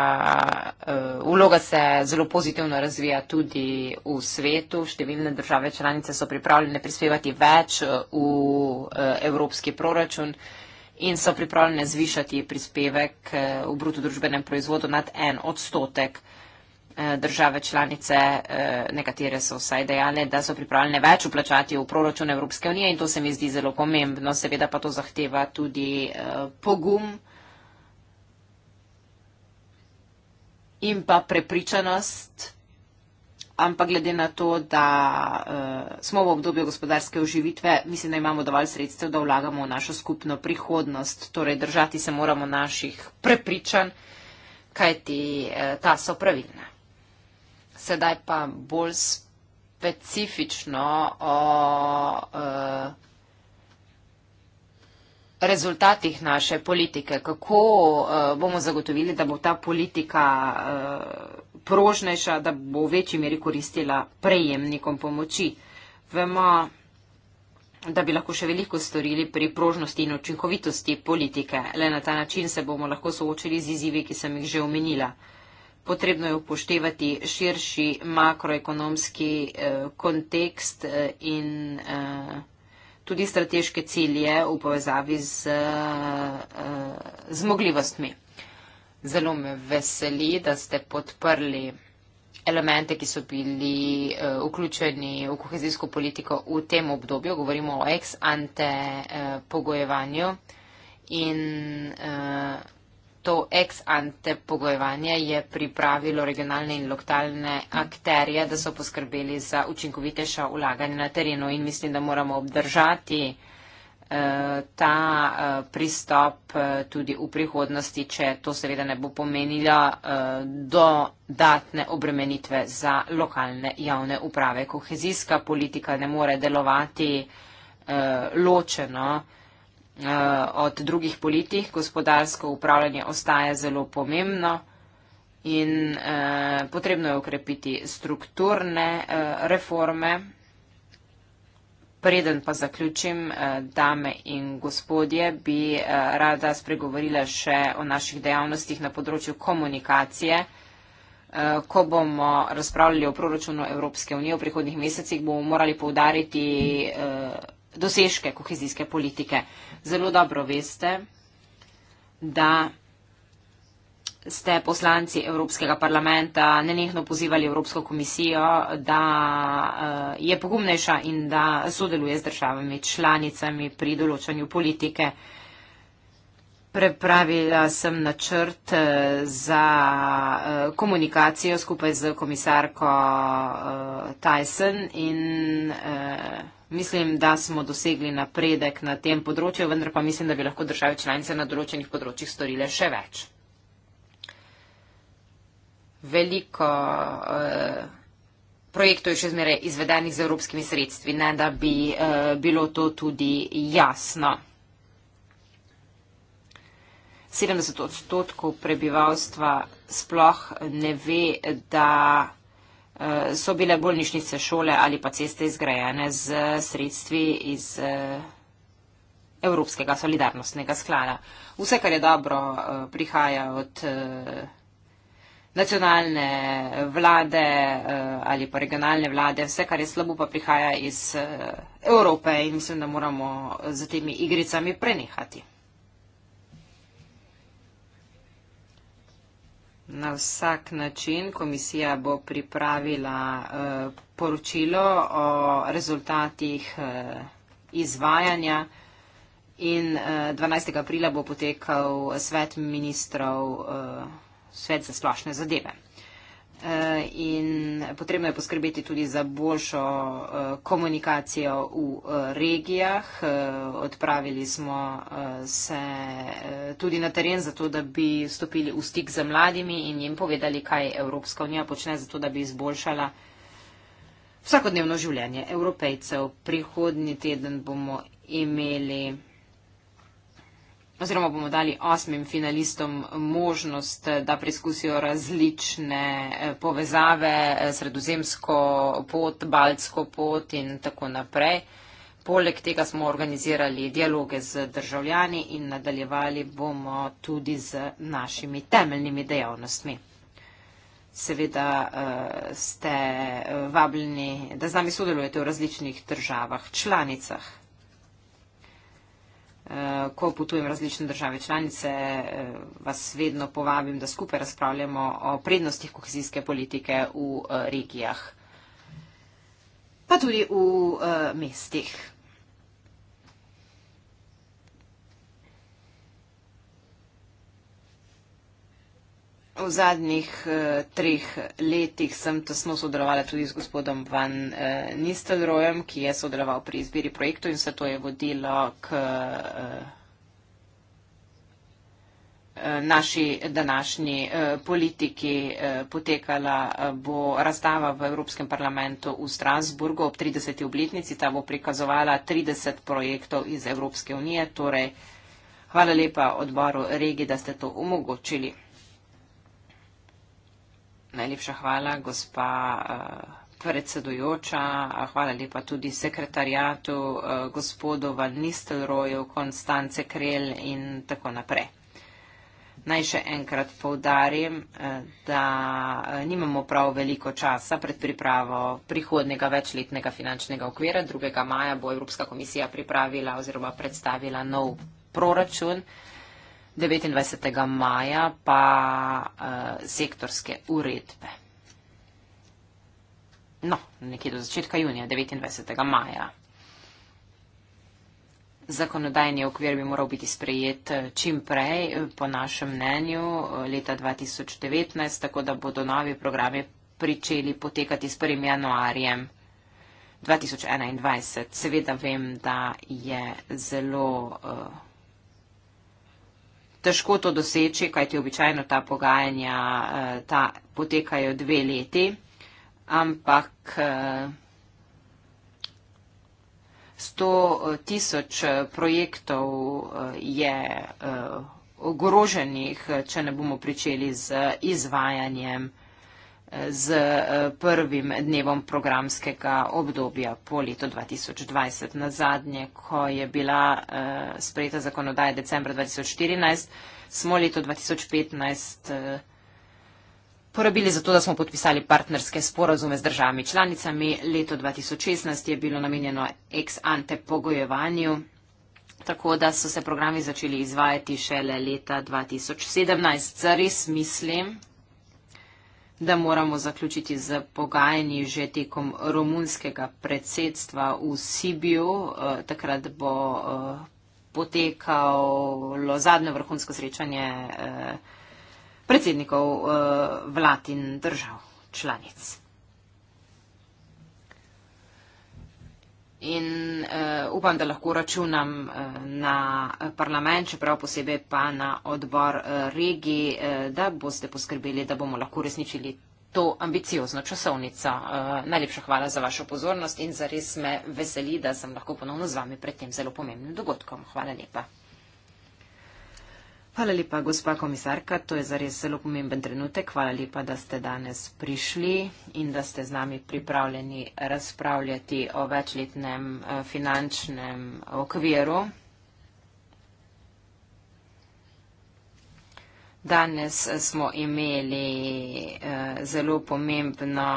Speaker 2: uh, vloga se zelo pozitivno razvija tudi v svetu. Številne države članice so pripravljene prispevati več eh, v uh, evropski proračun in so pripravljene zvišati prispevek uh, v brutodružbenem proizvodu nad en odstotek uh, Eh, države članice, eh, nekatere so vsaj dejale, da so pripravljene več uplačati v proračun Evropske unije in to se mi zdi zelo pomembno. Seveda pa to zahteva tudi eh, pogum in pa prepričanost. Ampak glede na to, da uh, smo v obdobju gospodarske oživitve, mislim, da imamo dovolj sredstev, da vlagamo v našo skupno prihodnost. Torej, držati se moramo naših prepričanj, kajti uh, ta so pravilna sedaj pa bolj specifično o eh, rezultatih naše politike, kako eh, bomo zagotovili, da bo ta politika eh, prožnejša, da bo v večji meri koristila prejemnikom pomoči. Vemo, da bi lahko še veliko storili pri prožnosti in učinkovitosti politike. Le na ta način se bomo lahko soočili z izzivi, ki sem jih že omenila potrebno je upoštevati širši makroekonomski eh, kontekst eh, in eh, tudi strateške cilje v povezavi z zmogljivostmi. Zelo me veseli, da ste podprli elemente, ki so bili uh, vključeni v kohezijsko politiko v tem obdobju. Govorimo o ex ante uh, pogojevanju in uh, to ex ante pogojevanje je pripravilo regionalne in lokalne akterje, da so poskrbeli za učinkovitejša ulaganja na terenu in mislim, da moramo obdržati eh, ta eh, pristop eh, tudi v prihodnosti, če to seveda ne bo pomenilo dodatne obremenitve za lokalne javne uprave. Kohezijska politika ne more delovati ločeno, Eh, od drugih politik, gospodarsko upravljanje ostaje zelo pomembno in uh, potrebno je ukrepiti strukturne uh, reforme. Preden pa zaključim, uh, dame in gospodje, bi uh, rada spregovorila še o naših dejavnostih na področju komunikacije. Ko bomo razpravljali o proračunu Evropske unije v prihodnih mesecih, bomo morali povdariti dosežke kohezijske politike. Zelo dobro veste, da ste poslanci Evropskega parlamenta nenehno pozivali Evropsko komisijo, da eh, je pogumnejša in da sodeluje z državami članicami pri določanju politike. Prepravila sem načrt eh, za eh, komunikacijo skupaj z komisarko Tyson in Mislim, da smo dosegli napredek na tem področju, vendar pa mislim, da bi lahko države članice na določenih področjih storile še več. Veliko uh, projektov je še zmeraj izvedenih z evropskimi sredstvi, ne da bi uh, bilo to tudi jasno. 70 odstotkov prebivalstva sploh ne ve, da. Eh, so bile bolnišnice, šole ali pa ceste izgrajene z sredstvi iz eh, Evropskega solidarnostnega sklada. Vse, kar je dobro, eh, prihaja od nacionalne vlade ali pa regionalne vlade, vse, kar je slabo, pa prihaja iz Evrope in mislim, da moramo z temi igricami prenehati. Na vsak način komisija bo pripravila eh, poročilo o rezultatih eh, izvajanja in 12. Eh, aprila bo potekal svet ministrov, svet za splošne zadeve. Eh, in potrebno je poskrbeti tudi za boljšo eh, komunikacijo v eh, regijah. Odpravili smo se tudi na teren za to, da bi stopili v stik z mladimi in jim povedali, kaj Evropska unija počne za to, da bi izboljšala vsakodnevno življenje evropejcev. Prihodni teden bomo imeli oziroma bomo dali osmim finalistom možnost, da preizkusijo različne eh, povezave, eh, sredozemsko pot, baltsko pot in tako naprej. Poleg tega smo organizirali dialoge z državljani in nadaljevali bomo tudi z našimi temeljnimi dejavnostmi. Seveda eh, ste vabljeni, da z nami sodelujete v različnih državah, članicah. Eh, ko potujem v različne države članice, eh, vas vedno povabim, da skupaj razpravljamo o prednostih kohezijske politike v eh, regijah, pa tudi v mestih. V zadnjih uh, treh letih sem tesno sodelovala tudi z gospodom Van uh, Nistelrojem, ki je sodeloval pri izbiri projektov in se to je vodilo k uh, naši današnji uh, politiki. Uh, potekala uh, bo razstava v Evropskem parlamentu v Strasburgu ob 30. obletnici. Ta bo prikazovala 30 projektov iz Evropske unije. Torej, hvala lepa odboru regi, da ste to omogočili. Najlepša hvala, gospa eh, predsedujoča. Hvala lepa tudi sekretarjatu, eh, gospodu Van Nistelroju, Konstance Krel in tako naprej. Naj še enkrat povdarim, eh, da nimamo prav veliko časa pred pripravo prihodnega večletnega finančnega okvira. 2. maja bo Evropska komisija pripravila oziroma predstavila nov proračun. 29. maja pa uh, sektorske uredbe. No, nekje do začetka junija 29. maja. Zakonodajni okvir bi moral biti sprejet eh, čim prej, po našem mnenju, eh, leta 2019, tako da bodo novi programi pričeli potekati s 1. januarjem 2021. Seveda vem, da je zelo. Uh, težko to doseči, kajti običajno ta pogajanja eh, ta, potekajo dve leti, ampak eh, sto eh, tisoč projektov je ogroženih, če ne bomo pričeli z izvajanjem z eh, prvim dnevom programskega obdobja po letu 2020. Na zadnje, ko je bila eh, sprejeta zakonodaja decembra 2014, smo leto 2015 eh, porabili za to, da smo podpisali partnerske sporozume z državami članicami. Leto 2016 je bilo namenjeno ex ante pogojevanju, tako da so se programi začeli izvajati šele leta 2017. Zares mislim, da moramo zaključiti z pogajanji že tekom romunskega predsedstva v Sibiju. Eh, takrat bo eh, potekalo zadnje vrhunsko srečanje eh, predsednikov vlad in držav članic. in uh, upam, da lahko računam uh, na parlament, čeprav posebej pa na odbor uh, eh, regi, uh, da boste poskrbeli, da bomo lahko resničili to ambiciozno časovnico. Uh, najlepša hvala za vašo pozornost in zares me veseli, da sem lahko ponovno z vami pred tem zelo pomembnim dogodkom. Hvala lepa. Hvala lepa, gospa komisarka. To je zares zelo pomemben trenutek. Hvala lepa, da ste danes prišli in da ste z nami pripravljeni razpravljati o večletnem eh, finančnem okviru. Danes eh, smo imeli eh, zelo pomembno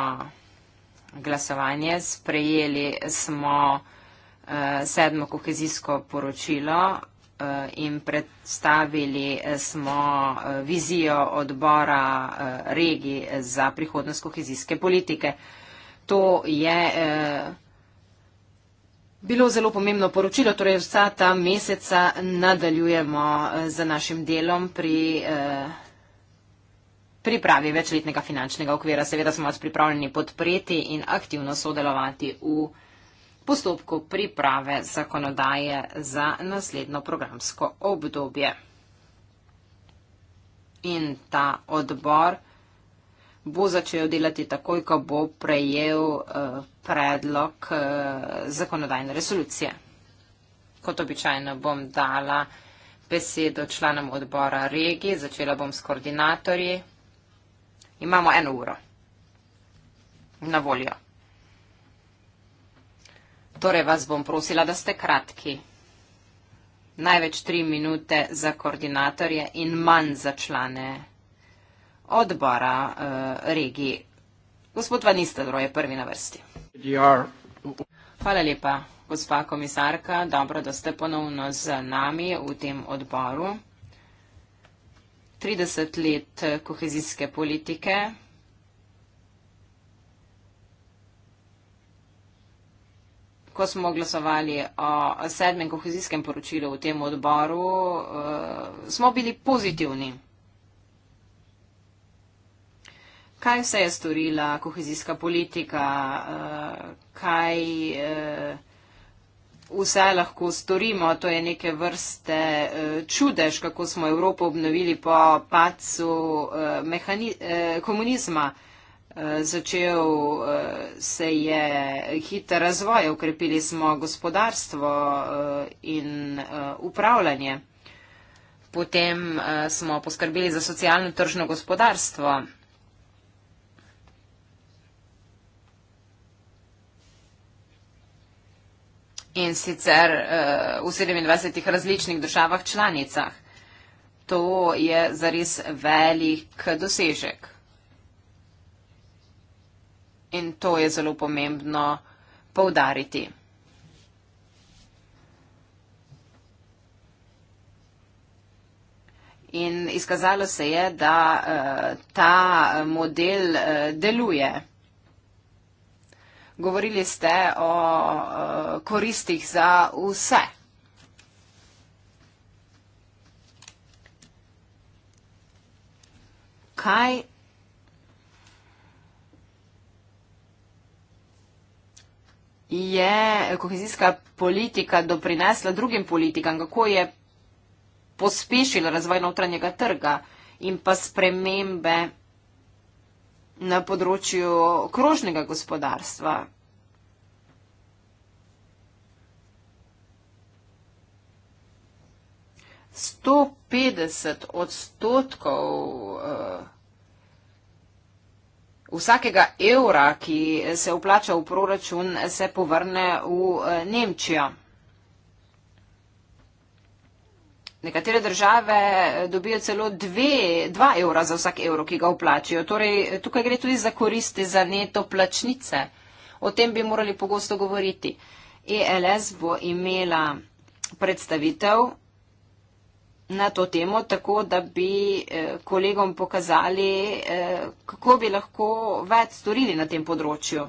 Speaker 2: glasovanje. Sprejeli smo sedmo kohezijsko poročilo Eh, in predstavili eh, smo eh, vizijo odbora regij za prihodnost kohezijske politike. To je bilo zelo pomembno poročilo, torej vsa ta meseca nadaljujemo z našim delom pri pripravi večletnega finančnega okvira. Seveda smo vas pripravljeni podpreti in aktivno sodelovati v postopku priprave zakonodaje za naslednjo programsko obdobje. In ta odbor bo začel delati takoj, ko bo prejel eh, predlog eh, zakonodajne resolucije. Kot običajno bom dala besedo članom odbora regij, začela bom s koordinatorji. Imamo eno uro na voljo. Torej vas bom prosila, da ste kratki. Največ tri minute za koordinatorje in manj za člane odbora uh, eh, regiji. Gospod Vanistadro je prvi na vrsti. Hvala lepa, gospa komisarka. Dobro, da ste ponovno z nami v tem odboru. 30 let kohezijske politike, ko smo glasovali o sedmem kohezijskem poročilu v tem odboru, uh, smo bili pozitivni. Kaj se je storila kohezijska politika, uh, kaj uh, vse lahko storimo, to je neke vrste uh, čudež, kako smo Evropo obnovili po pacu uh, uh, komunizma. Uh, Eh, začel eh, se je hiter razvoj, ukrepili smo gospodarstvo eh, in upravljanje. Potem smo poskrbeli za socialno tržno gospodarstvo. In sicer v 27 različnih državah članicah. To je zares velik dosežek in to je zelo pomembno poudariti. In izkazalo se je, da uh, ta eh, model uh, deluje. Govorili ste o uh, koristih za vse. Kaj je kohezijska politika doprinesla drugim politikam, kako je pospešila razvoj notranjega trga in pa spremembe na področju krožnega gospodarstva. Sto petdeset odstotkov uh, vsakega evra, ki se uplača v proračun, se povrne v eh, Nemčijo. Nekatere države eh, dobijo celo dve, dva evra za vsak evro, ki ga uplačijo. Torej, tukaj gre tudi za koristi za neto plačnice. O tem bi morali pogosto govoriti. ELS bo imela predstavitev na to temo, tako da bi eh, kolegom pokazali, eh, kako bi lahko več storili na tem področju.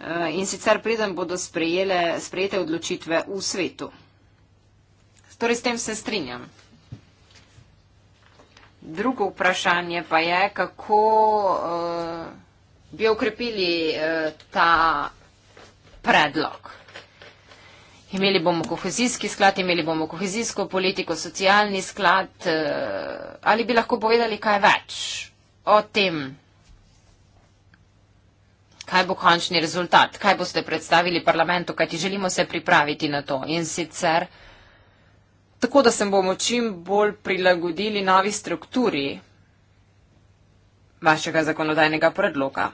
Speaker 2: Eh, in sicer preden bodo sprejele, sprejete odločitve v svetu. Torej, s tem se strinjam. Drugo vprašanje pa je, kako bi okrepili ta predlog. Imeli bomo kohezijski sklad, imeli bomo kohezijsko politiko, socialni sklad. Eh, ali bi lahko povedali kaj več o tem, kaj bo končni rezultat, kaj boste predstavili parlamentu, kaj ti želimo se pripraviti na to in sicer tako, da se bomo čim bolj prilagodili novi strukturi vašega zakonodajnega predloga.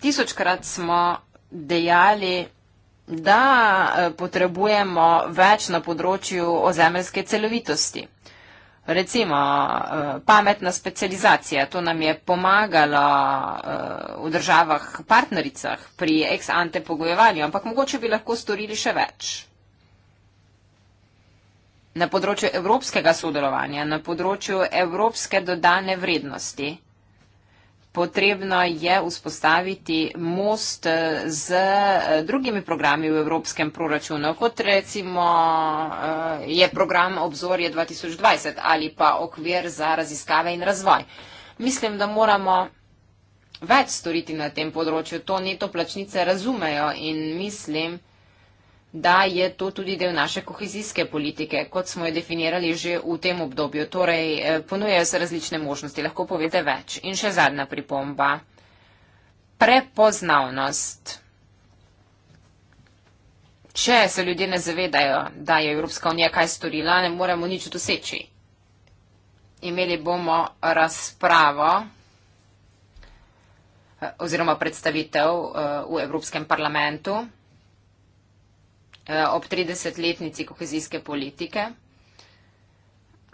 Speaker 2: Tisočkrat smo dejali, da eh, potrebujemo več na področju ozemeljske celovitosti. Recimo, eh, pametna specializacija, to nam je pomagalo eh, v državah partnericah pri ex ante pogojevanju, ampak mogoče bi lahko storili še več. Na področju evropskega sodelovanja, na področju evropske dodane vrednosti. Potrebno je vzpostaviti most eh, z eh, drugimi programi v evropskem proračunu, kot recimo eh, je program Obzorje 2020 ali pa okvir za raziskave in razvoj. Mislim, da moramo več storiti na tem področju. To neto plačnice razumejo in mislim, da je to tudi del naše kohezijske politike, kot smo jo definirali že v tem obdobju. Torej, eh, ponujejo se različne možnosti, lahko povete več. In še zadnja pripomba. Prepoznavnost. Če se ljudje ne zavedajo, da je Evropska unija kaj storila, ne moremo nič doseči. Imeli bomo razpravo eh, oziroma predstavitev eh, v Evropskem parlamentu. Eh, ob 30-letnici kohezijske politike.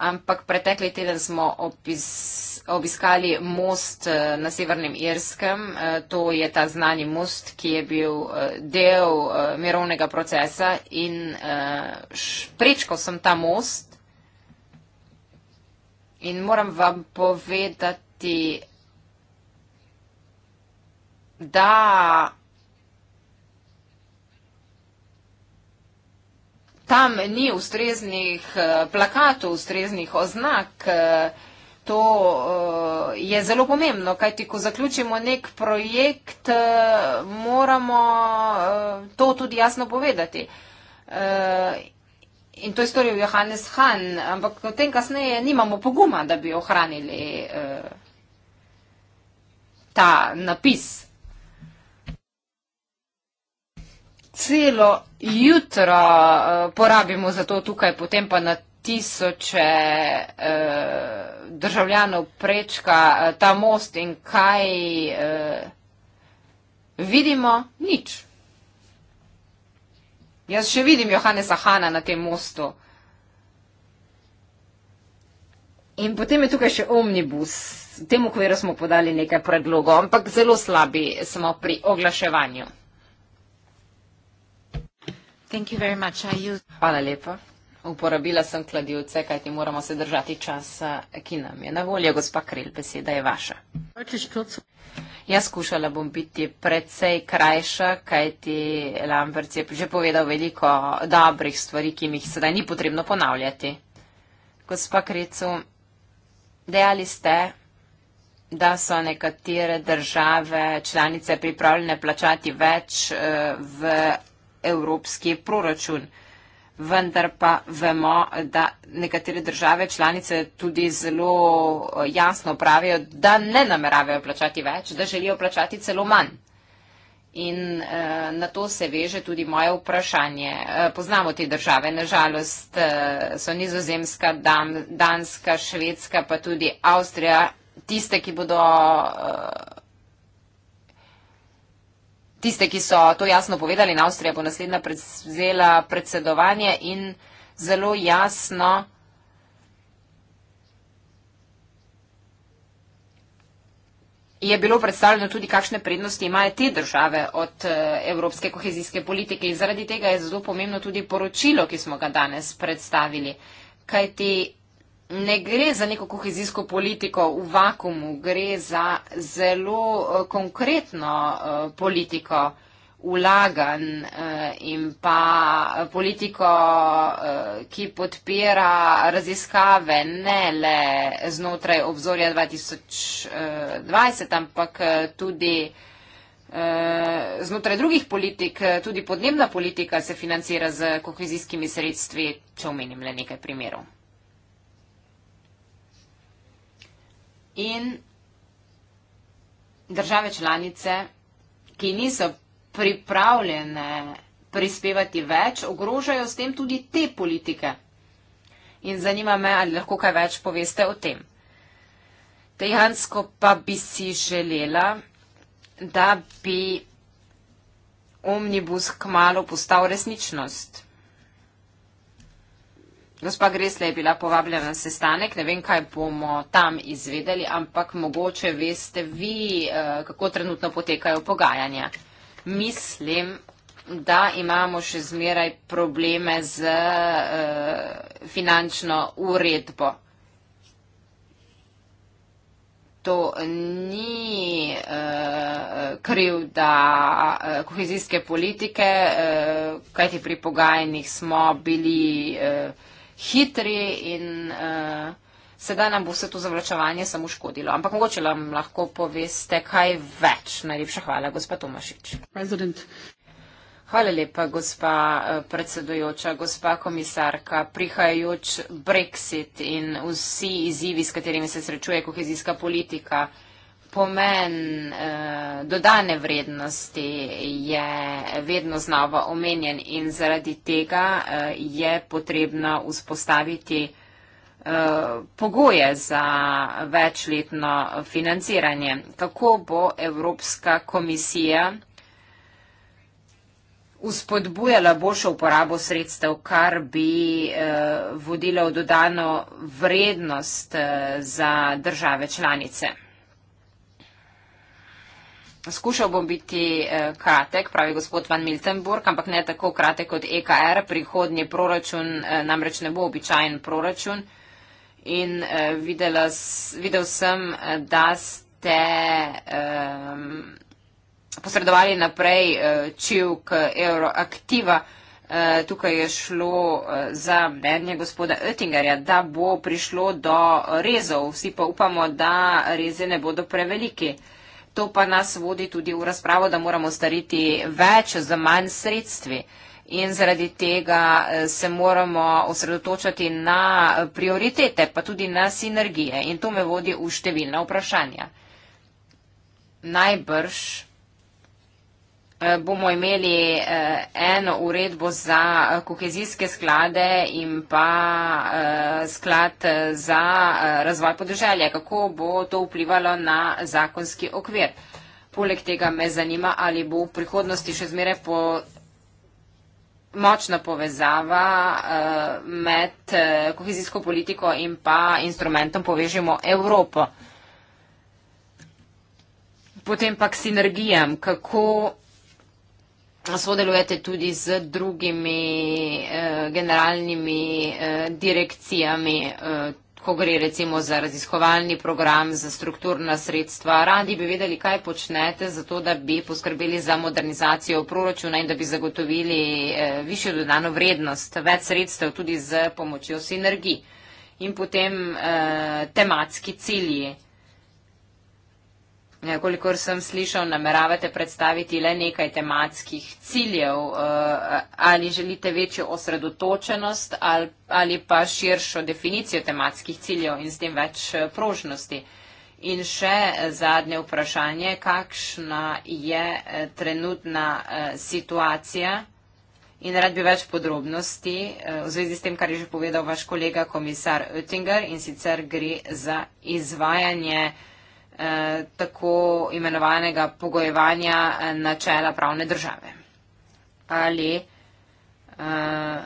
Speaker 2: Ampak pretekli teden smo obis, obiskali most eh, na Severnem Irskem. Eh, to je ta znani most, ki je bil del mirovnega procesa in prečko sem ta most. In moram vam povedati, da tam ni ustreznih eh, plakatov, ustreznih oznak. Eh, to eh, je zelo pomembno, kajti ko zaključimo nek projekt, moramo to tudi jasno povedati. In to je storil Johannes Hahn, ampak v tem kasneje nimamo poguma, da bi ohranili ta napis. celo jutro eh, porabimo za to tukaj, potem pa na tisoče eh, državljanov prečka eh, ta most in kaj vidimo? Nič. Jaz še vidim Johannesa Hana na tem mostu. In potem je tukaj še omnibus. Temu kviru smo podali nekaj predlogov, ampak zelo slabi smo pri oglaševanju. Hvala lepa. Uporabila sem kladivce, kajti moramo se držati časa, ki nam je na voljo. Gospa Kril, beseda je vaša. Jaz skušala bom biti precej krajša, kajti Lambert je že povedal veliko dobrih stvari, ki mi jih sedaj ni potrebno ponavljati. Gospa Kricu, dejali ste, da so nekatere države članice pripravljene plačati več eh, v evropski proračun. Vendar pa vemo, da nekatere države članice tudi zelo eh, jasno pravijo, da ne nameravajo plačati več, da želijo plačati celo manj. In eh, na to se veže tudi moje vprašanje. Eh, poznamo te države, nažalost eh, so nizozemska, dam, danska, švedska, pa tudi Avstrija, tiste, ki bodo. Eh, tiste, ki so to jasno povedali, in Avstrija bo naslednja prevzela predsedovanje in zelo jasno. Je bilo predstavljeno tudi, kakšne prednosti imajo te države od eh, evropske kohezijske politike in zaradi tega je zelo pomembno tudi poročilo, ki smo ga danes predstavili. Kaj ti ne gre za neko kohezijsko politiko v vakumu, gre za zelo eh, konkretno eh, politiko vlaganj eh, in pa politiko, ki podpira raziskave ne le znotraj obzorja 2020, ampak tudi znotraj drugih politik, tudi podnebna politika se financira z kohezijskimi sredstvi, če omenim le nekaj primerov. in države članice, ki niso pripravljene prispevati več, ogrožajo s tem tudi te politike. In zanima me, ali lahko kaj več poveste o tem. Dejansko pa bi si želela, da bi omnibus kmalo postal resničnost. Gospa Gresla je bila povabljena na sestanek, ne vem, kaj bomo tam izvedeli, ampak mogoče veste vi, eh, kako trenutno potekajo pogajanja. Mislim, da imamo še zmeraj probleme z eh, finančno uredbo. To ni eh, kriv, da kohezijske politike, kajti pri pogajanjih smo bili hitri in uh, sedaj nam bo vse to zavlačevanje samo škodilo. Ampak mogoče nam lahko poveste kaj več. Najlepša hvala, gospa Tomašič. President. Hvala lepa, gospa eh, predsedujoča, gospa komisarka. Prihajajoč Brexit in vsi izzivi, s katerimi se srečuje kohezijska politika pomen uh, dodane vrednosti je vedno znova omenjen in zaradi tega uh, je potrebno vzpostaviti eh, pogoje za večletno financiranje. Kako bo Evropska komisija uspodbujala boljšo uporabo sredstev, kar bi vodila v dodano vrednost za države članice? Skušal bom biti eh, kratek, pravi gospod Van Miltenburg, ampak ne tako kratek kot EKR. Prihodnji proračun eh, namreč ne bo običajen proračun. In eh, videla, videl sem, eh, da ste eh, posredovali naprej eh, čivk euroaktiva. Eh, tukaj je šlo eh, za mnenje gospoda Oettingerja, da bo prišlo do rezov. Vsi pa upamo, da reze ne bodo preveliki. Eh, to pa nas vodi tudi v razpravo, da moramo stariti več z manj sredstvi. In zaradi tega eh, se moramo osredotočati na prioritete, pa tudi na sinergije. In to me vodi v številna vprašanja. Najbrž Eh, bomo imeli eh, eno uredbo za kohezijske sklade in pa eh, sklad za razvoj podeželja. Kako bo to vplivalo na zakonski okvir? Poleg tega me zanima, ali bo v prihodnosti še zmeraj po močna povezava med kohezijsko politiko in pa instrumentom povežemo Evropo. Potem pa k sinergijam, kako sodelujete tudi z drugimi eh, generalnimi eh, direkcijami, eh, ko gre recimo za raziskovalni program, za strukturna sredstva. Radi bi vedeli, kaj počnete za to, da bi poskrbeli za modernizacijo proračuna in da bi zagotovili eh, višjo dodano vrednost, več sredstev tudi z pomočjo sinergij. In potem eh, tematski cilji. Ja, kolikor sem slišal, nameravate predstaviti le nekaj tematskih ciljev. Eh, ali želite večjo osredotočenost ali pa širšo definicijo tematskih ciljev in s tem več eh, prožnosti? In še eh, zadnje vprašanje, kakšna je trenutna situacija? In rad bi več podrobnosti v zvezi s tem, kar je že povedal vaš kolega komisar Oettinger in sicer gre za izvajanje. Eh, tako imenovanega pogojevanja eh, načela pravne države. Ali eh,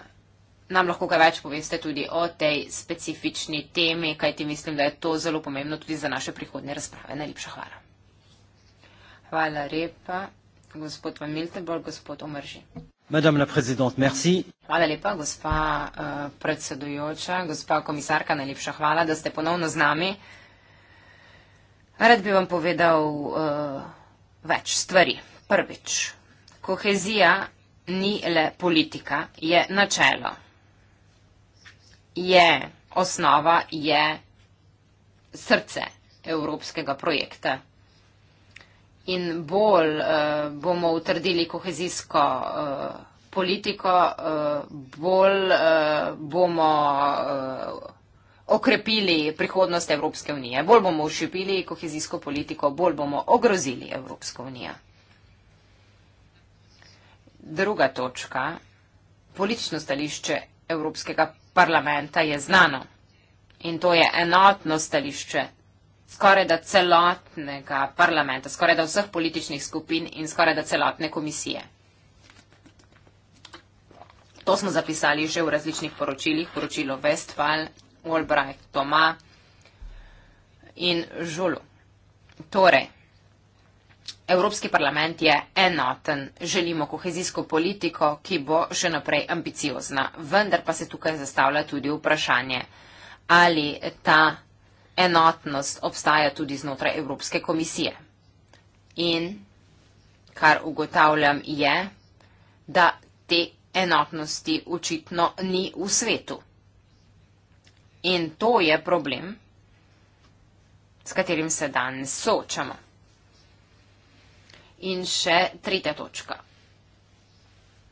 Speaker 2: nam lahko kaj več poveste tudi o tej specifični temi, kajti mislim, da je to zelo pomembno tudi za naše prihodne razprave. Najlepša hvala. Hvala lepa, gospod Van Miltenborg, gospod Omrži.
Speaker 3: Madame la Présidente, merci.
Speaker 2: Hvala lepa, gospa uh, predsedujoča, gospa komisarka, najlepša hvala, da ste ponovno z nami. Rad bi vam povedal uh, več stvari. Prvič, kohezija ni le politika, je načelo. Je osnova, je srce evropskega projekta. In bolj uh, bomo utrdili kohezijsko uh, politiko, uh, bolj uh, bomo. Uh, okrepili prihodnost Evropske unije, bolj bomo ušipili kohezijsko politiko, bolj bomo ogrozili Evropsko unijo. Druga točka, politično stališče Evropskega parlamenta je znano in to je enotno stališče skoraj da celotnega parlamenta, skoraj da vseh političnih skupin in skoraj da celotne komisije. To smo zapisali že v različnih poročilih, poročilo Westfall Albright, Toma in Žulu. Torej, Evropski parlament je enoten, želimo kohezijsko politiko, ki bo še naprej ambiciozna, vendar pa se tukaj zastavlja tudi vprašanje, ali ta enotnost obstaja tudi znotraj Evropske komisije. In kar ugotavljam je, da te enotnosti očitno ni v svetu. In to je problem, s katerim se danes soočamo. In še tretja točka.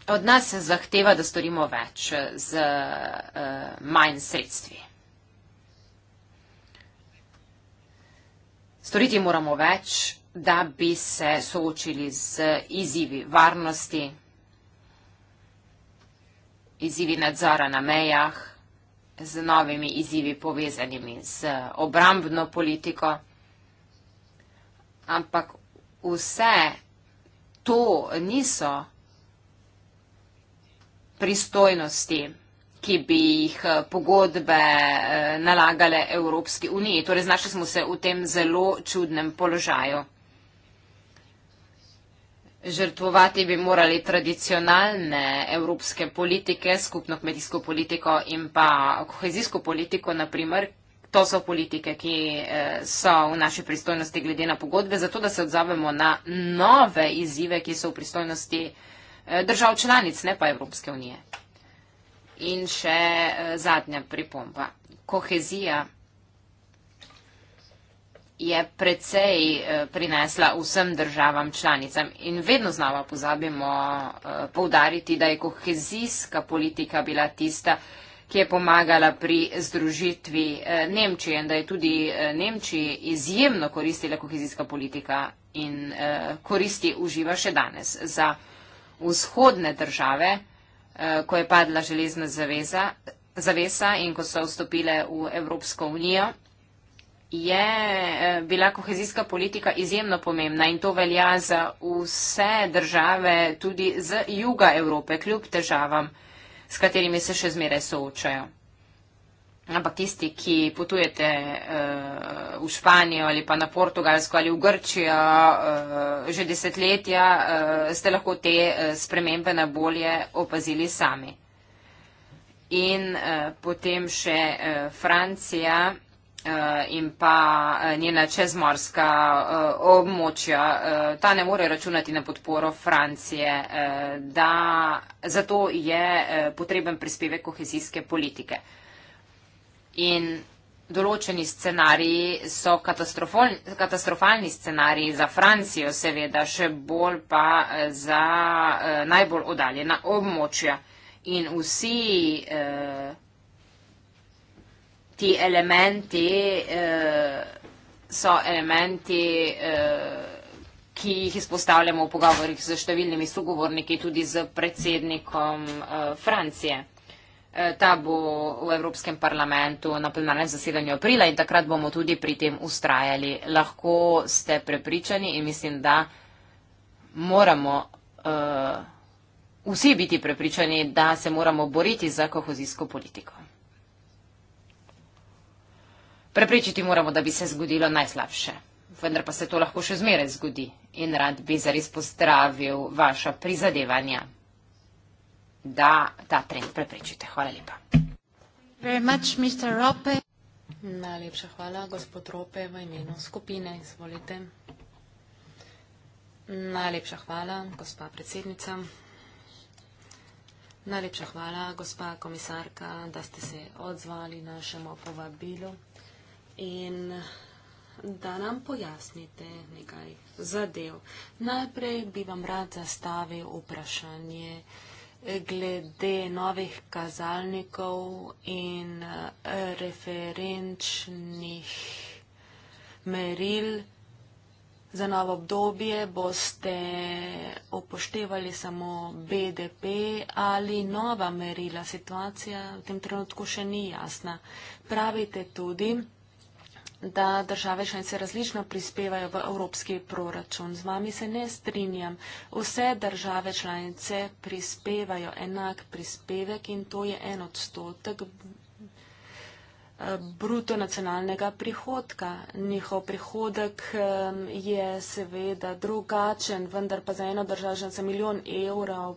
Speaker 2: Od nas se zahteva, da storimo več z uh, manj sredstvi. Storiti moramo več, da bi se soočili z izzivi varnosti, izzivi nadzora na mejah, z novimi izzivi povezanimi z obrambno politiko. Ampak vse to niso pristojnosti, ki bi jih eh, pogodbe eh, nalagale Evropski uniji. Torej, znašli smo se v tem zelo čudnem položaju. Žrtvovati bi morali tradicionalne evropske politike, skupno kmetijsko politiko in pa kohezijsko politiko, naprimer. To so politike, ki eh, so v naši pristojnosti glede na pogodbe, zato da se odzovemo na nove izzive, ki so v pristojnosti eh, držav članic, ne pa Evropske unije. In še eh, zadnja pripomba. Kohezija je precej eh, prinesla vsem državam članicam. In vedno znova pozabimo eh, povdariti, da je kohezijska politika bila tista, ki je pomagala pri združitvi eh, Nemčije in da je tudi Nemčiji izjemno koristila kohezijska politika in koristi uživa še danes. Za vzhodne države, ko je padla železna zaveza, zavesa in ko so vstopile v Evropsko unijo, je eh, bila kohezijska politika izjemno pomembna in to velja za vse države, tudi z juga Evrope, kljub težavam, s katerimi se še zmeraj soočajo. Ampak tisti, ki potujete uh, v Španijo ali pa na Portugalsko ali v Grčijo uh, že desetletja, uh, ste lahko te uh, spremembe na bolje opazili sami. In uh, potem še uh, Francija. Eh, in pa eh, njena čezmorska eh, območja. Ta ne more računati na podporo Francije, da zato je potreben prispevek kohezijske politike. In določeni scenariji so katastrofalni scenariji za Francijo, seveda, še bolj pa za najbolj odaljena območja. In vsi eh, ti elementi eh, so elementi, eh, ki jih izpostavljamo v pogovorih z številnimi sogovorniki, tudi z predsednikom eh, Francije. Eh, ta bo v Evropskem parlamentu na plenarnem zasedanju aprila in takrat bomo tudi pri tem ustrajali. Lahko ste prepričani in mislim, da moramo. Eh, Vsi biti prepričani, da se moramo boriti za kohezijsko politiko. Prepričati moramo, da bi se zgodilo najslabše. Vendar pa se to lahko še zmeraj zgodi in rad bi zares pozdravil vaša prizadevanja, da ta trend preprečite. Hvala lepa.
Speaker 1: Much, Najlepša hvala, gospod Rope, v imenu skupine. Izvolite. Najlepša hvala, gospa predsednica. Najlepša hvala, gospa komisarka, da ste se odzvali našemu povabilu in da nam pojasnite nekaj zadev. Najprej bi vam rad zastavil vprašanje glede novih kazalnikov in referenčnih meril. Za novo obdobje boste upoštevali samo BDP ali nova merila. Situacija v tem trenutku še ni jasna. Pravite tudi, da države članice različno prispevajo v evropski proračun. Z vami se ne strinjam. Vse države članice prispevajo enak prispevek in to je en odstotek eh, bruto nacionalnega prihodka. Njihov prihodek eh, je seveda drugačen, vendar pa za eno državo članico milijon evrov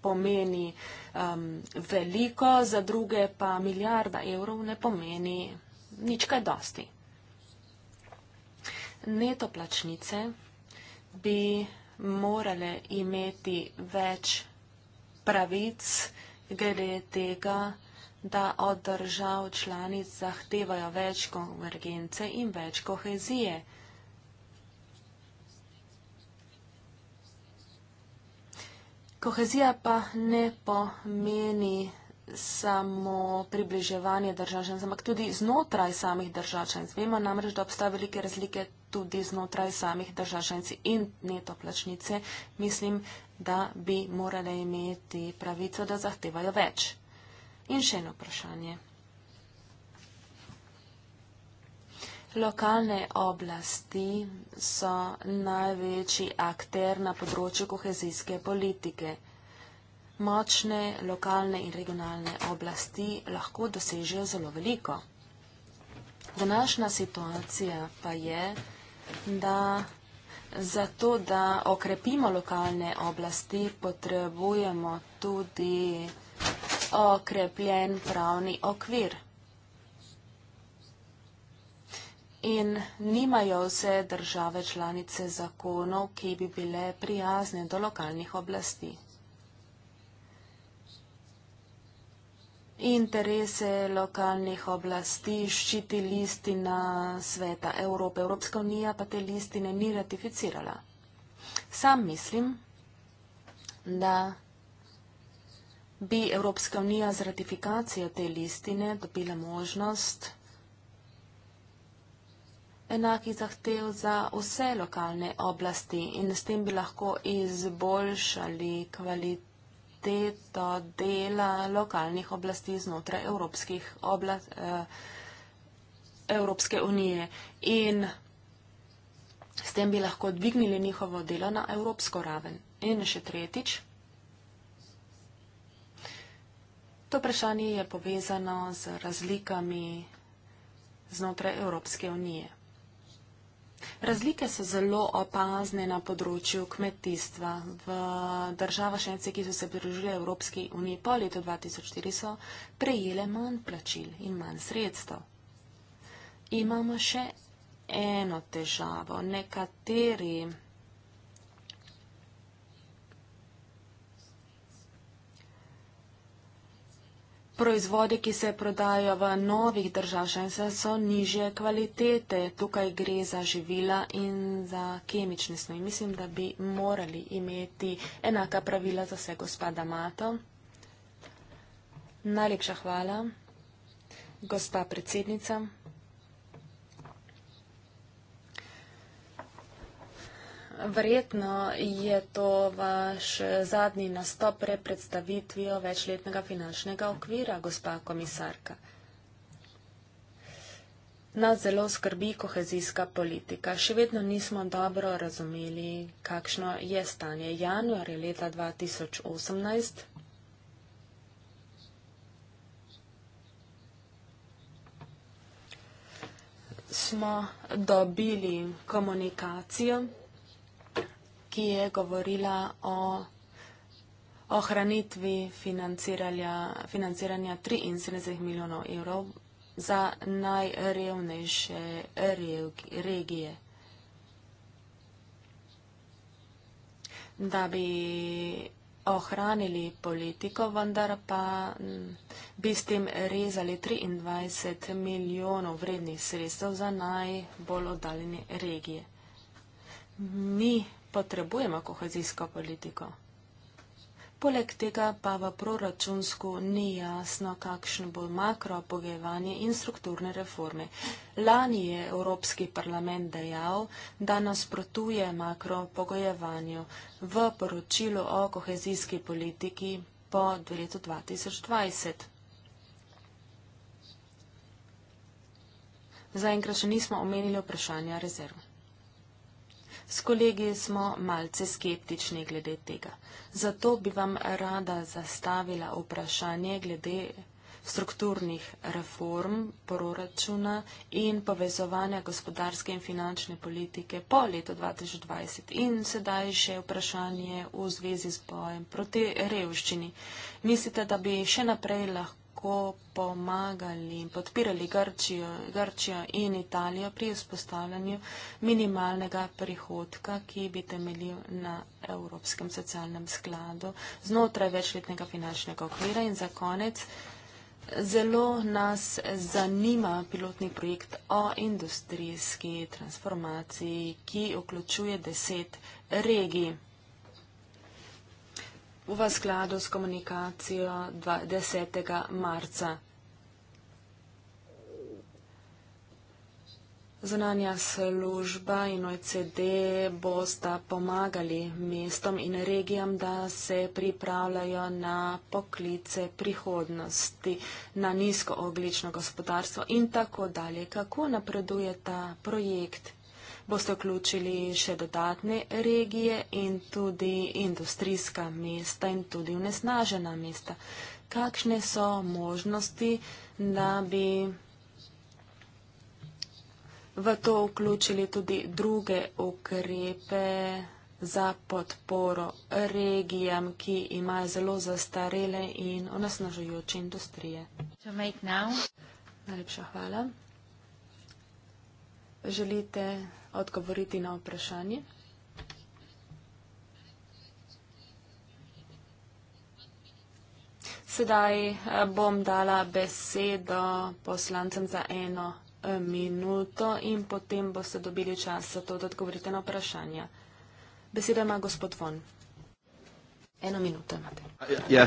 Speaker 1: pomeni um, veliko, za druge pa milijarda evrov ne pomeni nič kaj dosti. Neto plačnice bi morale imeti več pravic glede tega, da od držav članic zahtevajo več konvergence in več kohezije. Kohezija pa ne pomeni nekaj, samo približevanje državljanstva, ampak tudi znotraj samih državljanstv. Vemo namreč, da obstajajo velike razlike tudi znotraj samih državljanstv in netoplačnice. Mislim, da bi morali imeti pravico, da zahtevajo več. In še eno vprašanje. Lokalne oblasti so največji akter na področju kohezijske politike močne lokalne in regionalne oblasti lahko dosežejo zelo veliko. Današnja situacija pa je, da zato, da okrepimo lokalne oblasti, potrebujemo tudi okrepljen pravni okvir. In nimajo vse države članice zakonov, ki bi bile prijazne do lokalnih oblasti. interese lokalnih oblasti ščiti listina Sveta Evrope. Evropska unija pa te listine ni ratificirala. Sam mislim, da bi Evropska unija z ratifikacijo te listine dobila možnost enakih zahtev za vse lokalne oblasti in s tem bi lahko izboljšali kvalitet kvaliteto dela lokalnih oblasti znotraj evropskih oblast, eh, Evropske unije. In s tem bi lahko dvignili njihovo delo na evropsko raven. In še tretjič, to vprašanje je povezano z razlikami znotraj Evropske unije. Razlike so zelo opazne na področju kmetijstva. V država šence, ki so se pridružile Evropski uniji po letu 2004, so prejele manj plačil in manj sredstev. Imamo še eno težavo. Nekateri proizvodi, ki se prodajo v novih držav Šengsen, so nižje kvalitete. Tukaj gre za živila in za kemične snovi. Mislim, da bi morali imeti enaka pravila za vse gospoda Mato. Najlepša hvala, gospa predsednica. Verjetno je to vaš zadnji nastop pre predstavitvijo večletnega finančnega okvira, gospa komisarka. Nas zelo skrbi kohezijska politika. Še vedno nismo dobro razumeli, kakšno je stanje. Januar je leta 2018. Smo dobili komunikacijo ki je govorila o ohranitvi financiranja 73 milijonov evrov za najrevnejše regije, da bi ohranili politiko, vendar pa mm, bi s tem rezali 23 milijonov vrednih sredstev za najbolj oddaljene regije. Mi potrebujemo kohezijsko politiko. Poleg tega pa v proračunsku ni jasno, kakšno bo makropogevanje in strukturne reforme. Lani je Evropski parlament dejal, da nasprotuje makropogojevanju v poročilu o kohezijski politiki po letu 2020. Zaenkrat še nismo omenili vprašanja rezerv. S kolegi smo malce skeptični glede tega. Zato bi vam rada zastavila vprašanje glede strukturnih reform proračuna in povezovanja gospodarske in finančne politike po letu 2020 in sedaj še vprašanje v zvezi z bojem proti revščini. Mislite, da bi še naprej lahko tako pomagali in podpirali Grčijo, Grčijo in Italijo pri vzpostavljanju minimalnega prihodka, ki bi temeljil na Evropskem socialnem skladu znotraj večletnega finančnega okvira. In za konec, zelo nas zanima pilotni projekt o industrijski transformaciji, ki vključuje deset regij v skladu s komunikacijo 20. marca. Zunanja služba in OECD bosta pomagali mestom in regijam, da se pripravljajo na poklice prihodnosti, na nizkooglično gospodarstvo in tako dalje. Kako napreduje ta projekt boste vključili še dodatne regije in tudi industrijska mesta in tudi vnesnažena mesta. Kakšne so možnosti, da bi v to vključili tudi druge ukrepe za podporo regijam, ki imajo zelo zastarele in onesnažujoče industrije? Najlepša hvala želite odgovoriti na vprašanje? Sedaj eh, bom dala besedo poslancem za eno eh, minuto in potem boste dobili čas za to, da odgovorite na vprašanja. Beseda ima gospod Von. Eno minuto imate. Ja,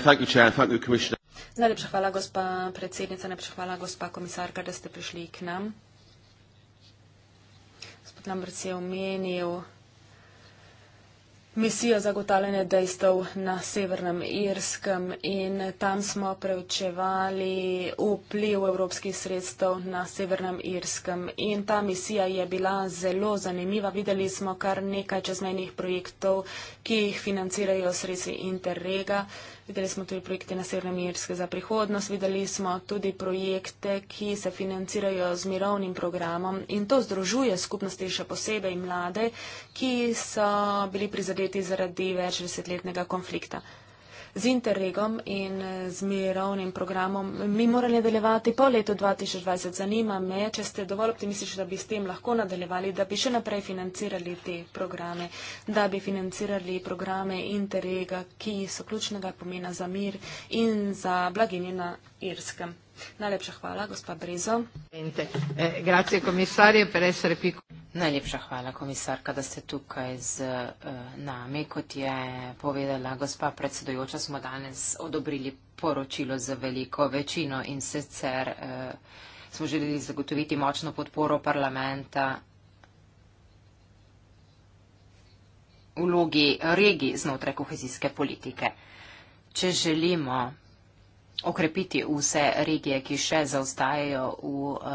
Speaker 1: najlepša hvala, gospa predsednica, najlepša hvala, gospa komisarka, da ste prišli k nam namreč je omenil misijo zagotavljanja dejstev na Severnem Irskem in tam smo preučevali vpliv evropskih sredstev na Severnem Irskem. In ta misija je bila zelo zanimiva. Videli smo kar nekaj čezmejnih projektov, ki jih financirajo sredstvi Interrega videli smo tudi projekte na Severnem Irske za prihodnost, videli smo tudi projekte, ki se financirajo z mirovnim programom in to združuje skupnosti še posebej mlade, ki so bili prizadeti zaradi večdesetletnega konflikta z Interregom in eh, z mirovnim programom mi morali nadaljevati po letu 2020. Zanima me, če ste dovolj optimistični, da bi s tem lahko nadaljevali, da bi še naprej financirali te programe, da bi financirali programe Interrega, ki so ključnega pomena za mir in za blaginje na Irskem. Najlepša hvala, gospa Brezo.
Speaker 4: Eh, grazie, komisarje,
Speaker 2: per essere piko. Najlepša hvala, komisarka, da ste tukaj z eh, nami. Kot je povedala gospa predsedojoča, smo danes odobrili poročilo za veliko večino in sicer eh, smo želeli zagotoviti močno podporo parlamenta v vlogi regij znotraj kohezijske politike. Če želimo okrepiti vse regije, ki še zaostajajo v uh,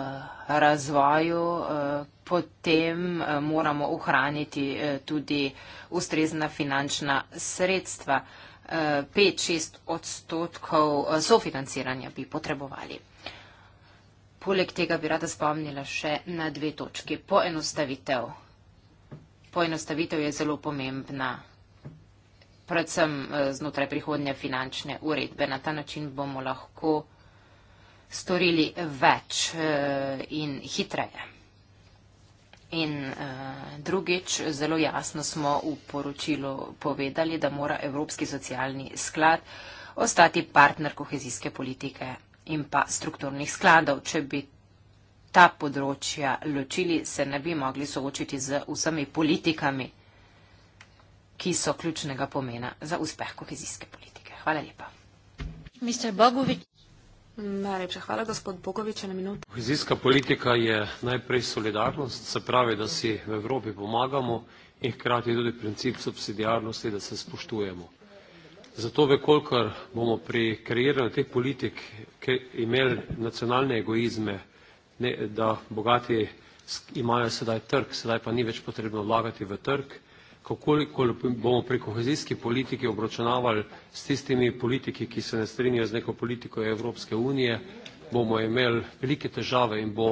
Speaker 2: razvoju, uh, potem uh, moramo ohraniti uh, tudi ustrezna finančna sredstva. Uh, 5-6 odstotkov uh, sofinanciranja bi potrebovali. Poleg tega bi rada spomnila še na dve točki. Poenostavitev. Poenostavitev je zelo pomembna predvsem eh, znotraj prihodnje finančne uredbe. Na ta način bomo lahko storili več eh, in hitreje. In eh, drugič, zelo jasno smo v poročilu povedali, da mora Evropski socialni sklad ostati partner kohezijske politike in pa strukturnih skladov. Če bi ta področja ločili, se ne bi mogli soočiti z vsemi politikami ki so ključnega pomena za uspeh kohezijske politike. Hvala lepa.
Speaker 1: Najlepša hvala, gospod Bogovič, na minuto.
Speaker 3: Kohezijska politika je najprej solidarnost, se pravi, da si v Evropi pomagamo in hkrati tudi princip subsidijarnosti, da se spoštujemo. Zato, vekolikor bomo pri kreiranju teh politik imeli nacionalne egoizme, ne, da bogati imajo sedaj trg, sedaj pa ni več potrebno vlagati v trg, kako bomo pri kohezijski politiki obračunavali s tistimi politiki, ki se ne strinjajo z neko politiko Evropske unije, bomo imeli velike težave in bo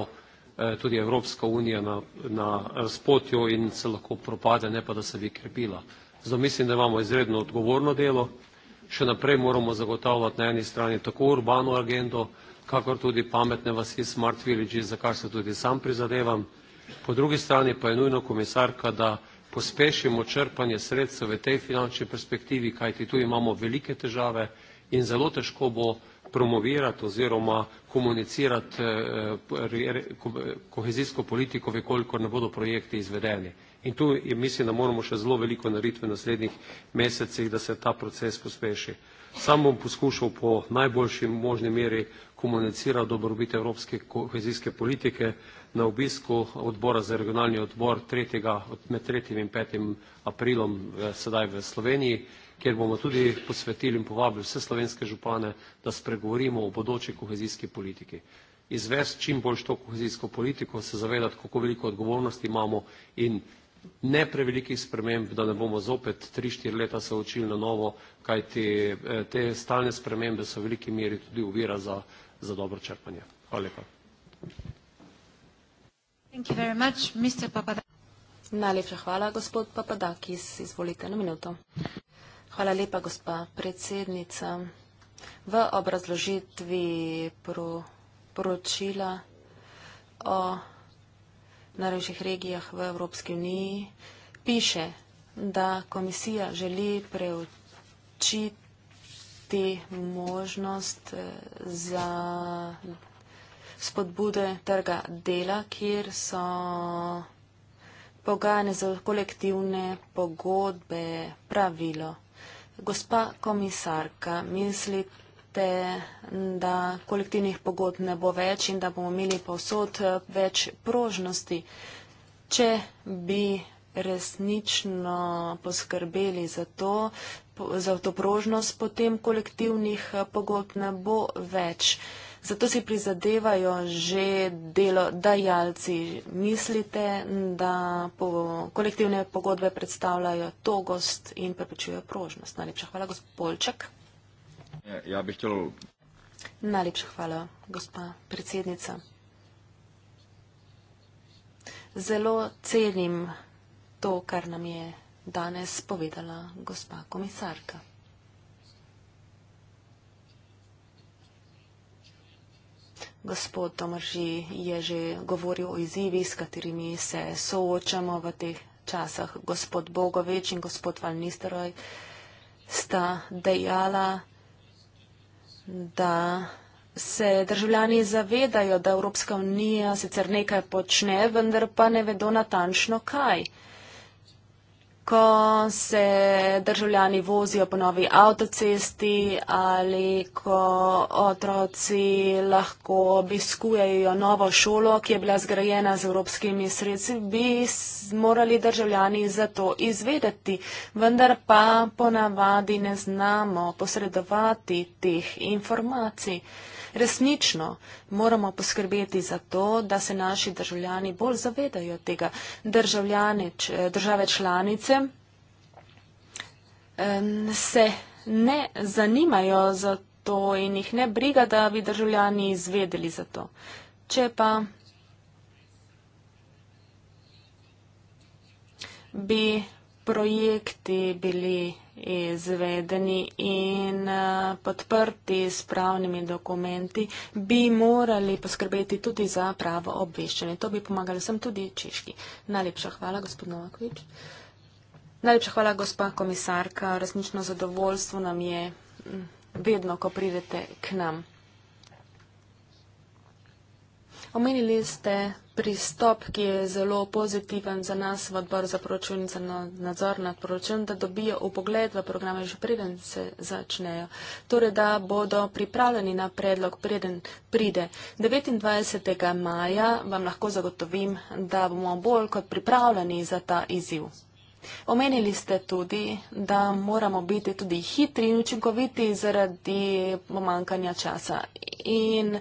Speaker 3: eh, tudi Evropska unija na, na razpotju in se lahko propade, ne pa da se bi krepila. Zato mislim, da imamo izredno odgovorno delo. Še naprej moramo zagotavljati na eni strani tako urbano agendo, kakor tudi pametne vasi Smart Villages, za kar se tudi sam prizadevam. Po drugi strani pa je nujno komisarka, da pospešimo črpanje sredstev v tej finančni perspektivi, kajti tu imamo velike težave in zelo težko bo promovirati oziroma komunicirati eh, kohezijsko politiko, vekoliko ne bodo projekti izvedeni. In tu mislim, da moramo še zelo veliko narediti v naslednjih mesecih, da se ta proces pospeši. Sam bom poskušal po najboljši možni meri komunicirati dobrobite evropske kohezijske politike, na obisku odbora za regionalni odbor med 3. in 5. aprilom eh, sedaj v Sloveniji, kjer bomo tudi posvetili in povabili vse slovenske župane, da spregovorimo o bodoči kohezijski politiki. Izvesti čim bolj što kohezijsko politiko, se zavedati, kako veliko odgovornosti imamo in ne prevelikih sprememb, da ne bomo zopet 3-4 leta se učili na novo, kaj te, eh, te stalne spremembe so v veliki meri tudi uvira za, za dobro črpanje. Hvala lepa.
Speaker 1: Najlepša hvala, gospod Papadakis. Izvolite na minuto. Hvala lepa, gospa predsednica. V obrazložitvi pro, poročila o najrežjih regijah v Evropski uniji piše, da komisija želi preučiti možnost eh, za spodbude trga dela, kjer so pogajanje za kolektivne pogodbe pravilo. Gospa komisarka, mislite, da kolektivnih pogod ne bo več in da bomo imeli povsod eh, več prožnosti, če bi resnično poskrbeli za to, za to prožnost, potem kolektivnih eh, pogod ne bo več. Zato si prizadevajo že delodajalci. Mislite, da po kolektivne pogodbe predstavljajo togost in prepečujejo prožnost. Najlepša hvala, gospod Polček.
Speaker 3: Ja, ja bi htjel...
Speaker 1: Najlepša hvala, gospa predsednica. Zelo cenim to, kar nam je danes povedala gospa komisarka. gospod Tomaži je že govoril o izzivi, s katerimi se soočamo v teh časah. Gospod Bogoveč in gospod Valnisteroj sta dejala, da se državljani zavedajo, da Evropska unija sicer nekaj počne, vendar pa ne vedo natančno kaj ko se državljani vozijo po novi avtocesti ali ko otroci lahko obiskujejo novo šolo, ki je bila zgrajena z evropskimi sredstvi, bi morali državljani za to izvedeti. Vendar pa ponavadi ne znamo posredovati teh informacij resnično moramo poskrbeti za to, da se naši državljani bolj zavedajo tega. Državljane, eh, države članice se ne zanimajo za to in jih ne briga, da bi državljani izvedeli za to. Če pa bi projekti bili izvedeni in eh, podprti s pravnimi dokumenti, bi morali poskrbeti tudi za pravo obveščanje. To bi pomagali sem tudi češki. Najlepša hvala, gospod Novakovič. Najlepša hvala, gospa komisarka. Resnično zadovoljstvo nam je mm, vedno, ko pridete k nam. Omenili ste pristop, ki je zelo pozitiven za nas v odbor za proračun, za no-, nadzor nad proračun, da dobijo upogled v programe že preden se začnejo. Torej, da bodo pripravljeni na predlog preden pride. 29. maja vam lahko zagotovim, da bomo bolj kot pripravljeni za ta izziv. Omenili ste tudi, da moramo biti tudi hitri in učinkoviti zaradi pomankanja časa. In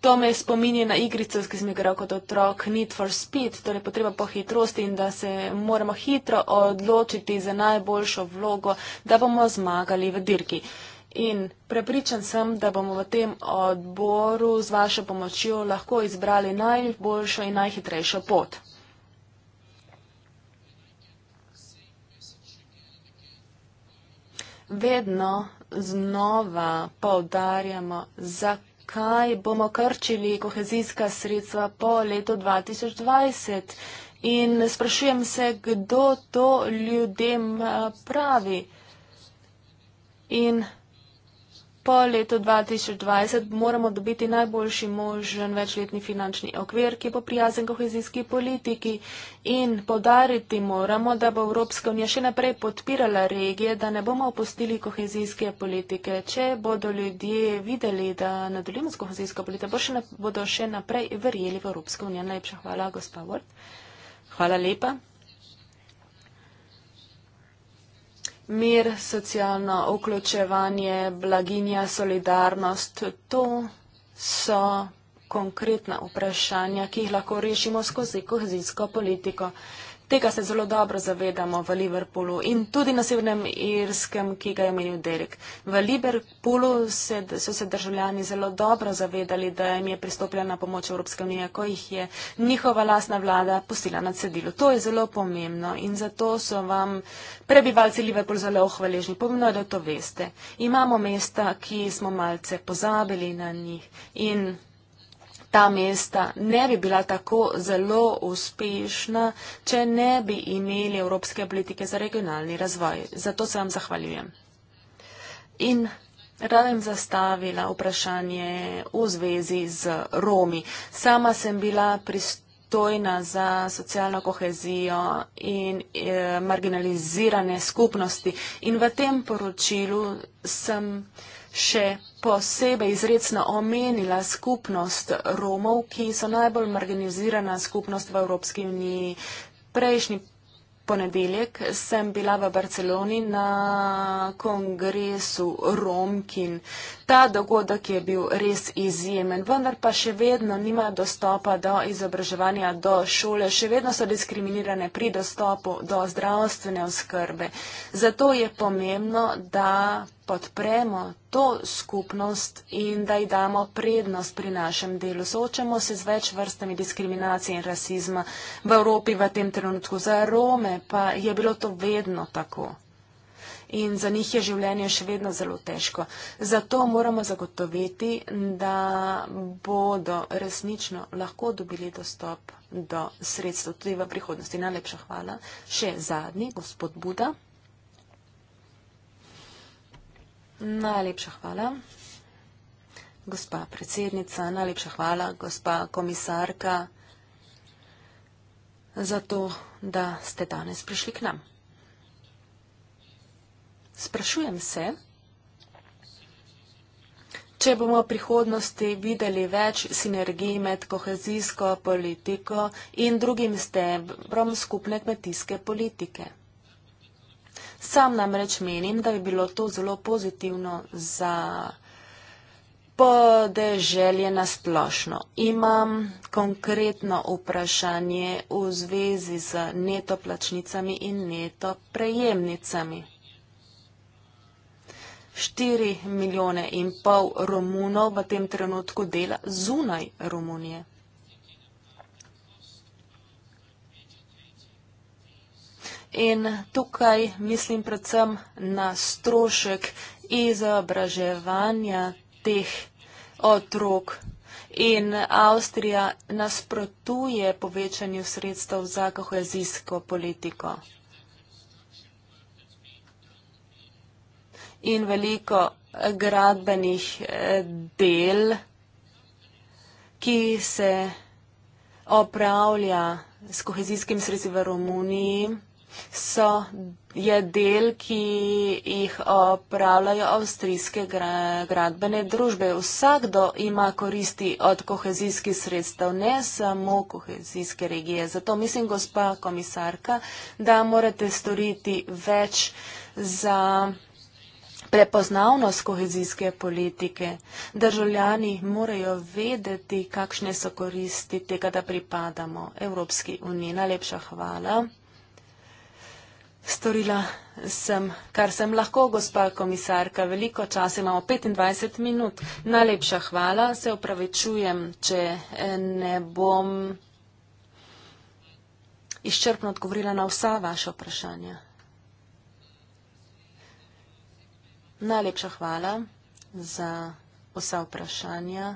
Speaker 1: To me spominje na igrico, ki sem igral kot otrok, Need for Speed, torej potreba po hitrosti in da se moramo hitro odločiti za najboljšo vlogo, da bomo zmagali v dirki. In prepričan sem, da bomo v tem odboru z vašo pomočjo lahko izbrali najboljšo in najhitrejšo pot. Vedno znova poudarjamo, zakaj zakaj bomo krčili kohezijska sredstva po letu 2020. In sprašujem se, kdo to ljudem eh, pravi. In Po letu 2020 moramo dobiti najboljši možen večletni finančni okvir, ki bo prijazen kohezijski politiki in podariti moramo, da bo Evropska unija še naprej podpirala regije, da ne bomo opustili kohezijske politike. Če bodo ljudje videli, da nadaljujemo z kohezijsko politiko, bodo še naprej verjeli v Evropsko unijo. Najlepša hvala, gospa Vort. Hvala lepa. mir, socialno vključevanje, blaginja, solidarnost, to so konkretna vprašanja, ki jih lahko rešimo skozi kohezijsko politiko. Tega se zelo dobro zavedamo v Liverpoolu in tudi na Severnem Irskem, ki ga je omenil Derek. V Liverpoolu se, so se državljani zelo dobro zavedali, da jim je pristopila na pomoč Evropske unije, ko jih je njihova lasna vlada pustila na cedilu. To je zelo pomembno in zato so vam prebivalci Liverpoolu zelo hvaležni. Pomembno je, da to veste. Imamo mesta, ki smo malce pozabili na njih in ta mesta ne bi bila tako zelo uspešna, če ne bi imeli Evropske politike za regionalni razvoj. Zato se vam zahvaljujem. In rada jim zastavila vprašanje v zvezi z Romi. Sama sem bila pristojna za socialno kohezijo in e, marginalizirane skupnosti. In v tem poročilu sem še posebej izredno omenila skupnost Romov, ki so najbolj marginalizirana skupnost v Evropski uniji. Prejšnji ponedeljek sem bila v Barceloni na kongresu Romkin. Ta dogodek je bil res izjemen, vendar pa še vedno nima dostopa do izobraževanja, do šole, še vedno so diskriminirane pri dostopu do zdravstvene oskrbe. Zato je pomembno, da podpremo to skupnost in da ji damo prednost pri našem delu. Soočamo se z več vrstami diskriminacije in rasizma v Evropi v tem trenutku. Za Rome pa je bilo to vedno tako in za njih je življenje še vedno zelo težko. Zato moramo zagotoviti, da bodo resnično lahko dobili dostop do sredstev tudi v prihodnosti. Najlepša hvala. Še zadnji, gospod Buda. Najlepša hvala. Gospa predsednica, najlepša hvala, gospa komisarka, za to, da ste danes prišli k nam. Sprašujem se, če bomo v prihodnosti videli več sinergij med kohezijsko politiko in drugim stebrom skupne kmetijske politike. Sam namreč menim, da bi bilo to zelo pozitivno za podeželje na splošno. Imam konkretno vprašanje v zvezi z netoplačnicami in netoprejemnicami. 4 milijone in pol Romunov v tem trenutku dela zunaj Romunije. In tukaj mislim predvsem na strošek izobraževanja teh otrok. In Avstrija nasprotuje povečanju sredstev za kohezijsko politiko. in veliko gradbenih eh, del, ki se opravlja s kohezijskim sredstvom v Romuniji, so, je del, ki jih opravljajo avstrijske gradbene družbe. Vsakdo ima koristi od kohezijskih sredstev, ne samo kohezijske regije. Zato mislim, gospa komisarka, da morate storiti več za prepoznavnost kohezijske politike. Državljani morajo vedeti, kakšne so koristi tega, da pripadamo Evropski uniji. Najlepša hvala. Storila sem, kar sem lahko, gospa komisarka. Veliko časa imamo, 25 minut. Najlepša hvala. Se opravičujem, če eh, ne bom izčrpno odgovorila na vsa vaša vprašanja. Najlepša hvala za vsa vprašanja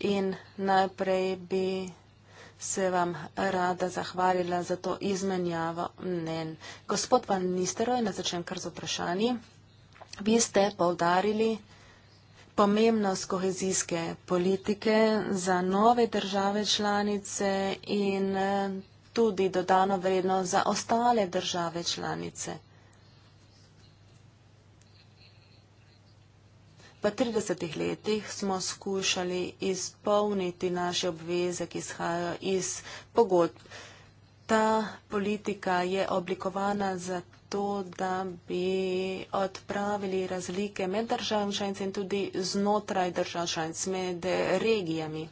Speaker 1: in najprej bi se vam rada zahvalila za to izmenjavo mnen. Gospod van Nisteroj, na začem kar z vprašanji, vi ste povdarili pomembnost kohezijske politike za nove države članice in eh, tudi dodano vredno za ostale države članice. V 30 letih smo skušali izpolniti naše obveze, ki izhajajo iz pogodb. Ta politika je oblikovana zato, da bi odpravili razlike med državami članic in tudi znotraj držav članic med regijami.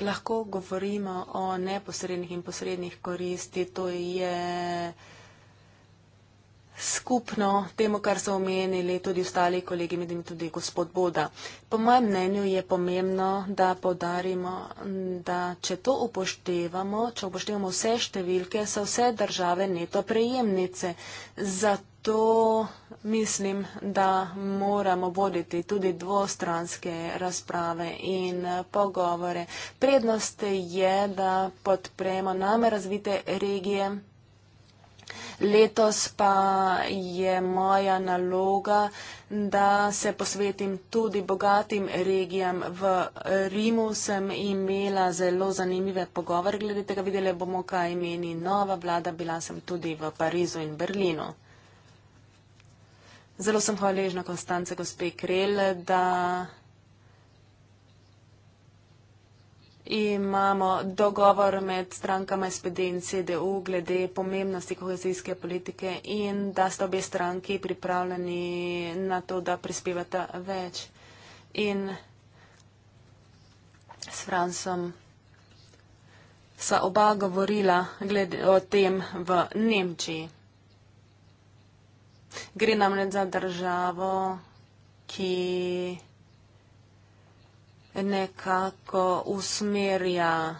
Speaker 1: Lahko govorimo o neposrednih in posrednih koristi. To je skupno temu, kar so omenili tudi ostali kolegi, med njimi tudi gospod Boda. Po mojem mnenju je pomembno, da podarimo, da če to upoštevamo, če upoštevamo vse številke, so vse države neto prejemnice. Zato mislim, da moramo voditi tudi dvostranske razprave in pogovore. Prednost je, da podpremo name razvite regije. Letos pa je moja naloga, da se posvetim tudi bogatim regijam. V Rimu sem imela zelo zanimive pogovore, glede tega videli bomo, kaj meni nova vlada. Bila sem tudi v Parizu in Berlinu. Zelo sem hvaležna Konstance gospe Krel, da imamo dogovor med strankama SPD in CDU glede pomembnosti kohezijske politike in da sta obe stranki pripravljeni na to, da prispevata več. In s Francom sta oba govorila glede, o tem v Nemčiji. Gre namreč za državo, ki nekako usmerja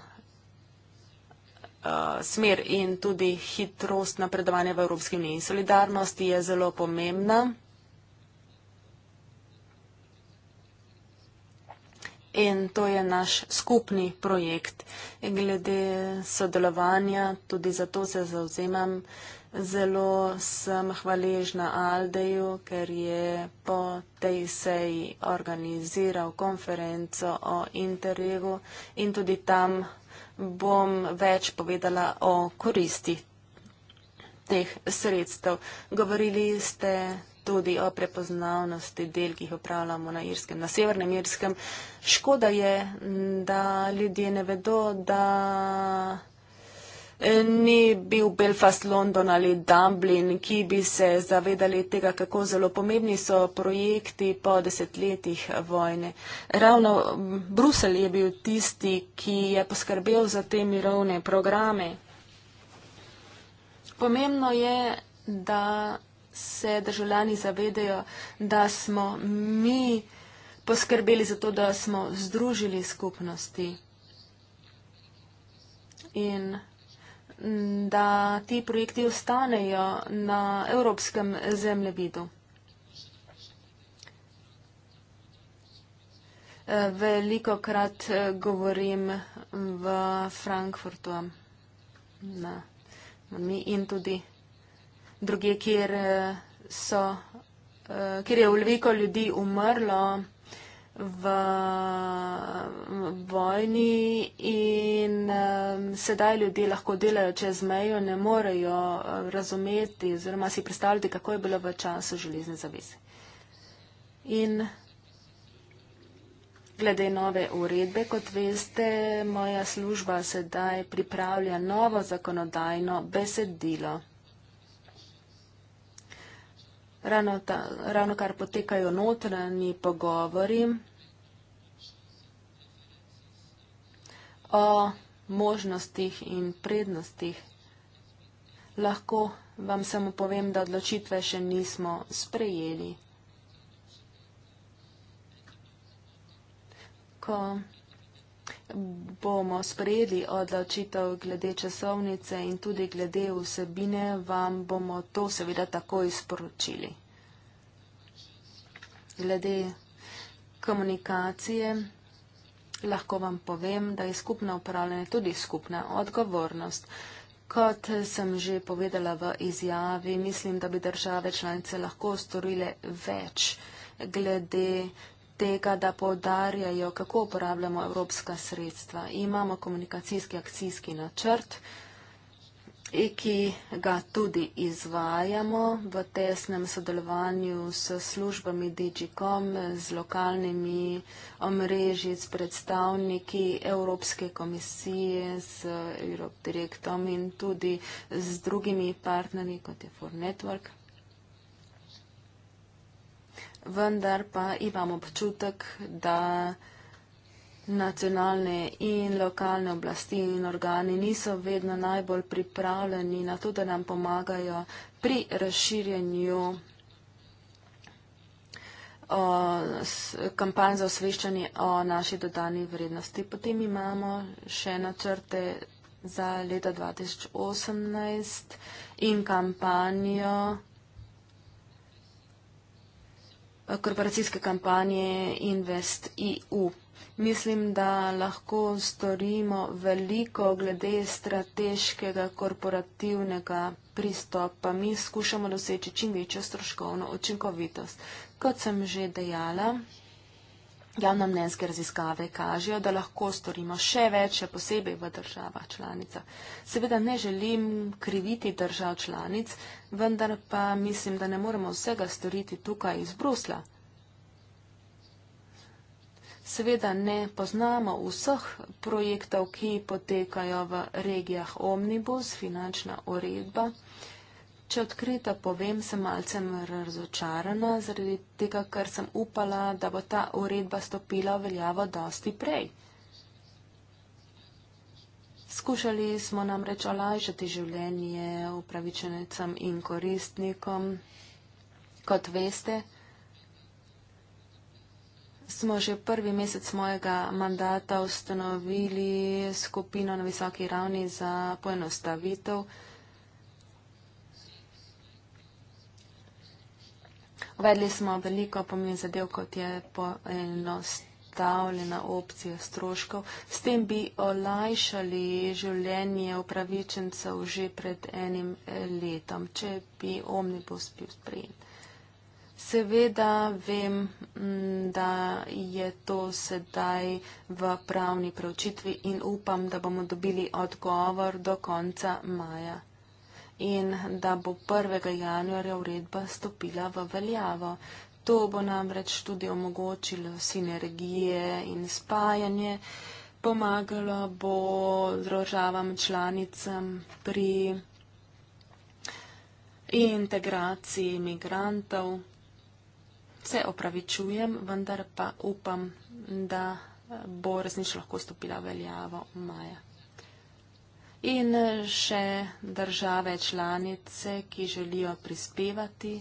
Speaker 1: uh, smer in tudi hitrost napredovanja v Evropski uniji. Solidarnost je zelo pomembna in to je naš skupni projekt. In glede sodelovanja, tudi zato se zauzemam, uh, Zelo sem hvaležna Aldeju, ker je po tej seji organiziral konferenco o interregu in tudi tam bom več povedala o koristi teh sredstev. Govorili ste tudi o prepoznavnosti del, ki jih upravljamo na Irskem, na Severnem Irskem. Škoda je, da ljudje ne vedo, da ni bil Belfast, London ali Dublin, ki bi se zavedali tega, kako zelo pomembni so projekti po desetletjih vojne. Ravno Brusel je bil tisti, ki je poskrbel za te mirovne programe. Pomembno je, da se državljani zavedajo, da smo mi poskrbeli za to, da smo združili skupnosti. In da ti projekti ostanejo na evropskem zemljevidu. Veliko krat eh, govorim v Frankfurtu na, in tudi druge, kjer, eh, so, eh, kjer je veliko ljudi umrlo v vojni in um, sedaj ljudje lahko delajo čez mejo, ne morejo uh, razumeti oziroma si predstavljati, kako je bilo v času železne zavese. In glede nove uredbe, kot veste, moja služba sedaj pripravlja novo zakonodajno besedilo. Ravno, ta, ravno kar potekajo notranji pogovori, o možnostih in prednostih. Lahko vam samo povem, da odločitve še nismo sprejeli. Ko bomo sprejeli odločitev glede časovnice in tudi glede vsebine, vam bomo to seveda takoj sporočili. Glede komunikacije lahko vam povem, da je skupno upravljanje tudi skupna odgovornost. Kot sem že povedala v izjavi, mislim, da bi države članice lahko storile več glede tega, da podarjajo, kako uporabljamo evropska sredstva. Imamo komunikacijski akcijski načrt, ki ga tudi izvajamo v tesnem sodelovanju s službami DigiCom, z lokalnimi omrežji, s predstavniki Evropske komisije, s Europe Directom in tudi z drugimi partnerji, kot je For Network. Vendar pa imam občutek, da nacionalne in lokalne oblasti in organi niso vedno najbolj pripravljeni na to, da nam pomagajo pri razširjenju o, s, kampanj za osveščanje o naši dodani vrednosti. Potem imamo še načrte za leta 2018 in kampanjo korporacijske kampanje Invest EU. Mislim, da lahko storimo veliko glede strateškega korporativnega pristopa. Mi skušamo doseči čim večjo stroškovno učinkovitost. Kot sem že dejala, javno mnenjske raziskave kažejo, da lahko storimo še več, še posebej v državah članicah. Seveda ne želim kriviti držav članic, vendar pa mislim, da ne moremo vsega storiti tukaj iz Brusla. Seveda ne poznamo vseh projektov, ki potekajo v regijah Omnibus, finančna uredba. Če odkrito povem, sem malce razočarana zaradi tega, ker sem upala, da bo ta uredba stopila v veljavo dosti prej. Skušali smo namreč olajšati življenje upravičenecem in koristnikom. Kot veste, smo že prvi mesec mojega mandata ustanovili skupino na visoki ravni za poenostavitev. Uvedli smo veliko pomembnih zadev, kot je poenostavljena opcija stroškov. S tem bi olajšali življenje upravičencev že pred enim letom, če bi omnibus bil sprejet. Seveda vem, mm, da je to sedaj v pravni preučitvi in upam, da bomo dobili odgovor do konca maja in da bo 1. januarja uredba stopila v veljavo. To bo namreč tudi omogočilo sinergije in spajanje, pomagalo bo državam članicam pri integraciji imigrantov se opravičujem, vendar pa upam, da bo resnično lahko stopila veljavo maja. In še države članice, ki želijo prispevati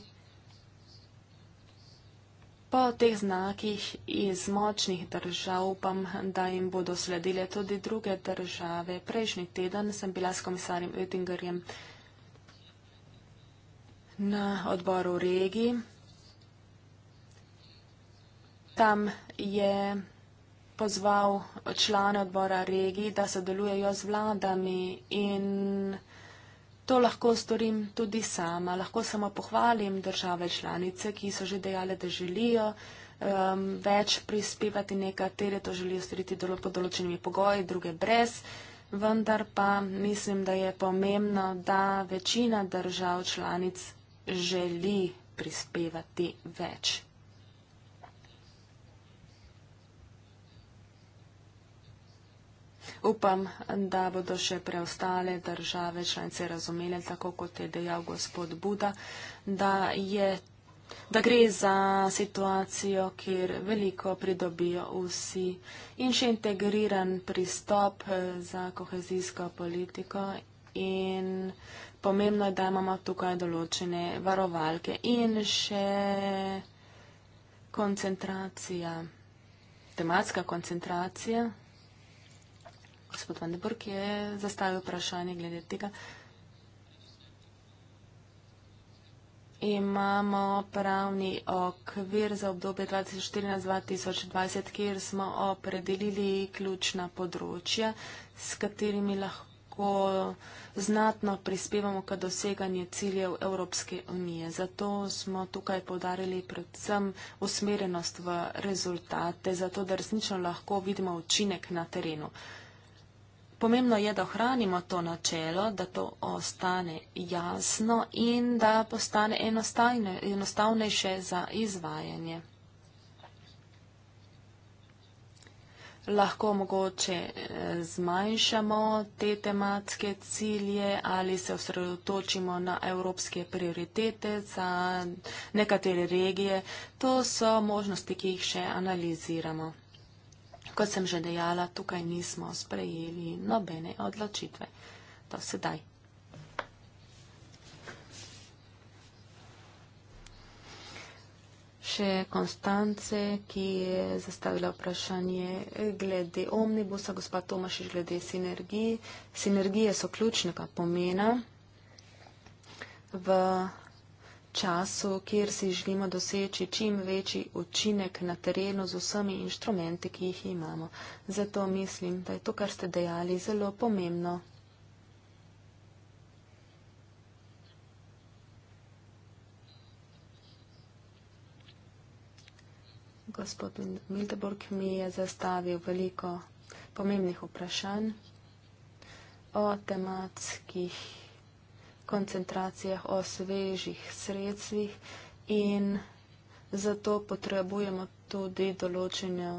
Speaker 1: po teh znakih iz močnih držav, upam, da jim bodo sledile tudi druge države. Prejšnji teden sem bila s komisarjem Oettingerjem na odboru regiji tam je pozval člane odbora regij, da sodelujejo z vladami in to lahko storim tudi sama. Lahko samo pohvalim države članice, ki so že dejale, da želijo um, več prispevati, nekatere to želijo storiti dolo pod določenimi pogoji, druge brez. Vendar pa mislim, da je pomembno, da večina držav članic želi prispevati več. Upam, da bodo še preostale države članice razumele, tako kot je dejal gospod Buda, da, je, da gre za situacijo, kjer veliko pridobijo vsi in še integriran pristop eh, za kohezijsko politiko. In pomembno je, da imamo tukaj določene varovalke in še koncentracija, tematska koncentracija gospod Vandenburg je zastavil vprašanje glede tega. Imamo pravni okvir za obdobje 2014-2020, kjer smo opredelili ključna področja, s katerimi lahko znatno prispevamo k doseganju ciljev Evropske unije. Zato smo tukaj podarili predvsem usmerjenost v rezultate, zato da resnično lahko vidimo učinek na terenu. Pomembno je, da ohranimo to načelo, da to ostane jasno in da postane enostavnejše za izvajanje. Lahko mogoče eh, zmanjšamo te tematske cilje ali se osredotočimo na evropske prioritete za nekatere regije. To so možnosti, ki jih še analiziramo. Kot sem že dejala, tukaj nismo sprejeli nobene odločitve do sedaj. Še Konstance, ki je zastavila vprašanje glede omnibusa, gospod Tomašič, glede sinergije. Sinergije so ključnega pomena v času, kjer si želimo doseči čim večji učinek na terenu z vsemi inštrumenti, ki jih imamo. Zato mislim, da je to, kar ste dejali, zelo pomembno. Gospod Mildeborg mi je zastavil veliko pomembnih vprašanj o tematskih koncentracijah, o svežih sredstvih in zato potrebujemo tudi določeno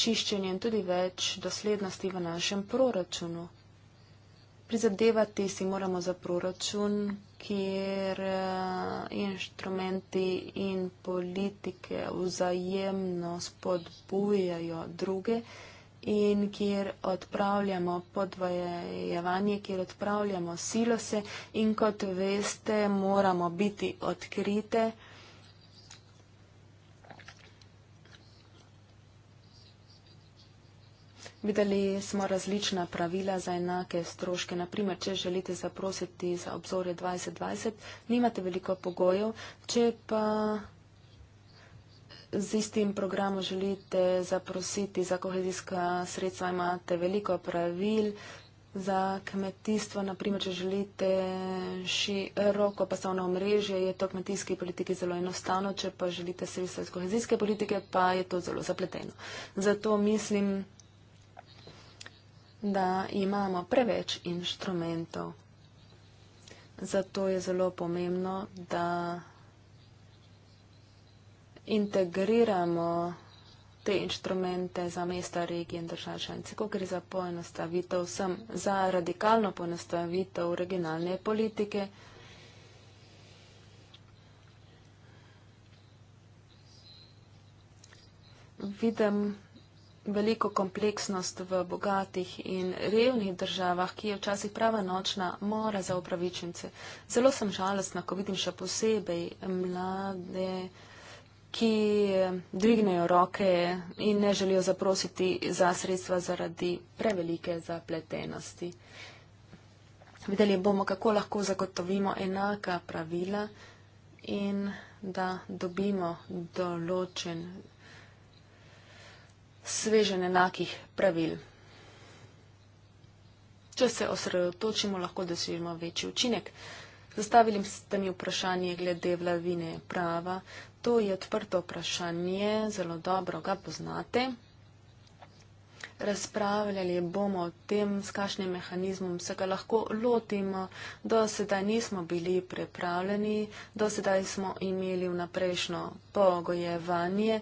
Speaker 1: čiščenje in tudi več doslednosti v našem proračunu. Prizadevati si moramo za proračun, kjer eh, inštrumenti in politike vzajemno spodbujajo druge in kjer odpravljamo podvajevanje, kjer odpravljamo silose in kot veste, moramo biti odkrite. Videli smo različna pravila za enake stroške. Naprimer, če želite zaprositi za obzorje 2020, nimate veliko pogojev, če pa z istim programom želite zaprositi za kohezijska sredstva, imate veliko pravil za kmetijstvo, naprimer, če želite široko pasovno omrežje, je to kmetijski politiki zelo enostavno, če pa želite sredstva iz kohezijske politike, pa je to zelo zapleteno. Zato mislim, da imamo preveč inštrumentov. Zato je zelo pomembno, da integriramo te inštrumente za mesta, regije in države članice, ko gre za poenostavitev, sem za radikalno poenostavitev regionalne politike. Vidim veliko kompleksnost v bogatih in revnih državah, ki je včasih prava nočna mora za upravičence. Zelo sem žalostna, ko vidim še posebej mlade, ki dvignejo roke in ne želijo zaprositi za sredstva zaradi prevelike zapletenosti. Videli bomo, kako lahko zagotovimo enaka pravila in da dobimo določen svežen enakih pravil. Če se osredotočimo, lahko dosežemo večji učinek. Zastavili ste mi vprašanje glede vladavine prava, To je odprto vprašanje, zelo dobro ga poznate. Razpravljali bomo o tem, s kakšnim mehanizmom se ga lahko lotimo. Do sedaj nismo bili pripravljeni, do sedaj smo imeli vnaprejšno pogojevanje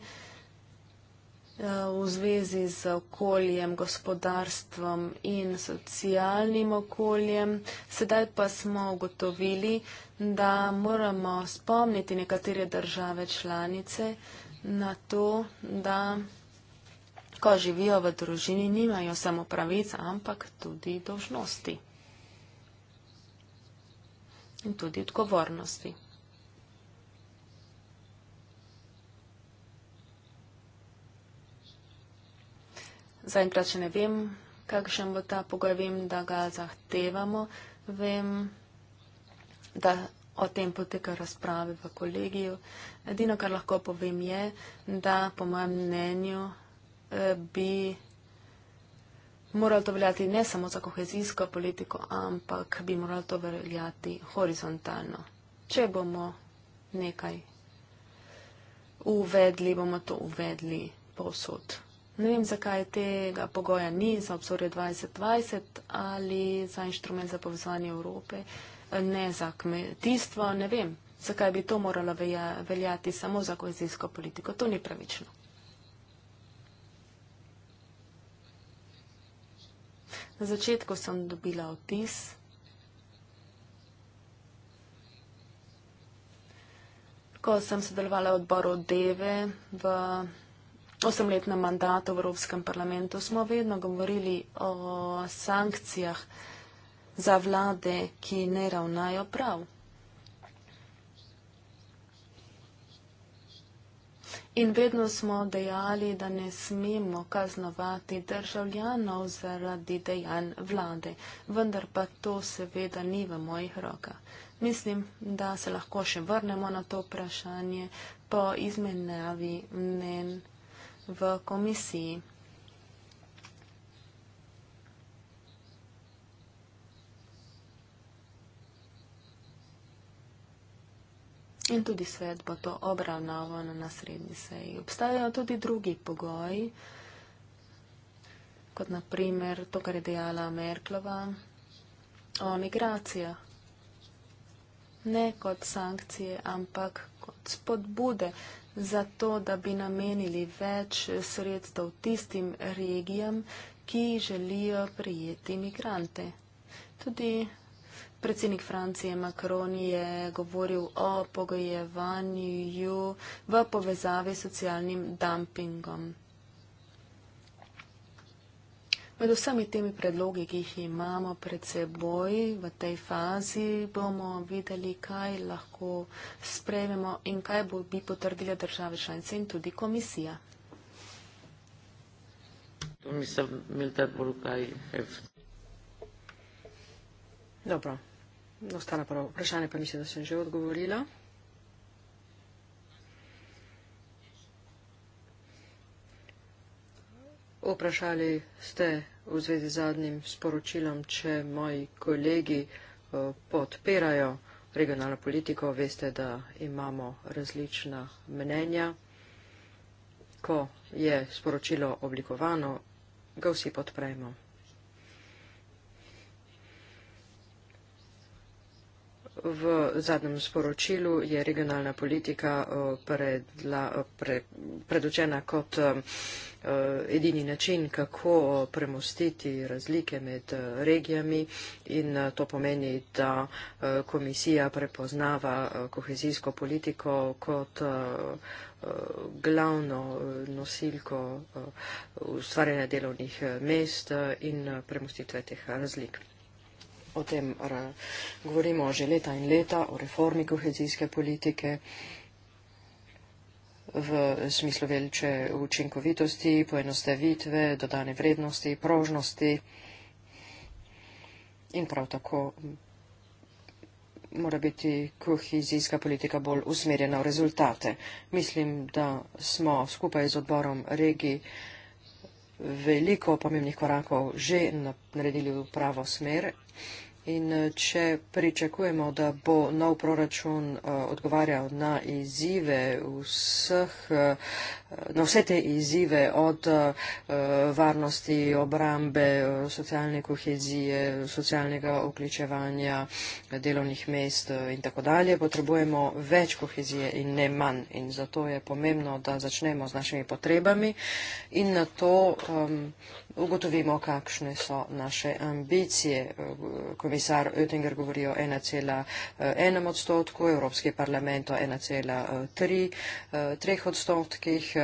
Speaker 1: v zvezi z okoljem, gospodarstvom in socialnim okoljem. Sedaj pa smo ugotovili, da moramo spomniti nekatere države članice na to, da ko živijo v družini, nimajo samo pravic, ampak tudi dožnosti in tudi odgovornosti. Zaenkrat še ne vem, kakšen bo ta pogoj. Vem, da ga zahtevamo. Vem, da o tem poteka razprave v kolegiju. Edino, kar lahko povem, je, da po mojem mnenju eh, bi moralo to veljati ne samo za kohezijsko politiko, ampak bi moralo to veljati horizontalno. Če bomo nekaj uvedli, bomo to uvedli povsod. Ne vem, zakaj tega pogoja ni za obzorje 2020 ali za inštrument za povezovanje Evrope, ne za kmetijstvo, ne vem, zakaj bi to moralo velja, veljati samo za kohezijsko politiko. To ni pravično. Na začetku sem dobila odtis. Ko sem sodelovala v odboru Deve v osemletnem mandatu v Evropskem parlamentu smo vedno govorili o sankcijah za vlade, ki ne ravnajo prav. In vedno smo dejali, da ne smemo kaznovati državljanov zaradi dejanj vlade. Vendar pa to seveda ni v mojih rokah. Mislim, da se lahko še vrnemo na to vprašanje po izmenjavi mnen v komisiji. In tudi svet bo to obravnaval na naslednji seji. Obstajajo tudi drugi pogoji, kot naprimer to, kar je dejala Merklova o migracijah. Ne kot sankcije, ampak kot spodbude za to, da bi namenili več sredstev tistim regijam, ki želijo prijeti imigrante. Tudi predsednik Francije Macron je govoril o pogojevanju v povezavi s socialnim dumpingom. Med vsemi temi predlogi, ki jih imamo pred seboj v tej fazi, bomo videli, kaj lahko sprejmemo in kaj bo bi potrdila države članice in tudi komisija. Dobro, ostane prvo
Speaker 4: vprašanje, pa mislim, da sem že odgovorila. Vprašali ste v zvezi z zadnjim sporočilom, če moji kolegi eh, podpirajo regionalno politiko. Veste, da imamo različna mnenja. Ko je sporočilo oblikovano, ga vsi podpremo. V zadnjem sporočilu je regionalna politika eh, predla, eh, pre, predočena kot eh, edini način, kako premostiti razlike med regijami in to pomeni, da komisija prepoznava kohezijsko politiko kot glavno nosilko ustvarjanja delovnih mest in premostitve teh razlik o tem govorimo že leta in leta, o reformi kohezijske politike v smislu velike učinkovitosti, poenostavitve, dodane vrednosti, prožnosti in prav tako mora biti kohezijska politika bolj usmerjena v rezultate. Mislim, da smo skupaj z odborom regij veliko pomembnih korakov že naredili v pravo smer. In eh, če pričakujemo, da bo nov proračun eh, odgovarjal na izzive vseh, eh, na vse te izzive od varnosti, obrambe, socialne kohezije, socialnega vključevanja, delovnih mest in tako dalje, potrebujemo več kohezije in ne manj. In zato je pomembno, da začnemo z našimi potrebami in na to. Um, ugotovimo, kakšne so naše ambicije. Komisar Oettinger govori o 1,1 odstotku, Evropski parlament o 1,3 eh, odstotkih.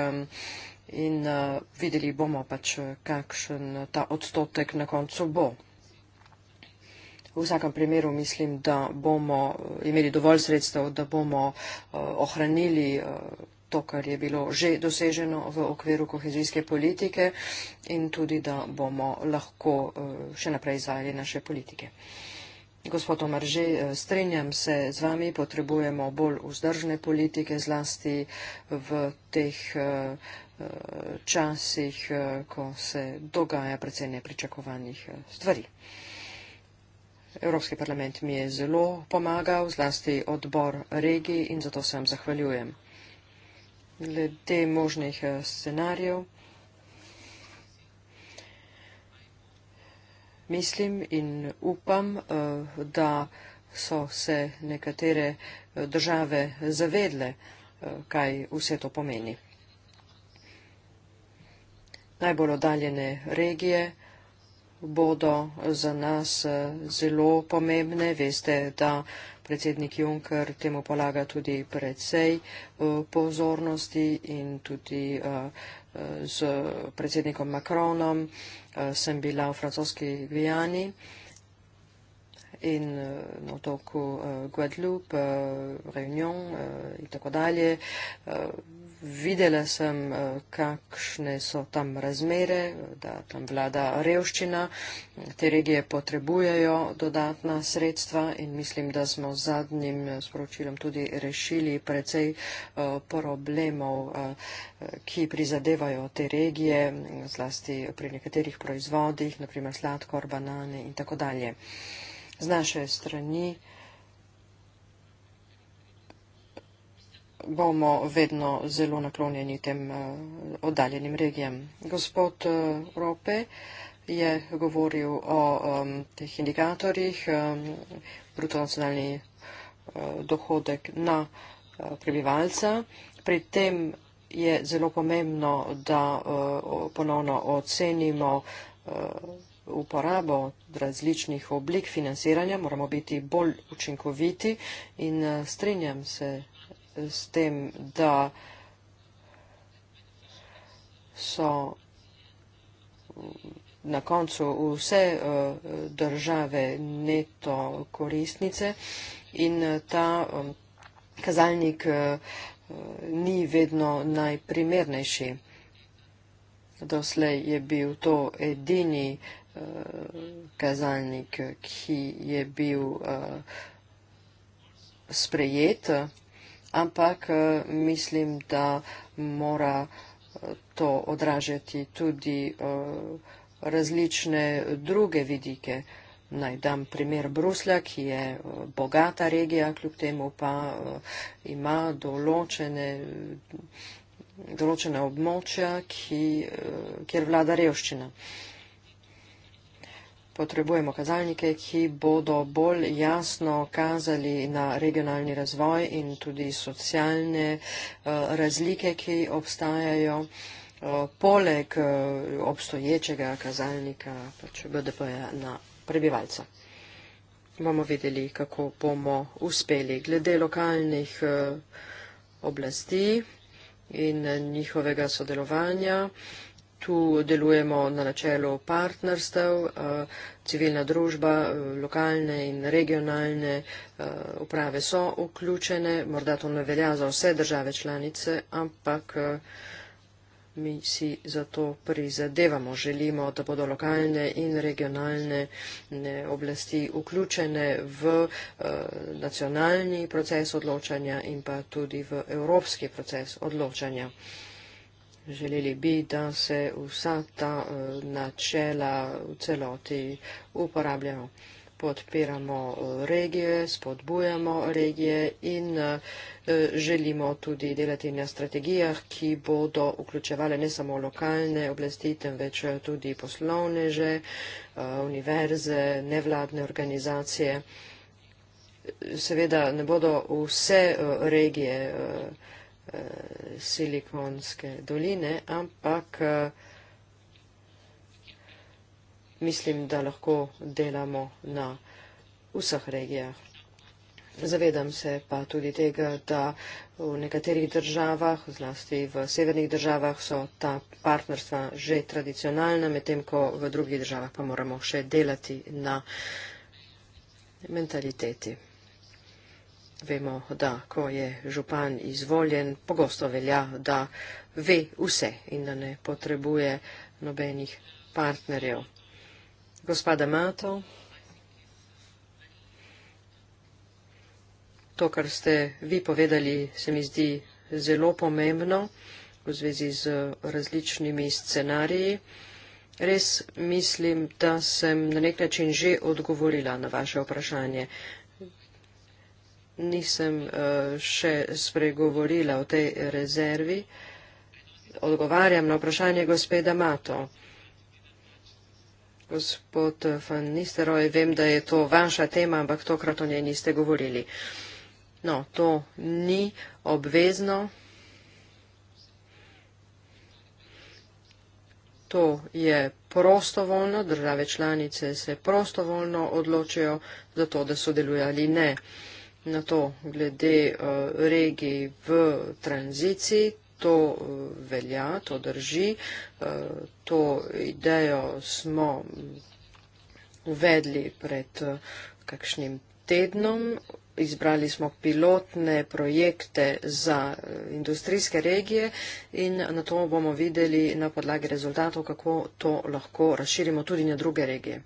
Speaker 4: In uh, videli bomo pač, kakšen ta odstotek na koncu bo. V vsakem primeru mislim, da bomo eh, imeli dovolj sredstev, da bomo uh, ohranili uh, to, kar je bilo že doseženo v okviru kohezijske politike in tudi, da bomo lahko eh, še naprej izvajali naše politike. Gospod Omar, že eh, strinjam se z vami, potrebujemo bolj vzdržne politike, zlasti v teh eh, časih, ko se dogaja predvsej nepričakovanih stvari. Evropski parlament mi je zelo pomagal, zlasti odbor regij in zato se vam zahvaljujem glede možnih eh, scenarijev. Mislim in upam, eh, da so se nekatere eh, države zavedle, kaj vse to pomeni. Najbolj oddaljene regije bodo za nas zelo pomembne. Veste, da uh, predsednik Juncker temu polaga tudi predsej eh, pozornosti in tudi z eh, eh, predsednikom Macronom sem bila v francoski Gvijani in na otoku Guadeloupe, Reunion in tako dalje. Videla sem, eh, kakšne so tam razmere, da tam vlada revščina, te regije potrebujejo dodatna sredstva in mislim, da smo z zadnjim sporočilom tudi rešili precej eh, problemov, eh, ki prizadevajo te regije, zlasti pri nekaterih proizvodih, naprimer sladkor, banane in tako dalje. Z naše strani. bomo vedno zelo naklonjeni tem eh, oddaljenim regijam. Gospod eh, Rope je govoril o um, teh indikatorjih, um, brutonacionalni uh, eh, dohodek na uh, prebivalca. Pri tem je zelo pomembno, da uh, ponovno ocenimo uh, uporabo različnih oblik financiranja, moramo biti bolj učinkoviti in uh, strinjam se s tem, da so na koncu vse eh, države neto koristnice in eh, ta eh, kazalnik ni vedno najprimernejši. Doslej je bil to edini kazalnik, ki je bil sprejet ampak eh, mislim, da mora eh, to odražati tudi eh, različne druge vidike. Naj dam primer Bruslja, ki je bogata regija, kljub temu pa ima določene, določene območja, ki, kjer vlada revščina. Potrebujemo kazalnike, ki bodo bolj jasno kazali na regionalni razvoj in tudi socialne eh, razlike, ki obstajajo eh, poleg eh, obstoječega kazalnika pač BDP-ja na prebivalca. Bomo videli, kako bomo uspeli. Glede lokalnih oblasti in njihovega sodelovanja, Tu delujemo na načelu partnerstev, eh, civilna družba, eh, lokalne in regionalne eh, uprave so vključene, morda to ne velja za vse države članice, ampak mi si zato prizadevamo, želimo, da bodo lokalne in regionalne oblasti vključene v nacionalni proces odločanja in pa tudi v evropski proces odločanja želeli bi, da se vsa ta eh, načela v celoti uporabljajo. Podpiramo eh, regije, spodbujamo regije in eh, želimo tudi delati na strategijah, ki bodo vključevale ne samo lokalne oblasti, temveč tudi poslovneže, univerze, nevladne organizacije. Seveda ne bodo vse regije eh, Silikonske doline, ampak eh, mislim, da lahko delamo na vseh regijah. Zavedam se pa tudi tega, da v nekaterih državah, zlasti v severnih državah, so ta partnerstva že tradicionalna, medtem ko v drugih državah pa moramo še delati na mentaliteti. Vemo, da ko je župan izvoljen, pogosto velja, da ve vse in da ne potrebuje nobenih partnerjev. Gospoda Mato, to, kar ste vi povedali, se mi zdi zelo pomembno v zvezi z različnimi scenariji. Res mislim, da sem na nek način že odgovorila na vaše vprašanje nisem eh, še spregovorila o tej rezervi. Odgovarjam na vprašanje gospeda Mato. Gospod Van Nisteroj, vem, da je to vaša tema, ampak tokrat o njej niste govorili. No, to ni obvezno. To je prostovoljno, države članice se prostovoljno odločijo za to, da sodelujo ali ne na to glede eh, regij v tranziciji. To eh, velja, to drži, eh, to idejo smo uvedli pred kakšnim tednom. Izbrali smo pilotne projekte za industrijske regije in na to bomo videli na podlagi rezultatov, kako to lahko razširimo tudi na druge regije.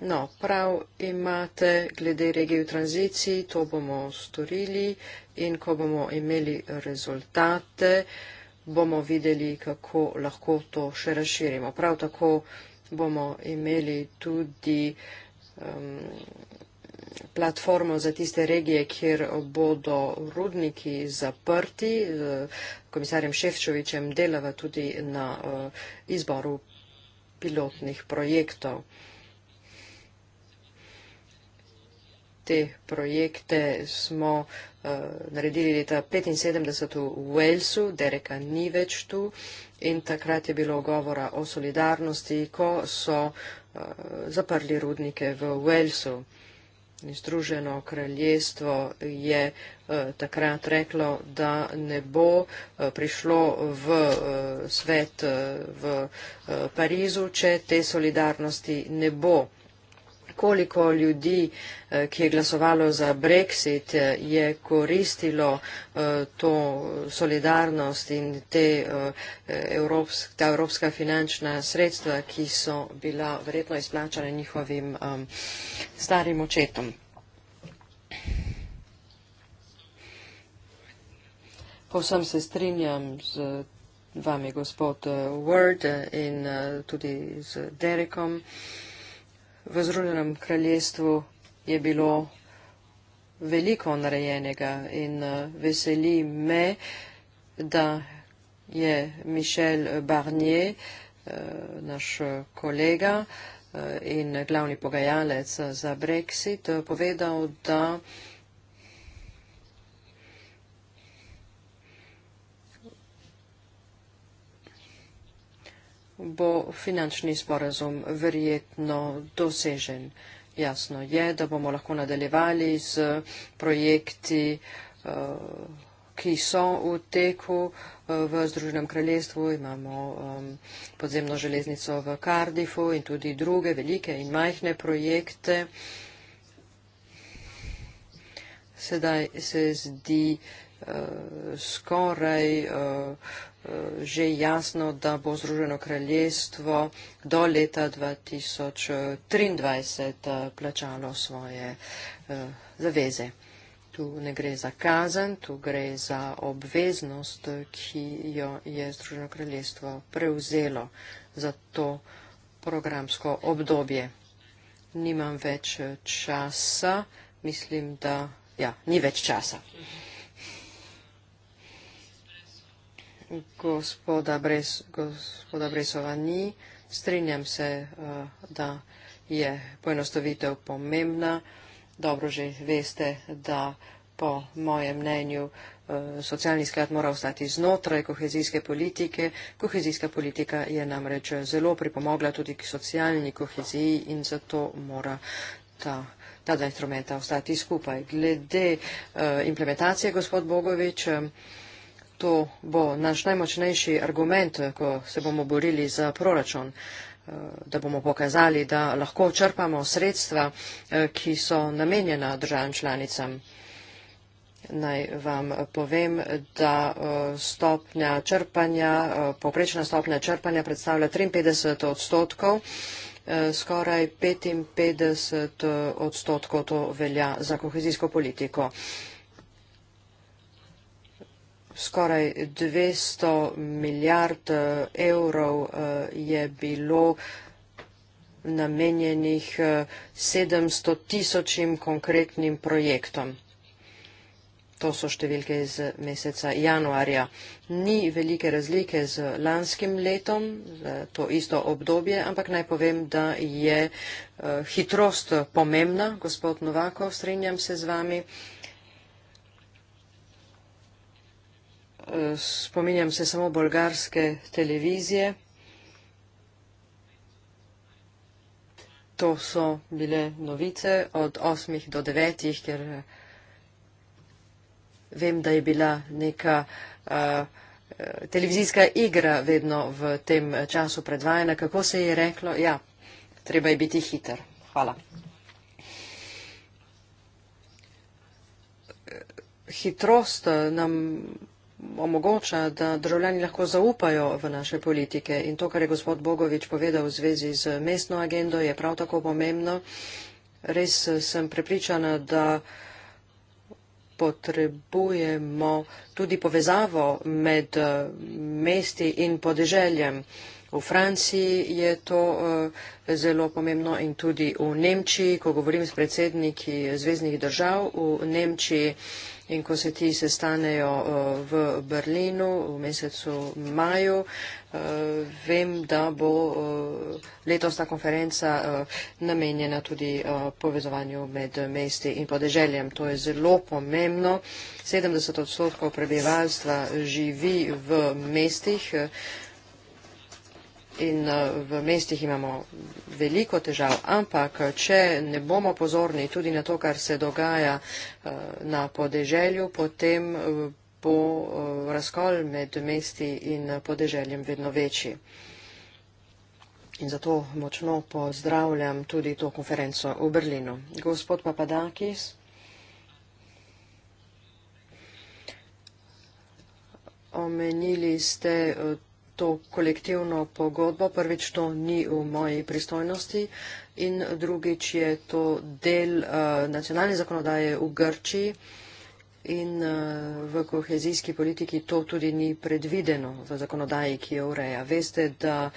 Speaker 4: No, prav imate glede regij v tranziciji, to bomo storili in ko bomo imeli rezultate, bomo videli, kako lahko to še razširimo. Prav tako bomo imeli tudi um, platformo za tiste regije, kjer bodo rudniki zaprti. Z komisarjem Ševčovičem delava tudi na uh, izboru pilotnih projektov. te projekte smo uh, naredili leta 1975 v Walesu, Dereka ni več tu in takrat je bilo govora o solidarnosti, ko so uh, zaprli rudnike v Walesu. Združeno kraljestvo je uh, takrat reklo, da ne bo uh, prišlo v uh, svet uh, v uh, Parizu, če te solidarnosti ne bo koliko ljudi, eh, ki je glasovalo za Brexit, eh, je koristilo eh, to solidarnost in te evropska, ta evropska finančna sredstva, ki so bila verjetno izplačane njihovim starim očetom. Povsem se strinjam z vami, gospod Word, in tudi z Derekom. V Združenem kraljestvu je bilo veliko narejenega in eh, veseli me, da je Michel Barnier, eh, naš eh, kolega in glavni pogajalec za Brexit, povedal, da bo finančni sporazum verjetno dosežen. Jasno je, da bomo lahko nadaljevali z projekti, eh, ki so v teku eh, v Združenem kraljestvu. Imamo podzemno železnico v Cardiffu in tudi druge velike in majhne projekte. Sedaj se zdi eh, skoraj Eh, že jasno, da bo Združeno kraljestvo do leta 2023 eh, plačalo svoje eh, zaveze. Tu ne gre za kazen, tu gre za obveznost, ki jo je Združeno kraljestvo prevzelo za to programsko obdobje. Nimam več časa, mislim, da. Ja, ni več časa. Mhm. gospoda, Bres, gospoda Bresova ni. Strinjam se, eh, da je poenostavitev pomembna. Dobro že veste, da po mojem mnenju eh, socialni sklad mora ostati znotraj kohezijske politike. Kohezijska politika je namreč zelo pripomogla tudi k socialni koheziji in zato mora ta. Ta dva instrumenta ostati skupaj. Glede uh, implementacije, gospod Bogovič. Um, To bo naš najmočnejši argument, ko se bomo borili za proračun, eh, da bomo pokazali, da lahko črpamo sredstva, eh, ki so namenjena državam članicam. Naj vam povem, da eh, stopnja črpanja, poprečna stopnja črpanja predstavlja 53 odstotkov, skoraj 55 odstotkov to velja za kohezijsko politiko skoraj 200 milijard eh, evrov eh, je bilo namenjenih 700 eh, tisočim konkretnim projektom. To so številke iz meseca januarja. Ni velike razlike z lanskim letom, to isto obdobje, ampak naj povem, da je hitrost pomembna, gospod Novakov, strinjam se z vami. spominjam se samo bolgarske televizije. To so bile novice od 8 do 9, ker eh, vem, da je bila neka uh, televizijska igra vedno v tem času predvajana. Kako se je reklo? Ja, treba je biti hiter. Hvala. Hitrost eh, nam omogoča, da državljani lahko zaupajo v naše politike. In to, kar je gospod Bogovič povedal v zvezi z mestno agendo, je prav tako pomembno. Res sem prepričana, da potrebujemo tudi povezavo med eh, mesti in podeželjem. V Franciji je to eh, zelo pomembno in tudi v Nemčiji, ko govorim s predsedniki zvezdnih držav, v Nemčiji in ko se ti sestanejo eh, v Berlinu v mesecu maju. Eh, vem, da bo eh, letos ta konferenca namenjena tudi povezovanju med mesti in podeželjem. To je zelo pomembno. 70 odstotkov prebivalstva živi v mestih in eh, v mestih imamo veliko težav, ampak eh, če ne bomo pozorni tudi na to, kar se dogaja eh, na podeželju, potem bo razkol med mesti in podeželjem vedno večji. In zato močno pozdravljam tudi to konferenco v Berlinu. Gospod Papadakis. Omenili ste to kolektivno pogodbo. Prvič, to ni v moji pristojnosti in drugič je to del uh, nacionalne zakonodaje v Grčiji in uh, v kohezijski politiki to tudi ni predvideno v zakonodaji, ki jo ureja. Veste, da uh,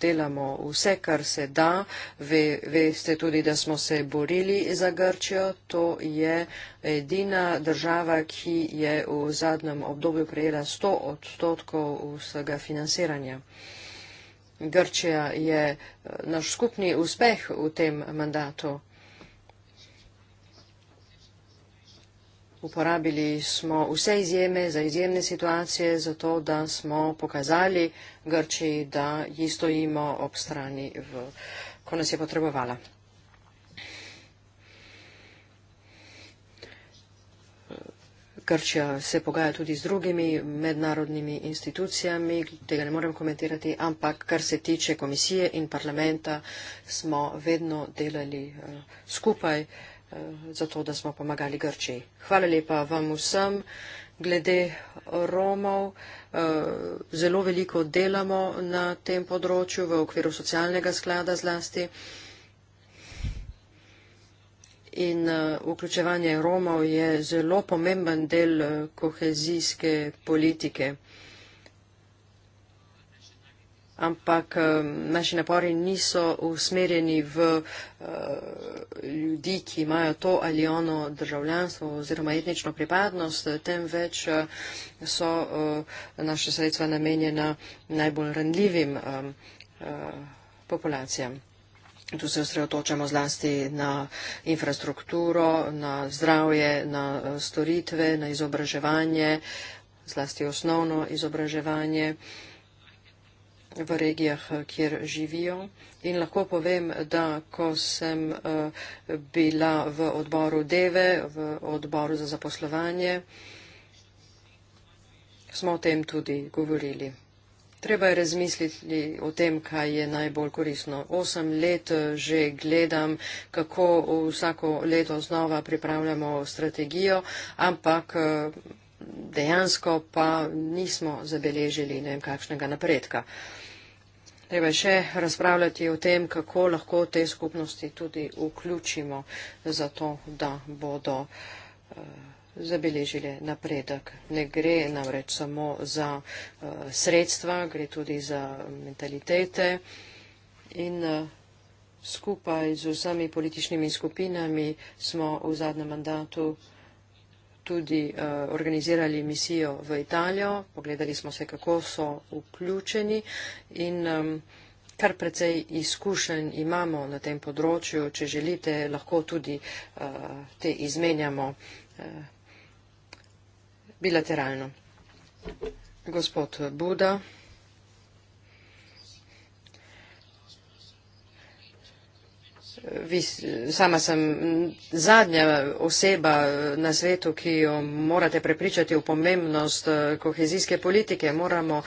Speaker 4: delamo vse, kar se da. Ve, veste tudi, da smo se borili za Grčijo. To je edina država, ki je v zadnjem obdobju prejela 100 odstotkov vsega financiranja. Grčija je eh, naš skupni uspeh v tem mandatu. Uporabili smo vse izjeme za izjemne situacije, zato da smo pokazali Grčiji, da ji stojimo ob strani, v, ko nas je potrebovala. Grčija se pogaja tudi z drugimi mednarodnimi institucijami, tega ne morem komentirati, ampak kar se tiče komisije in parlamenta, smo vedno delali eh, skupaj. Eh, za to, da smo pomagali Grčiji. Hvala lepa vam vsem. Glede Romov, eh, zelo veliko delamo na tem področju v okviru socialnega sklada zlasti. In eh, vključevanje Romov je zelo pomemben del kohezijske politike ampak naši napori niso usmerjeni v eh, ljudi, ki imajo to ali ono državljanstvo oziroma etnično pripadnost, temveč eh, so eh, naše sredstva namenjena najbolj ranljivim populacijam. Tu se osredotočamo zlasti na infrastrukturo, na zdravje, na storitve, na izobraževanje, zlasti osnovno izobraževanje. Uh, v regijah, eh, kjer živijo. In lahko povem, da ko sem eh, bila v odboru Deve, v odboru za zaposlovanje, smo o tem tudi govorili. Treba je razmisliti o tem, kaj je najbolj korisno. Osem let eh, že gledam, kako vsako leto znova pripravljamo strategijo, ampak dejansko pa nismo zabeležili ne vem kakšnega napredka. Uh, Treba je še razpravljati o tem, kako lahko te skupnosti tudi vključimo, zato da bodo eh, zabeležili napredek. Ne gre namreč samo za eh, sredstva, gre tudi za mentalitete in eh, skupaj z vsemi političnimi skupinami smo v zadnjem mandatu tudi uh, organizirali misijo v Italijo, pogledali smo se, kako so vključeni in um, kar precej izkušenj imamo na tem področju. Če želite, lahko tudi uh, te izmenjamo uh, bilateralno. Gospod Buda. sama sem zadnja oseba na svetu, ki jo morate prepričati v pomembnost eh, kohezijske politike. Moramo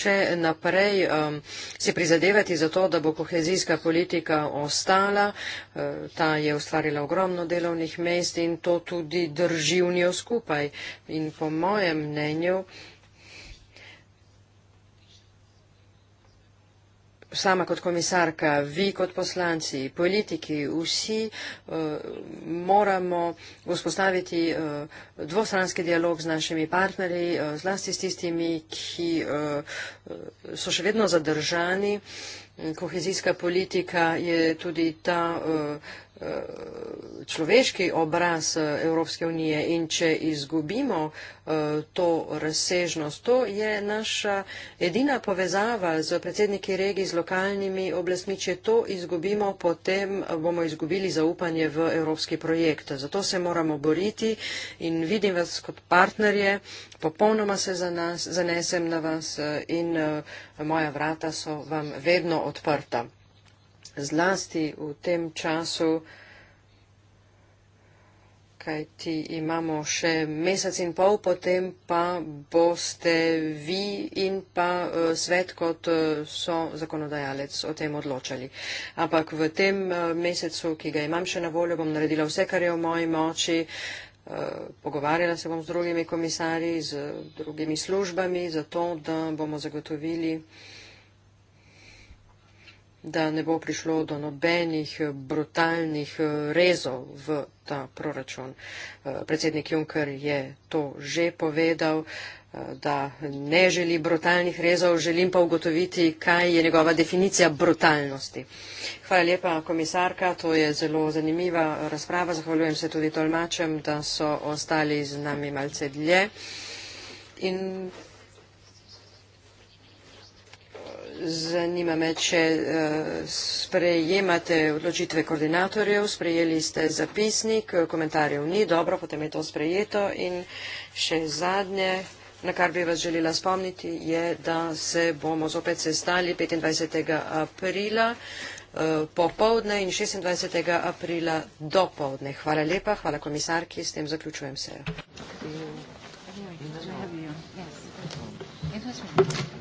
Speaker 4: še naprej um, se prizadevati za to, da bo kohezijska politika ostala. Eh, ta je ustvarila ogromno delovnih mest in to tudi drži v njo skupaj. In po mojem mnenju, sama kot komisarka, vi kot poslanci, politiki, vsi eh, moramo vzpostaviti eh, dvostranski dialog z našimi partnerji, eh, zlasti s tistimi, ki so še vedno zadržani. Kohezijska politika je tudi ta Eh, človeški obraz eh, Evropske unije in če izgubimo eh, to razsežnost, to je naša edina povezava z predsedniki regij, z lokalnimi oblastmi. Če to izgubimo, potem bomo izgubili zaupanje v evropski projekt. Zato se moramo boriti in vidim vas kot partnerje, popolnoma se za nas, zanesem na vas in moja vrata so vam vedno odprta zlasti v tem času, kaj ti imamo še mesec in pol, potem pa boste vi in pa eh, svet kot eh, so zakonodajalec o tem odločali. Ampak v tem eh, mesecu, ki ga imam še na voljo, bom naredila vse, kar je v moji moči. Pogovarjala se bom z drugimi komisarji, z drugimi službami, zato da bomo zagotovili da ne bo prišlo do nobenih brutalnih eh, rezov v ta proračun. Eh, predsednik Juncker je to že povedal, eh, da ne želi brutalnih rezov, želim pa ugotoviti, kaj je njegova definicija brutalnosti. Hvala lepa, komisarka, to je zelo zanimiva razprava. Zahvaljujem se tudi tolmačem, da so ostali z nami malce dlje. In zanima me, če eh, sprejemate odločitve koordinatorjev, sprejeli ste zapisnik, komentarjev ni, dobro, potem je to sprejeto in še zadnje, na kar bi vas želila spomniti, je, da se bomo zopet sestali 25. aprila eh, popovdne in 26. aprila dopovdne. Hvala lepa, hvala komisarki, s tem zaključujem se.
Speaker 3: Thank you.